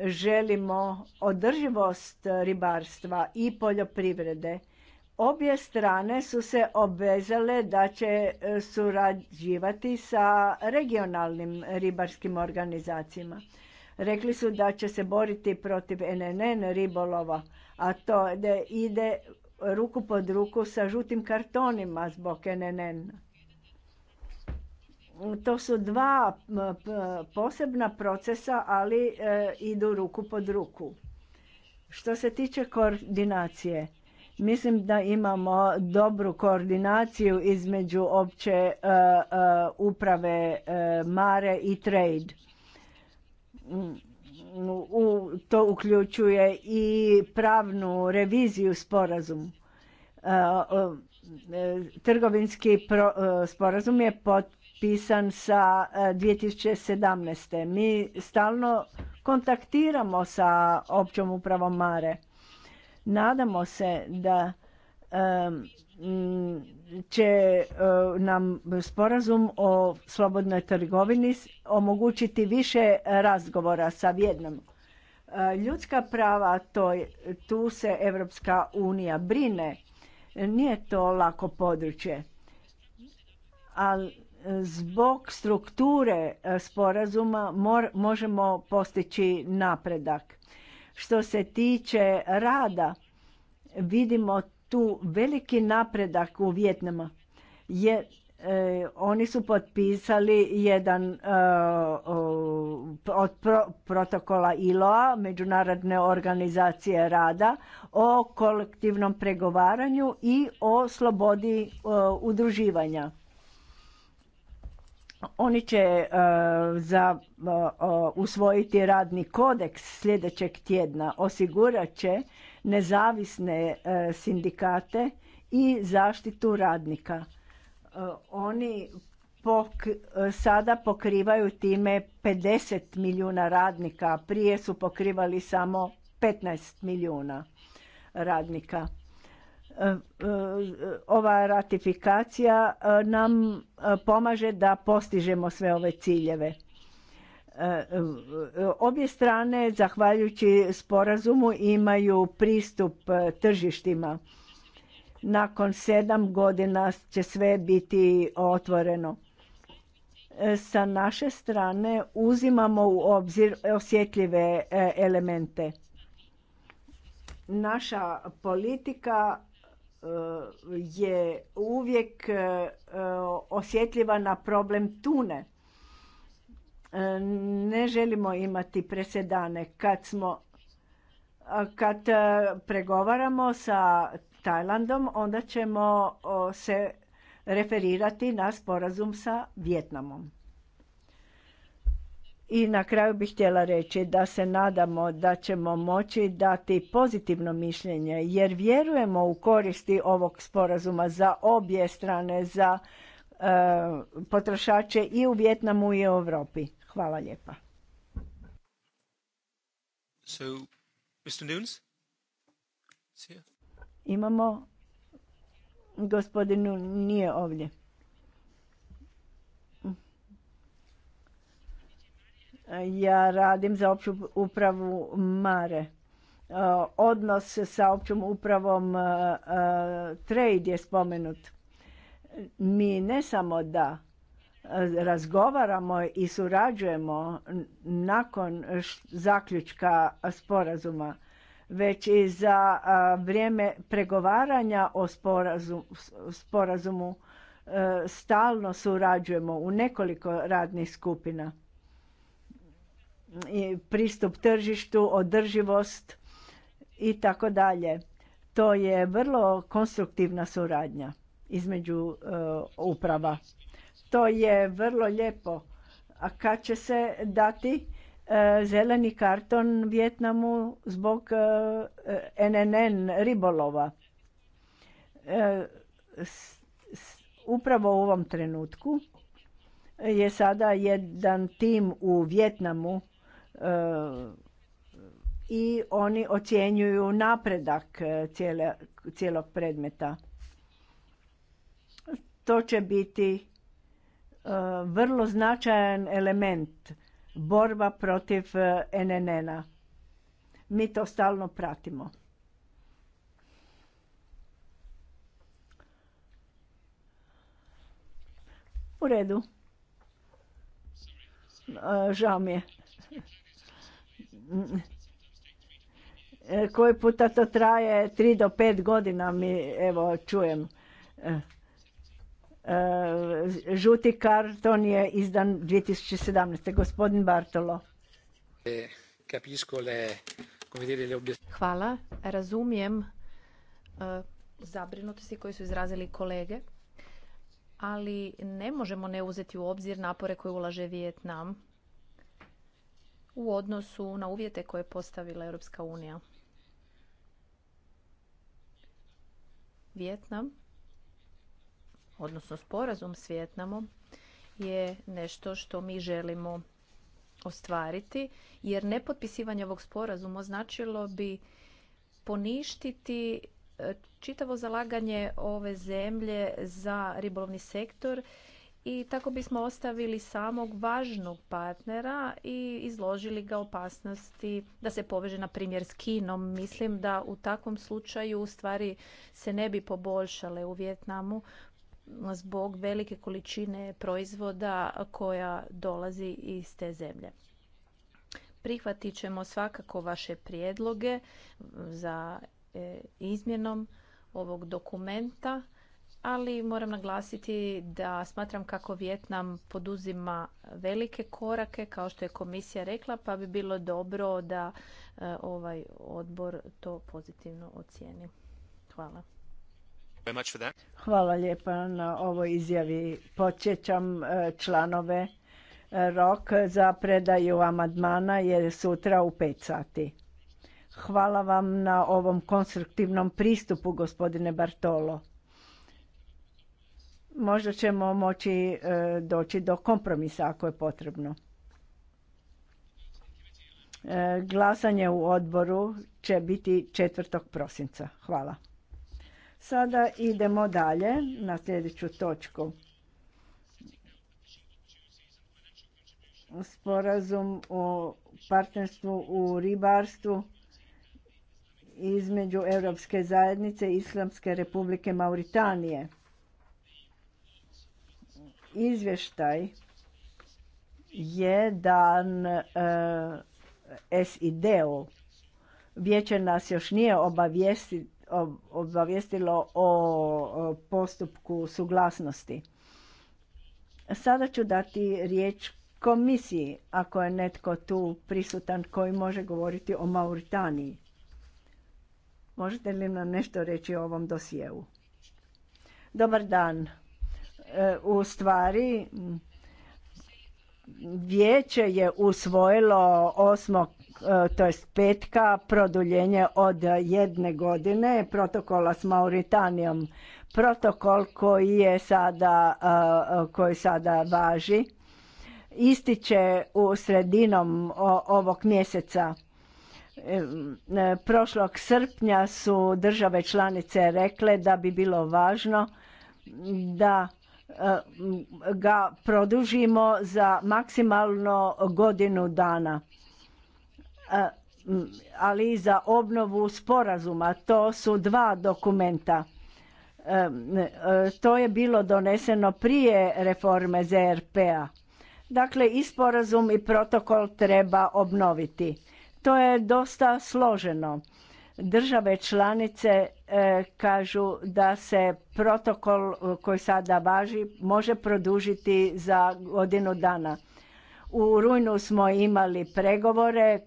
želimo održivost ribarstva i poljoprivrede. Obje strane su se obvezale da će e, surađivati sa regionalnim ribarskim organizacijama. Rekli su da će se boriti protiv NNN ribolova, a to da ide ruku pod ruku sa žutim kartonima zbog NNN. To su dva posebna procesa, ali e, idu ruku pod ruku. Što se tiče koordinacije, mislim da imamo dobru koordinaciju između opće e, e, uprave Mare i Trade. Mm, to uključuje i pravnu reviziju sporazum. trgovinski sporazum je potpuno pisan sa 2017. E, Mi stalno kontaktiramo sa općom upravom Mare. Nadamo se da će e, nam sporazum o slobodnoj trgovini omogućiti više razgovora sa Vjednom. E, ljudska prava, tu se Evropska unija brine. Nije to lako područje, ali zbog strukture e, sporazuma možemo postići napredak. Što se tiče rada, vidimo tu veliki napredak u Vjetnama. Je, e, oni su potpisali jedan e, od protokola ILO-a, Međunarodne organizacije rada, o kolektivnom pregovaranju i o slobodi udruživanja. Oni će e, za usvojiti radni kodeks sljedećeg tjedna, osigurat će nezavisne e, sindikate i zaštitu radnika. E, oni sada pokrivaju time 50 milijuna radnika, prije su pokrivali samo 15 milijuna radnika ova ratifikacija e, nam e, pomaže da postižemo sve ove ciljeve. E, obje strane, zahvaljujući sporazumu, imaju pristup tržištima. Nakon sedam godina će sve biti otvoreno. Sa naše strane uzimamo u obzir osjetljive elemente. Naša politika je uvijek e, osjetljiva na problem tune. E, ne želimo imati presedane kad smo kad e, pregovaramo sa Tajlandom, onda ćemo se referirati na sporazum sa Vijetnamom. I na kraju bih htjela reći da se nadamo da ćemo moći dati pozitivno mišljenje jer vjerujemo u koristi ovog sporazuma za obje strane, za e, potrošače i u Vjetnamu i u Europi. Hvala lijepa. So, Mr. Imamo gospodinu nije ovdje. Ja radim za opću upravu Mare. E, odnos sa općom upravom e, e, Trade je spomenut. Mi ne samo da razgovaramo i surađujemo nakon zaključka sporazuma, već i za vrijeme pregovaranja o sporazumu stalno surađujemo u nekoliko radnih skupina pristup tržištu, održivost i tako dalje. To je vrlo konstruktivna suradnja između e, uprava. To je vrlo lijepo. A kad će se dati e, zeleni karton Vjetnamu zbog NNN e, ribolova? Upravo u ovom trenutku je sada jedan tim u Vjetnamu i oni ocjenjuju napredak e, cijelog predmeta. To će biti e, vrlo značajan element borba protiv e, NNN-a. Mi to stalno pratimo. U redu. Žao mi je. Mm. koji puta to traje 3 do 5 godina mi evo čujem. E, e, žuti karton je izdan 2017. Gospodin Bartolo. E, Hvala. Razumijem zabrinutosti koje su izrazili kolege, ali ne možemo ne uzeti u obzir napore koje ulaže Vijetnam u odnosu na uvjete koje je postavila Europska unija. Vjetnam, odnosno sporazum s Vijetnamom, je nešto što mi želimo ostvariti, jer nepotpisivanje ovog sporazuma značilo bi poništiti e, čitavo zalaganje ove zemlje za ribolovni sektor i tako bismo ostavili samog važnog partnera i izložili ga opasnosti da se poveže na primjer s Kinom. Mislim da u takvom slučaju stvari se ne bi poboljšale u Vjetnamu zbog velike količine proizvoda koja dolazi iz te zemlje. Prihvatit ćemo svakako vaše prijedloge za e, izmjenom ovog dokumenta ali moram naglasiti da smatram kako Vijetnam poduzima velike korake, kao što je komisija rekla, pa bi bilo dobro da e, ovaj odbor to pozitivno ocijeni. Hvala. Hvala lijepa na ovoj izjavi. Podsjećam e, članove e, rok za predaju amandmana je sutra u 5 sati. Hvala vam na ovom konstruktivnom pristupu, gospodine Bartolo. Možda ćemo moći e, doći do kompromisa ako je potrebno. E, glasanje u odboru će biti 4. prosinca. Hvala. Sada idemo dalje na sljedeću točku. Sporazum o partnerstvu u ribarstvu između Europske zajednice i Islamske republike Mauritanije izvještaj je dan e, sid Vijeće nas još nije obavijestilo o, o postupku suglasnosti. Sada ću dati riječ komisiji, ako je netko tu prisutan koji može govoriti o Mauritaniji. Možete li nam nešto reći o ovom dosjeu? Dobar dan. E, u stvari vijeće je usvojilo 8. E, to jest petka produljenje od jedne godine protokola s Mauritanijom. Protokol koji je sada, e, koji sada važi ističe u sredinom ovog mjeseca. Prošlog srpnja su države članice rekle da bi bilo važno da E, ga produžimo za maksimalno godinu dana e, ali i za obnovu sporazuma. To su dva dokumenta. E, to je bilo doneseno prije reforme ZRP-a. Dakle, i sporazum i protokol treba obnoviti. To je dosta složeno Države članice e, kažu da se protokol e, koji sada važi može produžiti za godinu dana. U rujnu smo imali pregovore,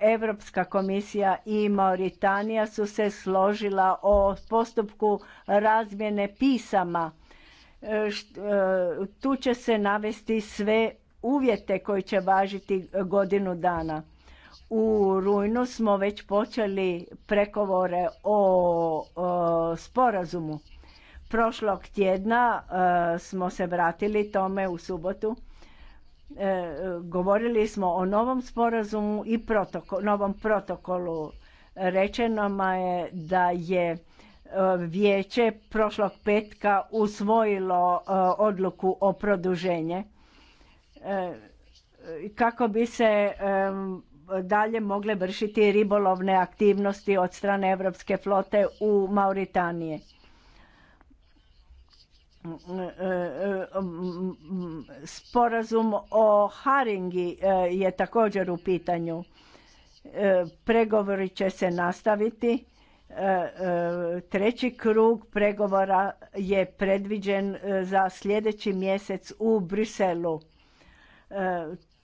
Europska komisija i Mauritanija su se složila o postupku razmjene pisama. E, tu će se navesti sve uvjete koji će važiti godinu dana. U rujnu smo već počeli prekovore o, sporazumu. Prošlog tjedna e, smo se vratili tome u subotu. E, govorili smo o novom sporazumu i novom protokolu. Rečeno je da je e, vijeće prošlog petka usvojilo odluku o produženje kako bi se dalje mogle vršiti ribolovne aktivnosti od strane Evropske flote u Mauritanije. Sporazum o Haringi e, je također u pitanju. E, pregovori će se nastaviti. E, treći krug pregovora je predviđen za sljedeći mjesec u Briselu.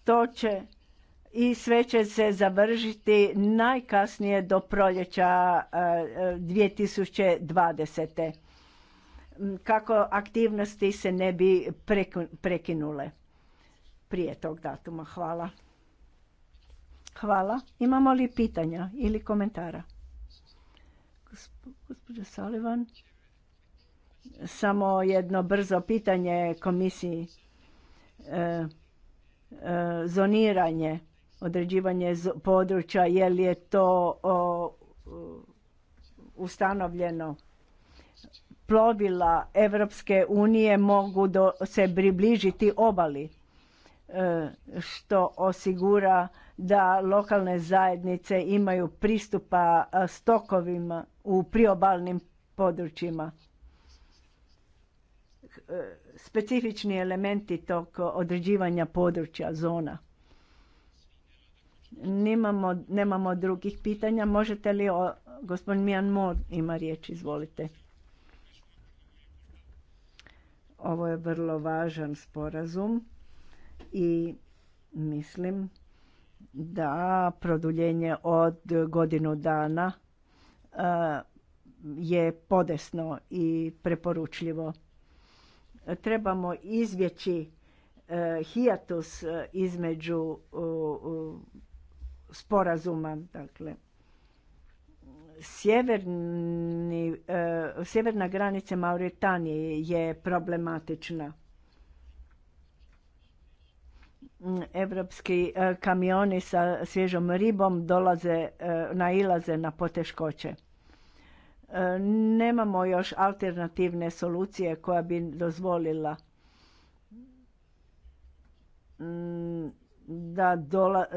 To će i sve će se završiti najkasnije do proljeća 2020. E, e, kako aktivnosti se ne bi prekinule prije tog datuma. Hvala. Hvala. Imamo li pitanja ili komentara? Gospodin Salivan. Samo jedno brzo pitanje komisiji. E, zoniranje određivanje područja, je je to ustanovljeno. Plovila Evropske unije mogu do, se približiti obali, e, što osigura da lokalne zajednice imaju pristupa stokovima u priobalnim područjima. E, specifični elementi tog određivanja područja, zona. Nemamo, nemamo drugih pitanja. Možete li, o, gospodin Mijan Mor ima riječ, izvolite. Ovo je vrlo važan sporazum i mislim da produljenje od godinu dana e, je podesno i preporučljivo. Trebamo izbjeći e, hijatus e, između sporazuma. Dakle, sjeverni, e, sjeverna granica Mauritanije je problematična. Evropski e, kamioni sa svježom ribom dolaze, e, nailaze na poteškoće. E, nemamo još alternativne solucije koja bi dozvolila mm, da,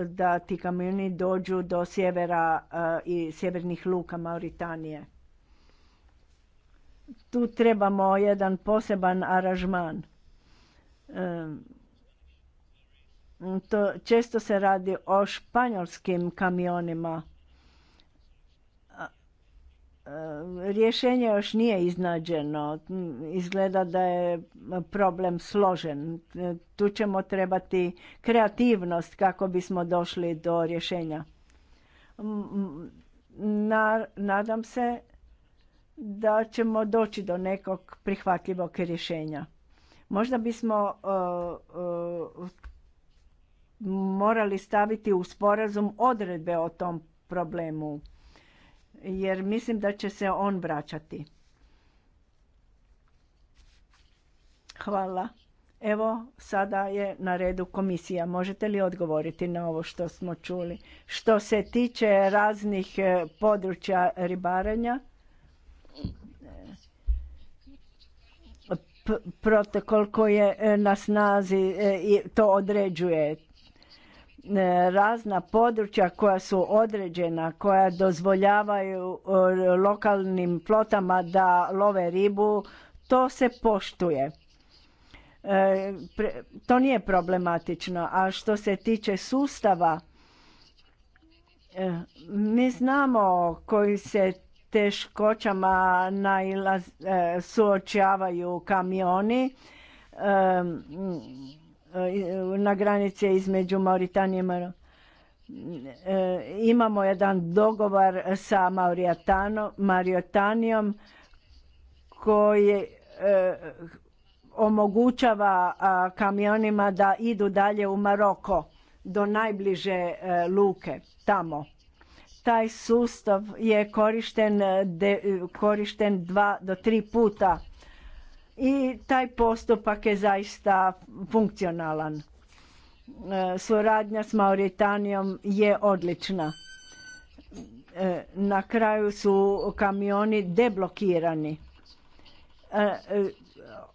da ti kamioni dođu do sjevera eh, i sjevernih luka Mauritanije. Tu trebamo jedan poseban aranžman. Eh, to često se radi o španjolskim kamionima Rješenje još nije iznađeno. Izgleda da je problem složen. Tu ćemo trebati kreativnost kako bismo došli do rješenja. Na, nadam se da ćemo doći do nekog prihvatljivog rješenja. Možda bismo uh, uh, morali staviti u sporazum odredbe o tom problemu jer mislim da će se on vraćati. Hvala. Evo, sada je na redu komisija. Možete li odgovoriti na ovo što smo čuli? Što se tiče raznih e, područja ribarenja, e, protokol koji je e, na snazi to određuje. E, razna područja koja su određena, koja dozvoljavaju e, lokalnim flotama da love ribu, to se poštuje. E, to nije problematično. A što se tiče sustava, mi znamo koji se teškoćama suočavaju kamioni E, na granici između Mauritanije i Maroka. E, imamo jedan dogovor sa Mauritanijom koji e, omogućava kamionima da idu dalje u Maroko do najbliže luke tamo. Taj sustav je korišten, korišten dva do tri puta i taj postupak je zaista funkcionalan. E, suradnja s Mauritanijom je odlična. E, na kraju su kamioni deblokirani. E,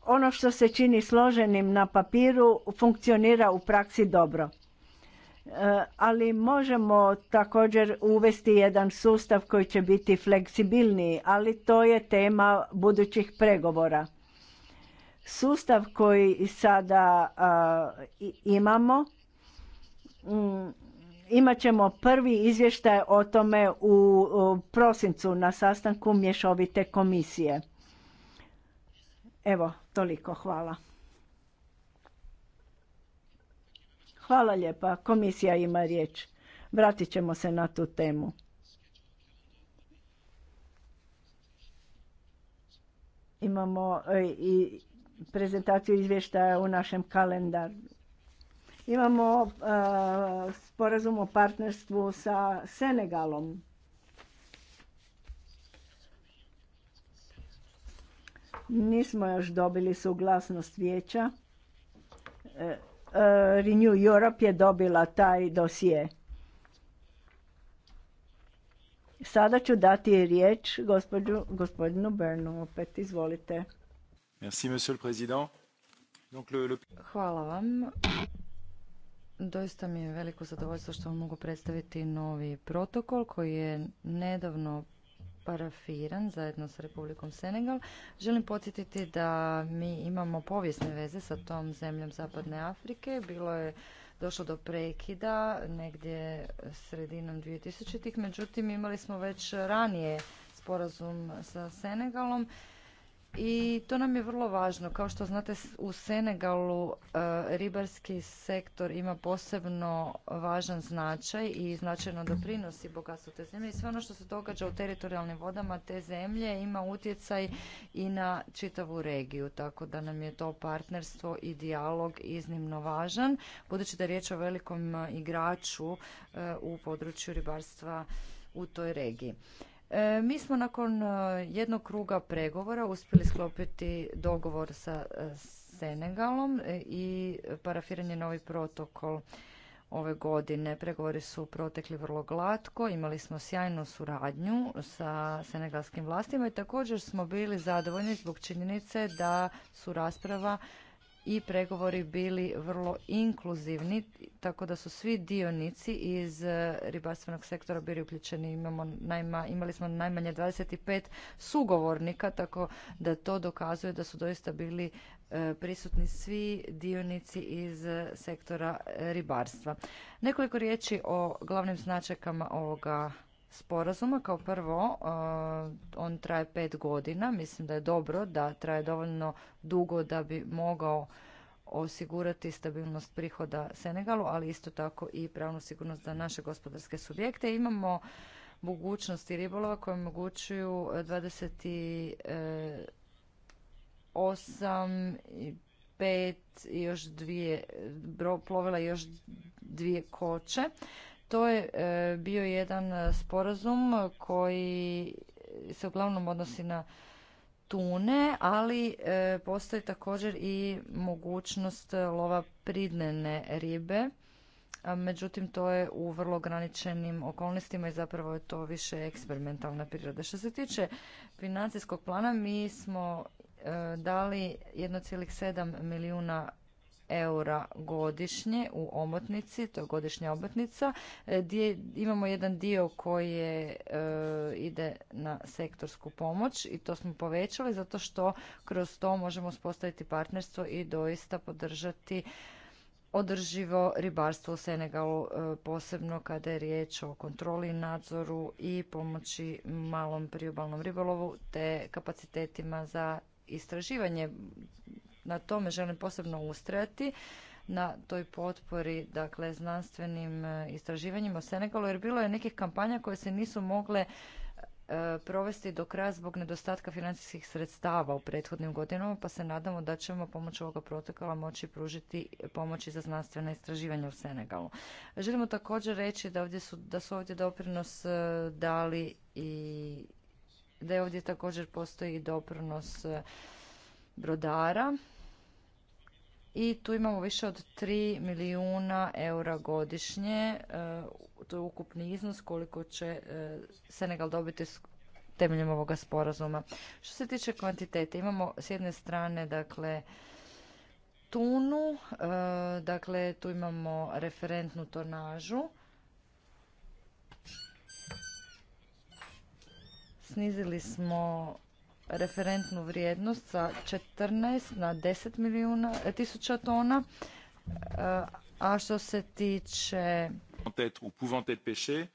ono što se čini složenim na papiru funkcionira u praksi dobro. Ali možemo također uvesti jedan sustav koji će biti fleksibilniji, ali to je tema budućih pregovora Sustav koji sada imamo, mm, imat ćemo prvi izvještaj o tome u prosincu na sastanku mješovite komisije. Evo, toliko, hvala. Hvala lijepa, komisija ima riječ. Vratit ćemo se na tu temu. Imamo e, i prezentaciju izvještaja u našem kalendaru. Imamo e, sporazum o partnerstvu sa Senegalom. Nismo još dobili suglasnost vijeća. E, e, Renew Europe je dobila taj dosije. Sada ću dati riječ gospodinu Bernu opet. Izvolite. Hvala vam. Doista mi je veliko zadovoljstvo što vam mogu predstaviti novi protokol koji je nedavno parafiran zajedno s Republikom Senegal. Želim podsjetiti da mi imamo povijesne veze sa tom zemljom Zapadne Afrike. Bilo je došlo do prekida negdje sredinom 2000-ih, međutim imali smo već ranije sporazum sa Senegalom i to nam je vrlo važno. Kao što znate u Senegalu e, ribarski sektor ima posebno važan značaj i značajno doprinosi bogatstvu te zemlje i sve ono što se događa u teritorijalnim vodama te zemlje ima utjecaj i na čitavu regiju. Tako da nam je to partnerstvo i dijalog iznimno važan. Budući da je riječ o velikom e, igraču e, u području ribarstva u toj regiji. E, mi smo nakon e, jednog kruga pregovora uspjeli sklopiti dogovor sa e, Senegalom i parafiran je novi protokol ove godine. Pregovori su protekli vrlo glatko, imali smo sjajnu suradnju sa senegalskim vlastima i također smo bili zadovoljni zbog činjenice da su rasprava i pregovori bili vrlo inkluzivni, tako da su svi dionici iz e, ribarstvenog sektora bili uključeni. Imamo imali smo najmanje 25 sugovornika, tako da to dokazuje da su doista bili e, prisutni svi dionici iz e, sektora ribarstva. Nekoliko riječi o glavnim značajkama ovoga sporazuma. Kao prvo, e, on traje pet godina. Mislim da je dobro da traje dovoljno dugo da bi mogao osigurati stabilnost prihoda Senegalu, ali isto tako i pravnu sigurnost za naše gospodarske subjekte. Imamo mogućnosti ribolova koje omogućuju 28 e, i 5 i još dvije, plovila još dvije koče. To je e, bio jedan e, sporazum koji se uglavnom odnosi na tune, ali e, postoji također i mogućnost lova pridnene ribe. Međutim, to je u vrlo ograničenim okolnostima i zapravo je to više eksperimentalna priroda. Što se tiče financijskog plana, mi smo dali 1,7 milijuna eura godišnje u omotnici, to je godišnja omotnica, e, gdje imamo jedan dio koji je, e, ide na sektorsku pomoć i to smo povećali zato što kroz to možemo uspostaviti partnerstvo i doista podržati održivo ribarstvo u Senegalu, e, posebno kada je riječ o kontroli, nadzoru i pomoći malom priobalnom ribolovu te kapacitetima za istraživanje na tome želim posebno ustrajati na toj potpori dakle znanstvenim e, istraživanjima u Senegalu jer bilo je nekih kampanja koje se nisu mogle e, provesti do kraja zbog nedostatka financijskih sredstava u prethodnim godinama pa se nadamo da ćemo pomoć ovoga protokola moći pružiti pomoći za znanstvena istraživanja u Senegalu. Želimo također reći da, ovdje su, da su ovdje doprinos e, dali i da je ovdje također postoji doprinos brodara i tu imamo više od 3 milijuna eura godišnje. E, to je ukupni iznos koliko će e, Senegal dobiti temeljem ovoga sporazuma. Što se tiče kvantitete, imamo s jedne strane dakle tunu, e, dakle tu imamo referentnu tonažu. Snizili smo referentnu vrijednost sa 14 na 10 milijuna e, tisuća tona. E, a što se tiče de 2000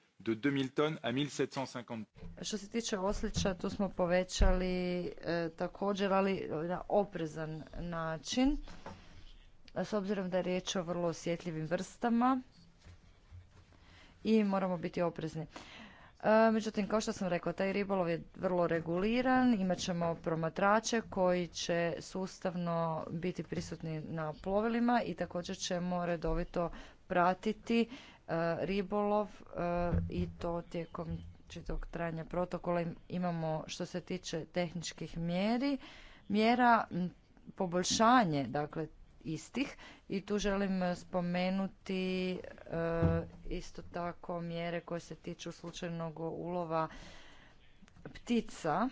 1750. Što se tiče oslića, tu smo povećali e, također, ali na oprezan način. S obzirom da je riječ o vrlo osjetljivim vrstama i moramo biti oprezni. E, međutim, kao što sam rekao, taj ribolov je vrlo reguliran, imat ćemo promatrače koji će sustavno biti prisutni na plovilima i također ćemo redovito pratiti e, ribolov e, i to tijekom čitog trajanja protokola imamo što se tiče tehničkih mjeri, mjera poboljšanje dakle istih i tu želim e, spomenuti e, isto tako mjere koje se tiču slučajnog ulova ptica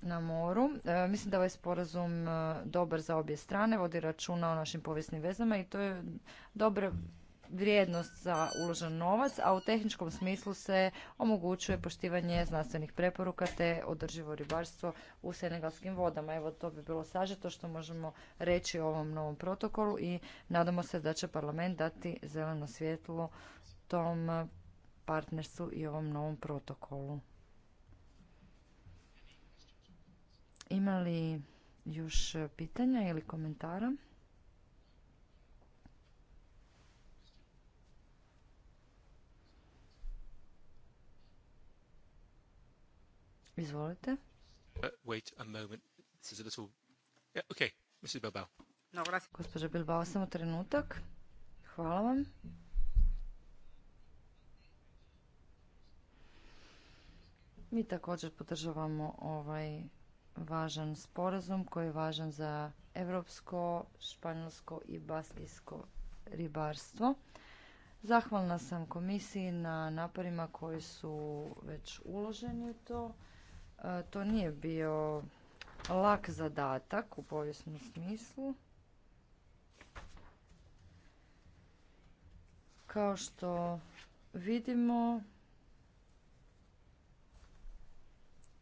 na moru. E, mislim da ovaj sporazum dobar za obje strane, vodi računa o našim povijesnim vezama i to je dobro vrijednost za uložen novac, a u tehničkom smislu se omogućuje poštivanje znanstvenih preporuka te održivo ribarstvo u senegalskim vodama. Evo to bi bilo sažeto što možemo reći o ovom novom protokolu i nadamo se da će parlament dati zeleno svjetlo tom partnerstvu i ovom novom protokolu. Ima li još pitanja ili komentara? Izvolite. Uh, wait a moment. This is a little... okay. Mrs. Bilbao. No, Gospođa samo trenutak. Hvala vam. Mi također podržavamo ovaj važan sporazum koji je važan za evropsko, španjolsko i baskijsko ribarstvo. Zahvalna sam komisiji na naporima koji su već uloženi u to. E, to nije bio lak zadatak u povijesnom smislu. Kao što vidimo,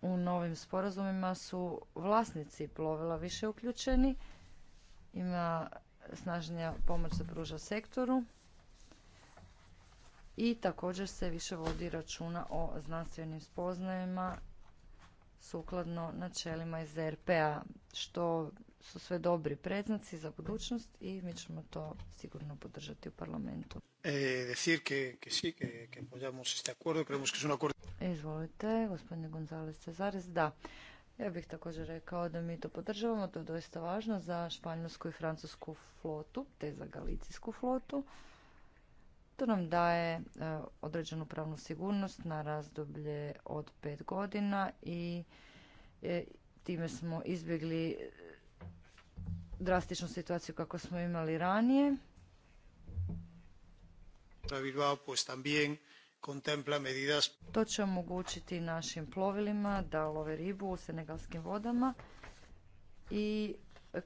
u novim sporazumima su vlasnici plovila više uključeni. Ima snažnija pomoć se pruža sektoru i također se više vodi računa o znanstvenim spoznajima sukladno načelima iz ZRP-a, što su sve dobri predznaci za budućnost i mi ćemo to sigurno podržati u parlamentu. Izvolite, gospodine Gonzalez Cezares, da. Ja bih također rekao da mi to podržavamo, to je doista važno za španjolsku i francusku flotu, te za galicijsku flotu. To nam daje e, određenu pravnu sigurnost na razdoblje od pet godina i e, time smo izbjegli e, drastičnu situaciju kako smo imali ranije. To će omogućiti našim plovilima da love ribu u senegalskim vodama i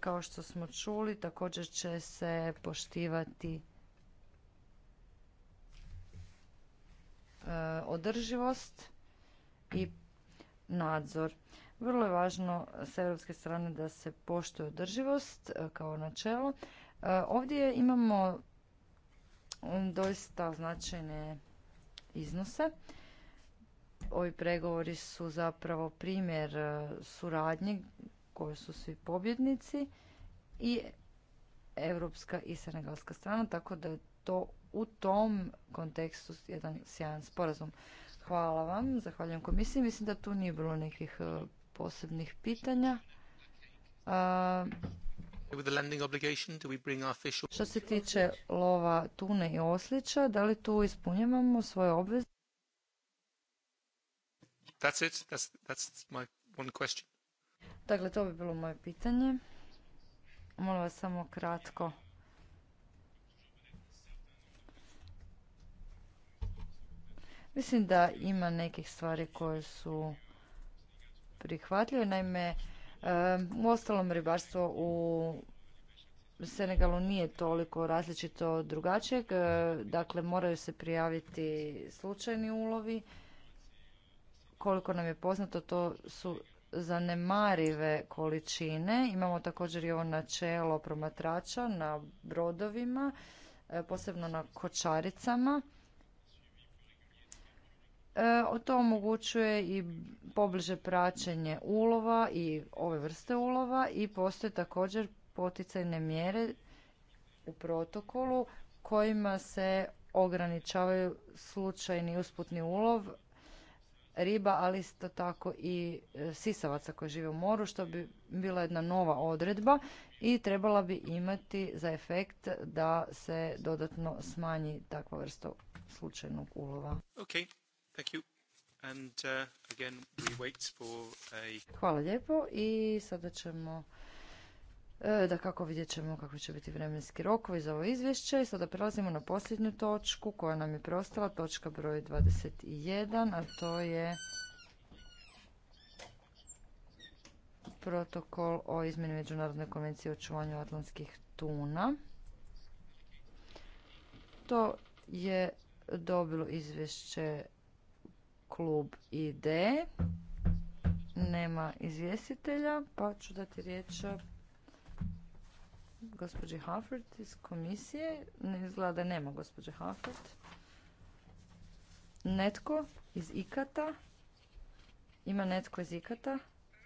kao što smo čuli također će se poštivati E, održivost i nadzor. Vrlo je važno s europske strane da se poštuje održivost e, kao načelo. E, ovdje imamo doista značajne iznose. Ovi pregovori su zapravo primjer suradnje koji su svi pobjednici i europska i senegalska strana, tako da je to u tom kontekstu jedan sjajan sporazum. Hvala vam, zahvaljujem komisiji. Mislim da tu nije bilo nekih e, posebnih pitanja. što se tiče lova tune i oslića, da li tu ispunjavamo svoje obveze? Dakle, to bi bilo moje pitanje. Molim vas samo kratko Mislim da ima nekih stvari koje su prihvatljive. Naime, u ostalom ribarstvo u Senegalu nije toliko različito od drugačijeg. E, dakle, moraju se prijaviti slučajni ulovi. Koliko nam je poznato, to su zanemarive količine. Imamo također i ovo načelo promatrača na brodovima, e, posebno na kočaricama. E, to omogućuje i pobliže praćenje ulova i ove vrste ulova i postoje također poticajne mjere u protokolu kojima se ograničavaju slučajni usputni ulov riba, ali isto tako i e, sisavaca koji žive u moru, što bi bila jedna nova odredba i trebala bi imati za efekt da se dodatno smanji takva vrsta slučajnog ulova. Uh, Hvala lijepo i sada ćemo e, da kako vidjet ćemo kako će biti vremenski rokovi za ovo izvješće. I sada prelazimo na posljednju točku koja nam je preostala, točka broj 21, a to je protokol o izmjeni Međunarodne konvencije o očuvanju atlantskih tuna. To je dobilo izvješće klub ID. Nema izvjestitelja, pa ću dati riječ gospođi Hafford iz komisije. Ne izgleda nema gospođe Hafford. Netko iz Ikata? Ima netko iz Ikata?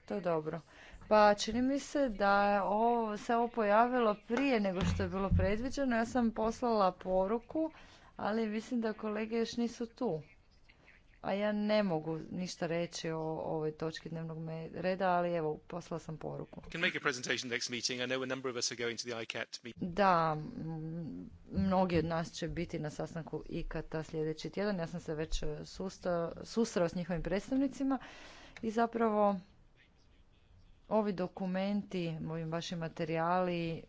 To je dobro. Pa čini mi se da je ovo, se ovo pojavilo prije nego što je bilo predviđeno. Ja sam poslala poruku, ali mislim da kolege još nisu tu a ja ne mogu ništa reći o ovoj točki dnevnog reda, ali evo, poslala sam poruku. Da, mnogi od nas će biti na sastanku IKAT-a sljedeći tjedan. Ja sam se već e, susrao s njihovim predstavnicima i zapravo ovi dokumenti, ovi vaši materijali e,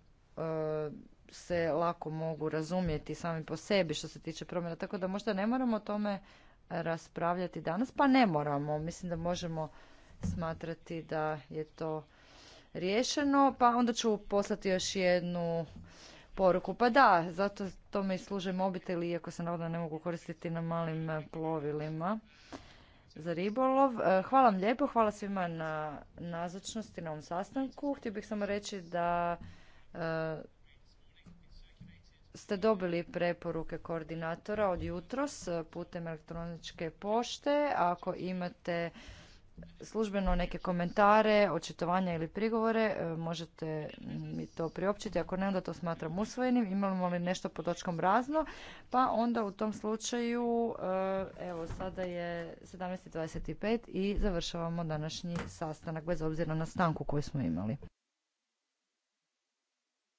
se lako mogu razumjeti sami po sebi što se tiče promjena, tako da možda ne moramo o tome raspravljati danas, pa ne moramo. Mislim da možemo smatrati da je to riješeno, pa onda ću poslati još jednu poruku. Pa da, zato to me i služe mobiteli iako se navodno ne mogu koristiti na malim plovilima za ribolov. E, hvala vam lijepo, hvala svima na nazočnosti na ovom sastanku. Htio bih samo reći da e, ste dobili preporuke koordinatora od jutros e, putem elektroničke pošte. Ako imate službeno neke komentare, očitovanja ili prigovore, e, možete mi to priopćiti. Ako ne, onda to smatram usvojenim. Imamo li nešto pod točkom razno? Pa onda u tom slučaju, e, evo, sada je 17.25 i završavamo današnji sastanak bez obzira na stanku koju smo imali.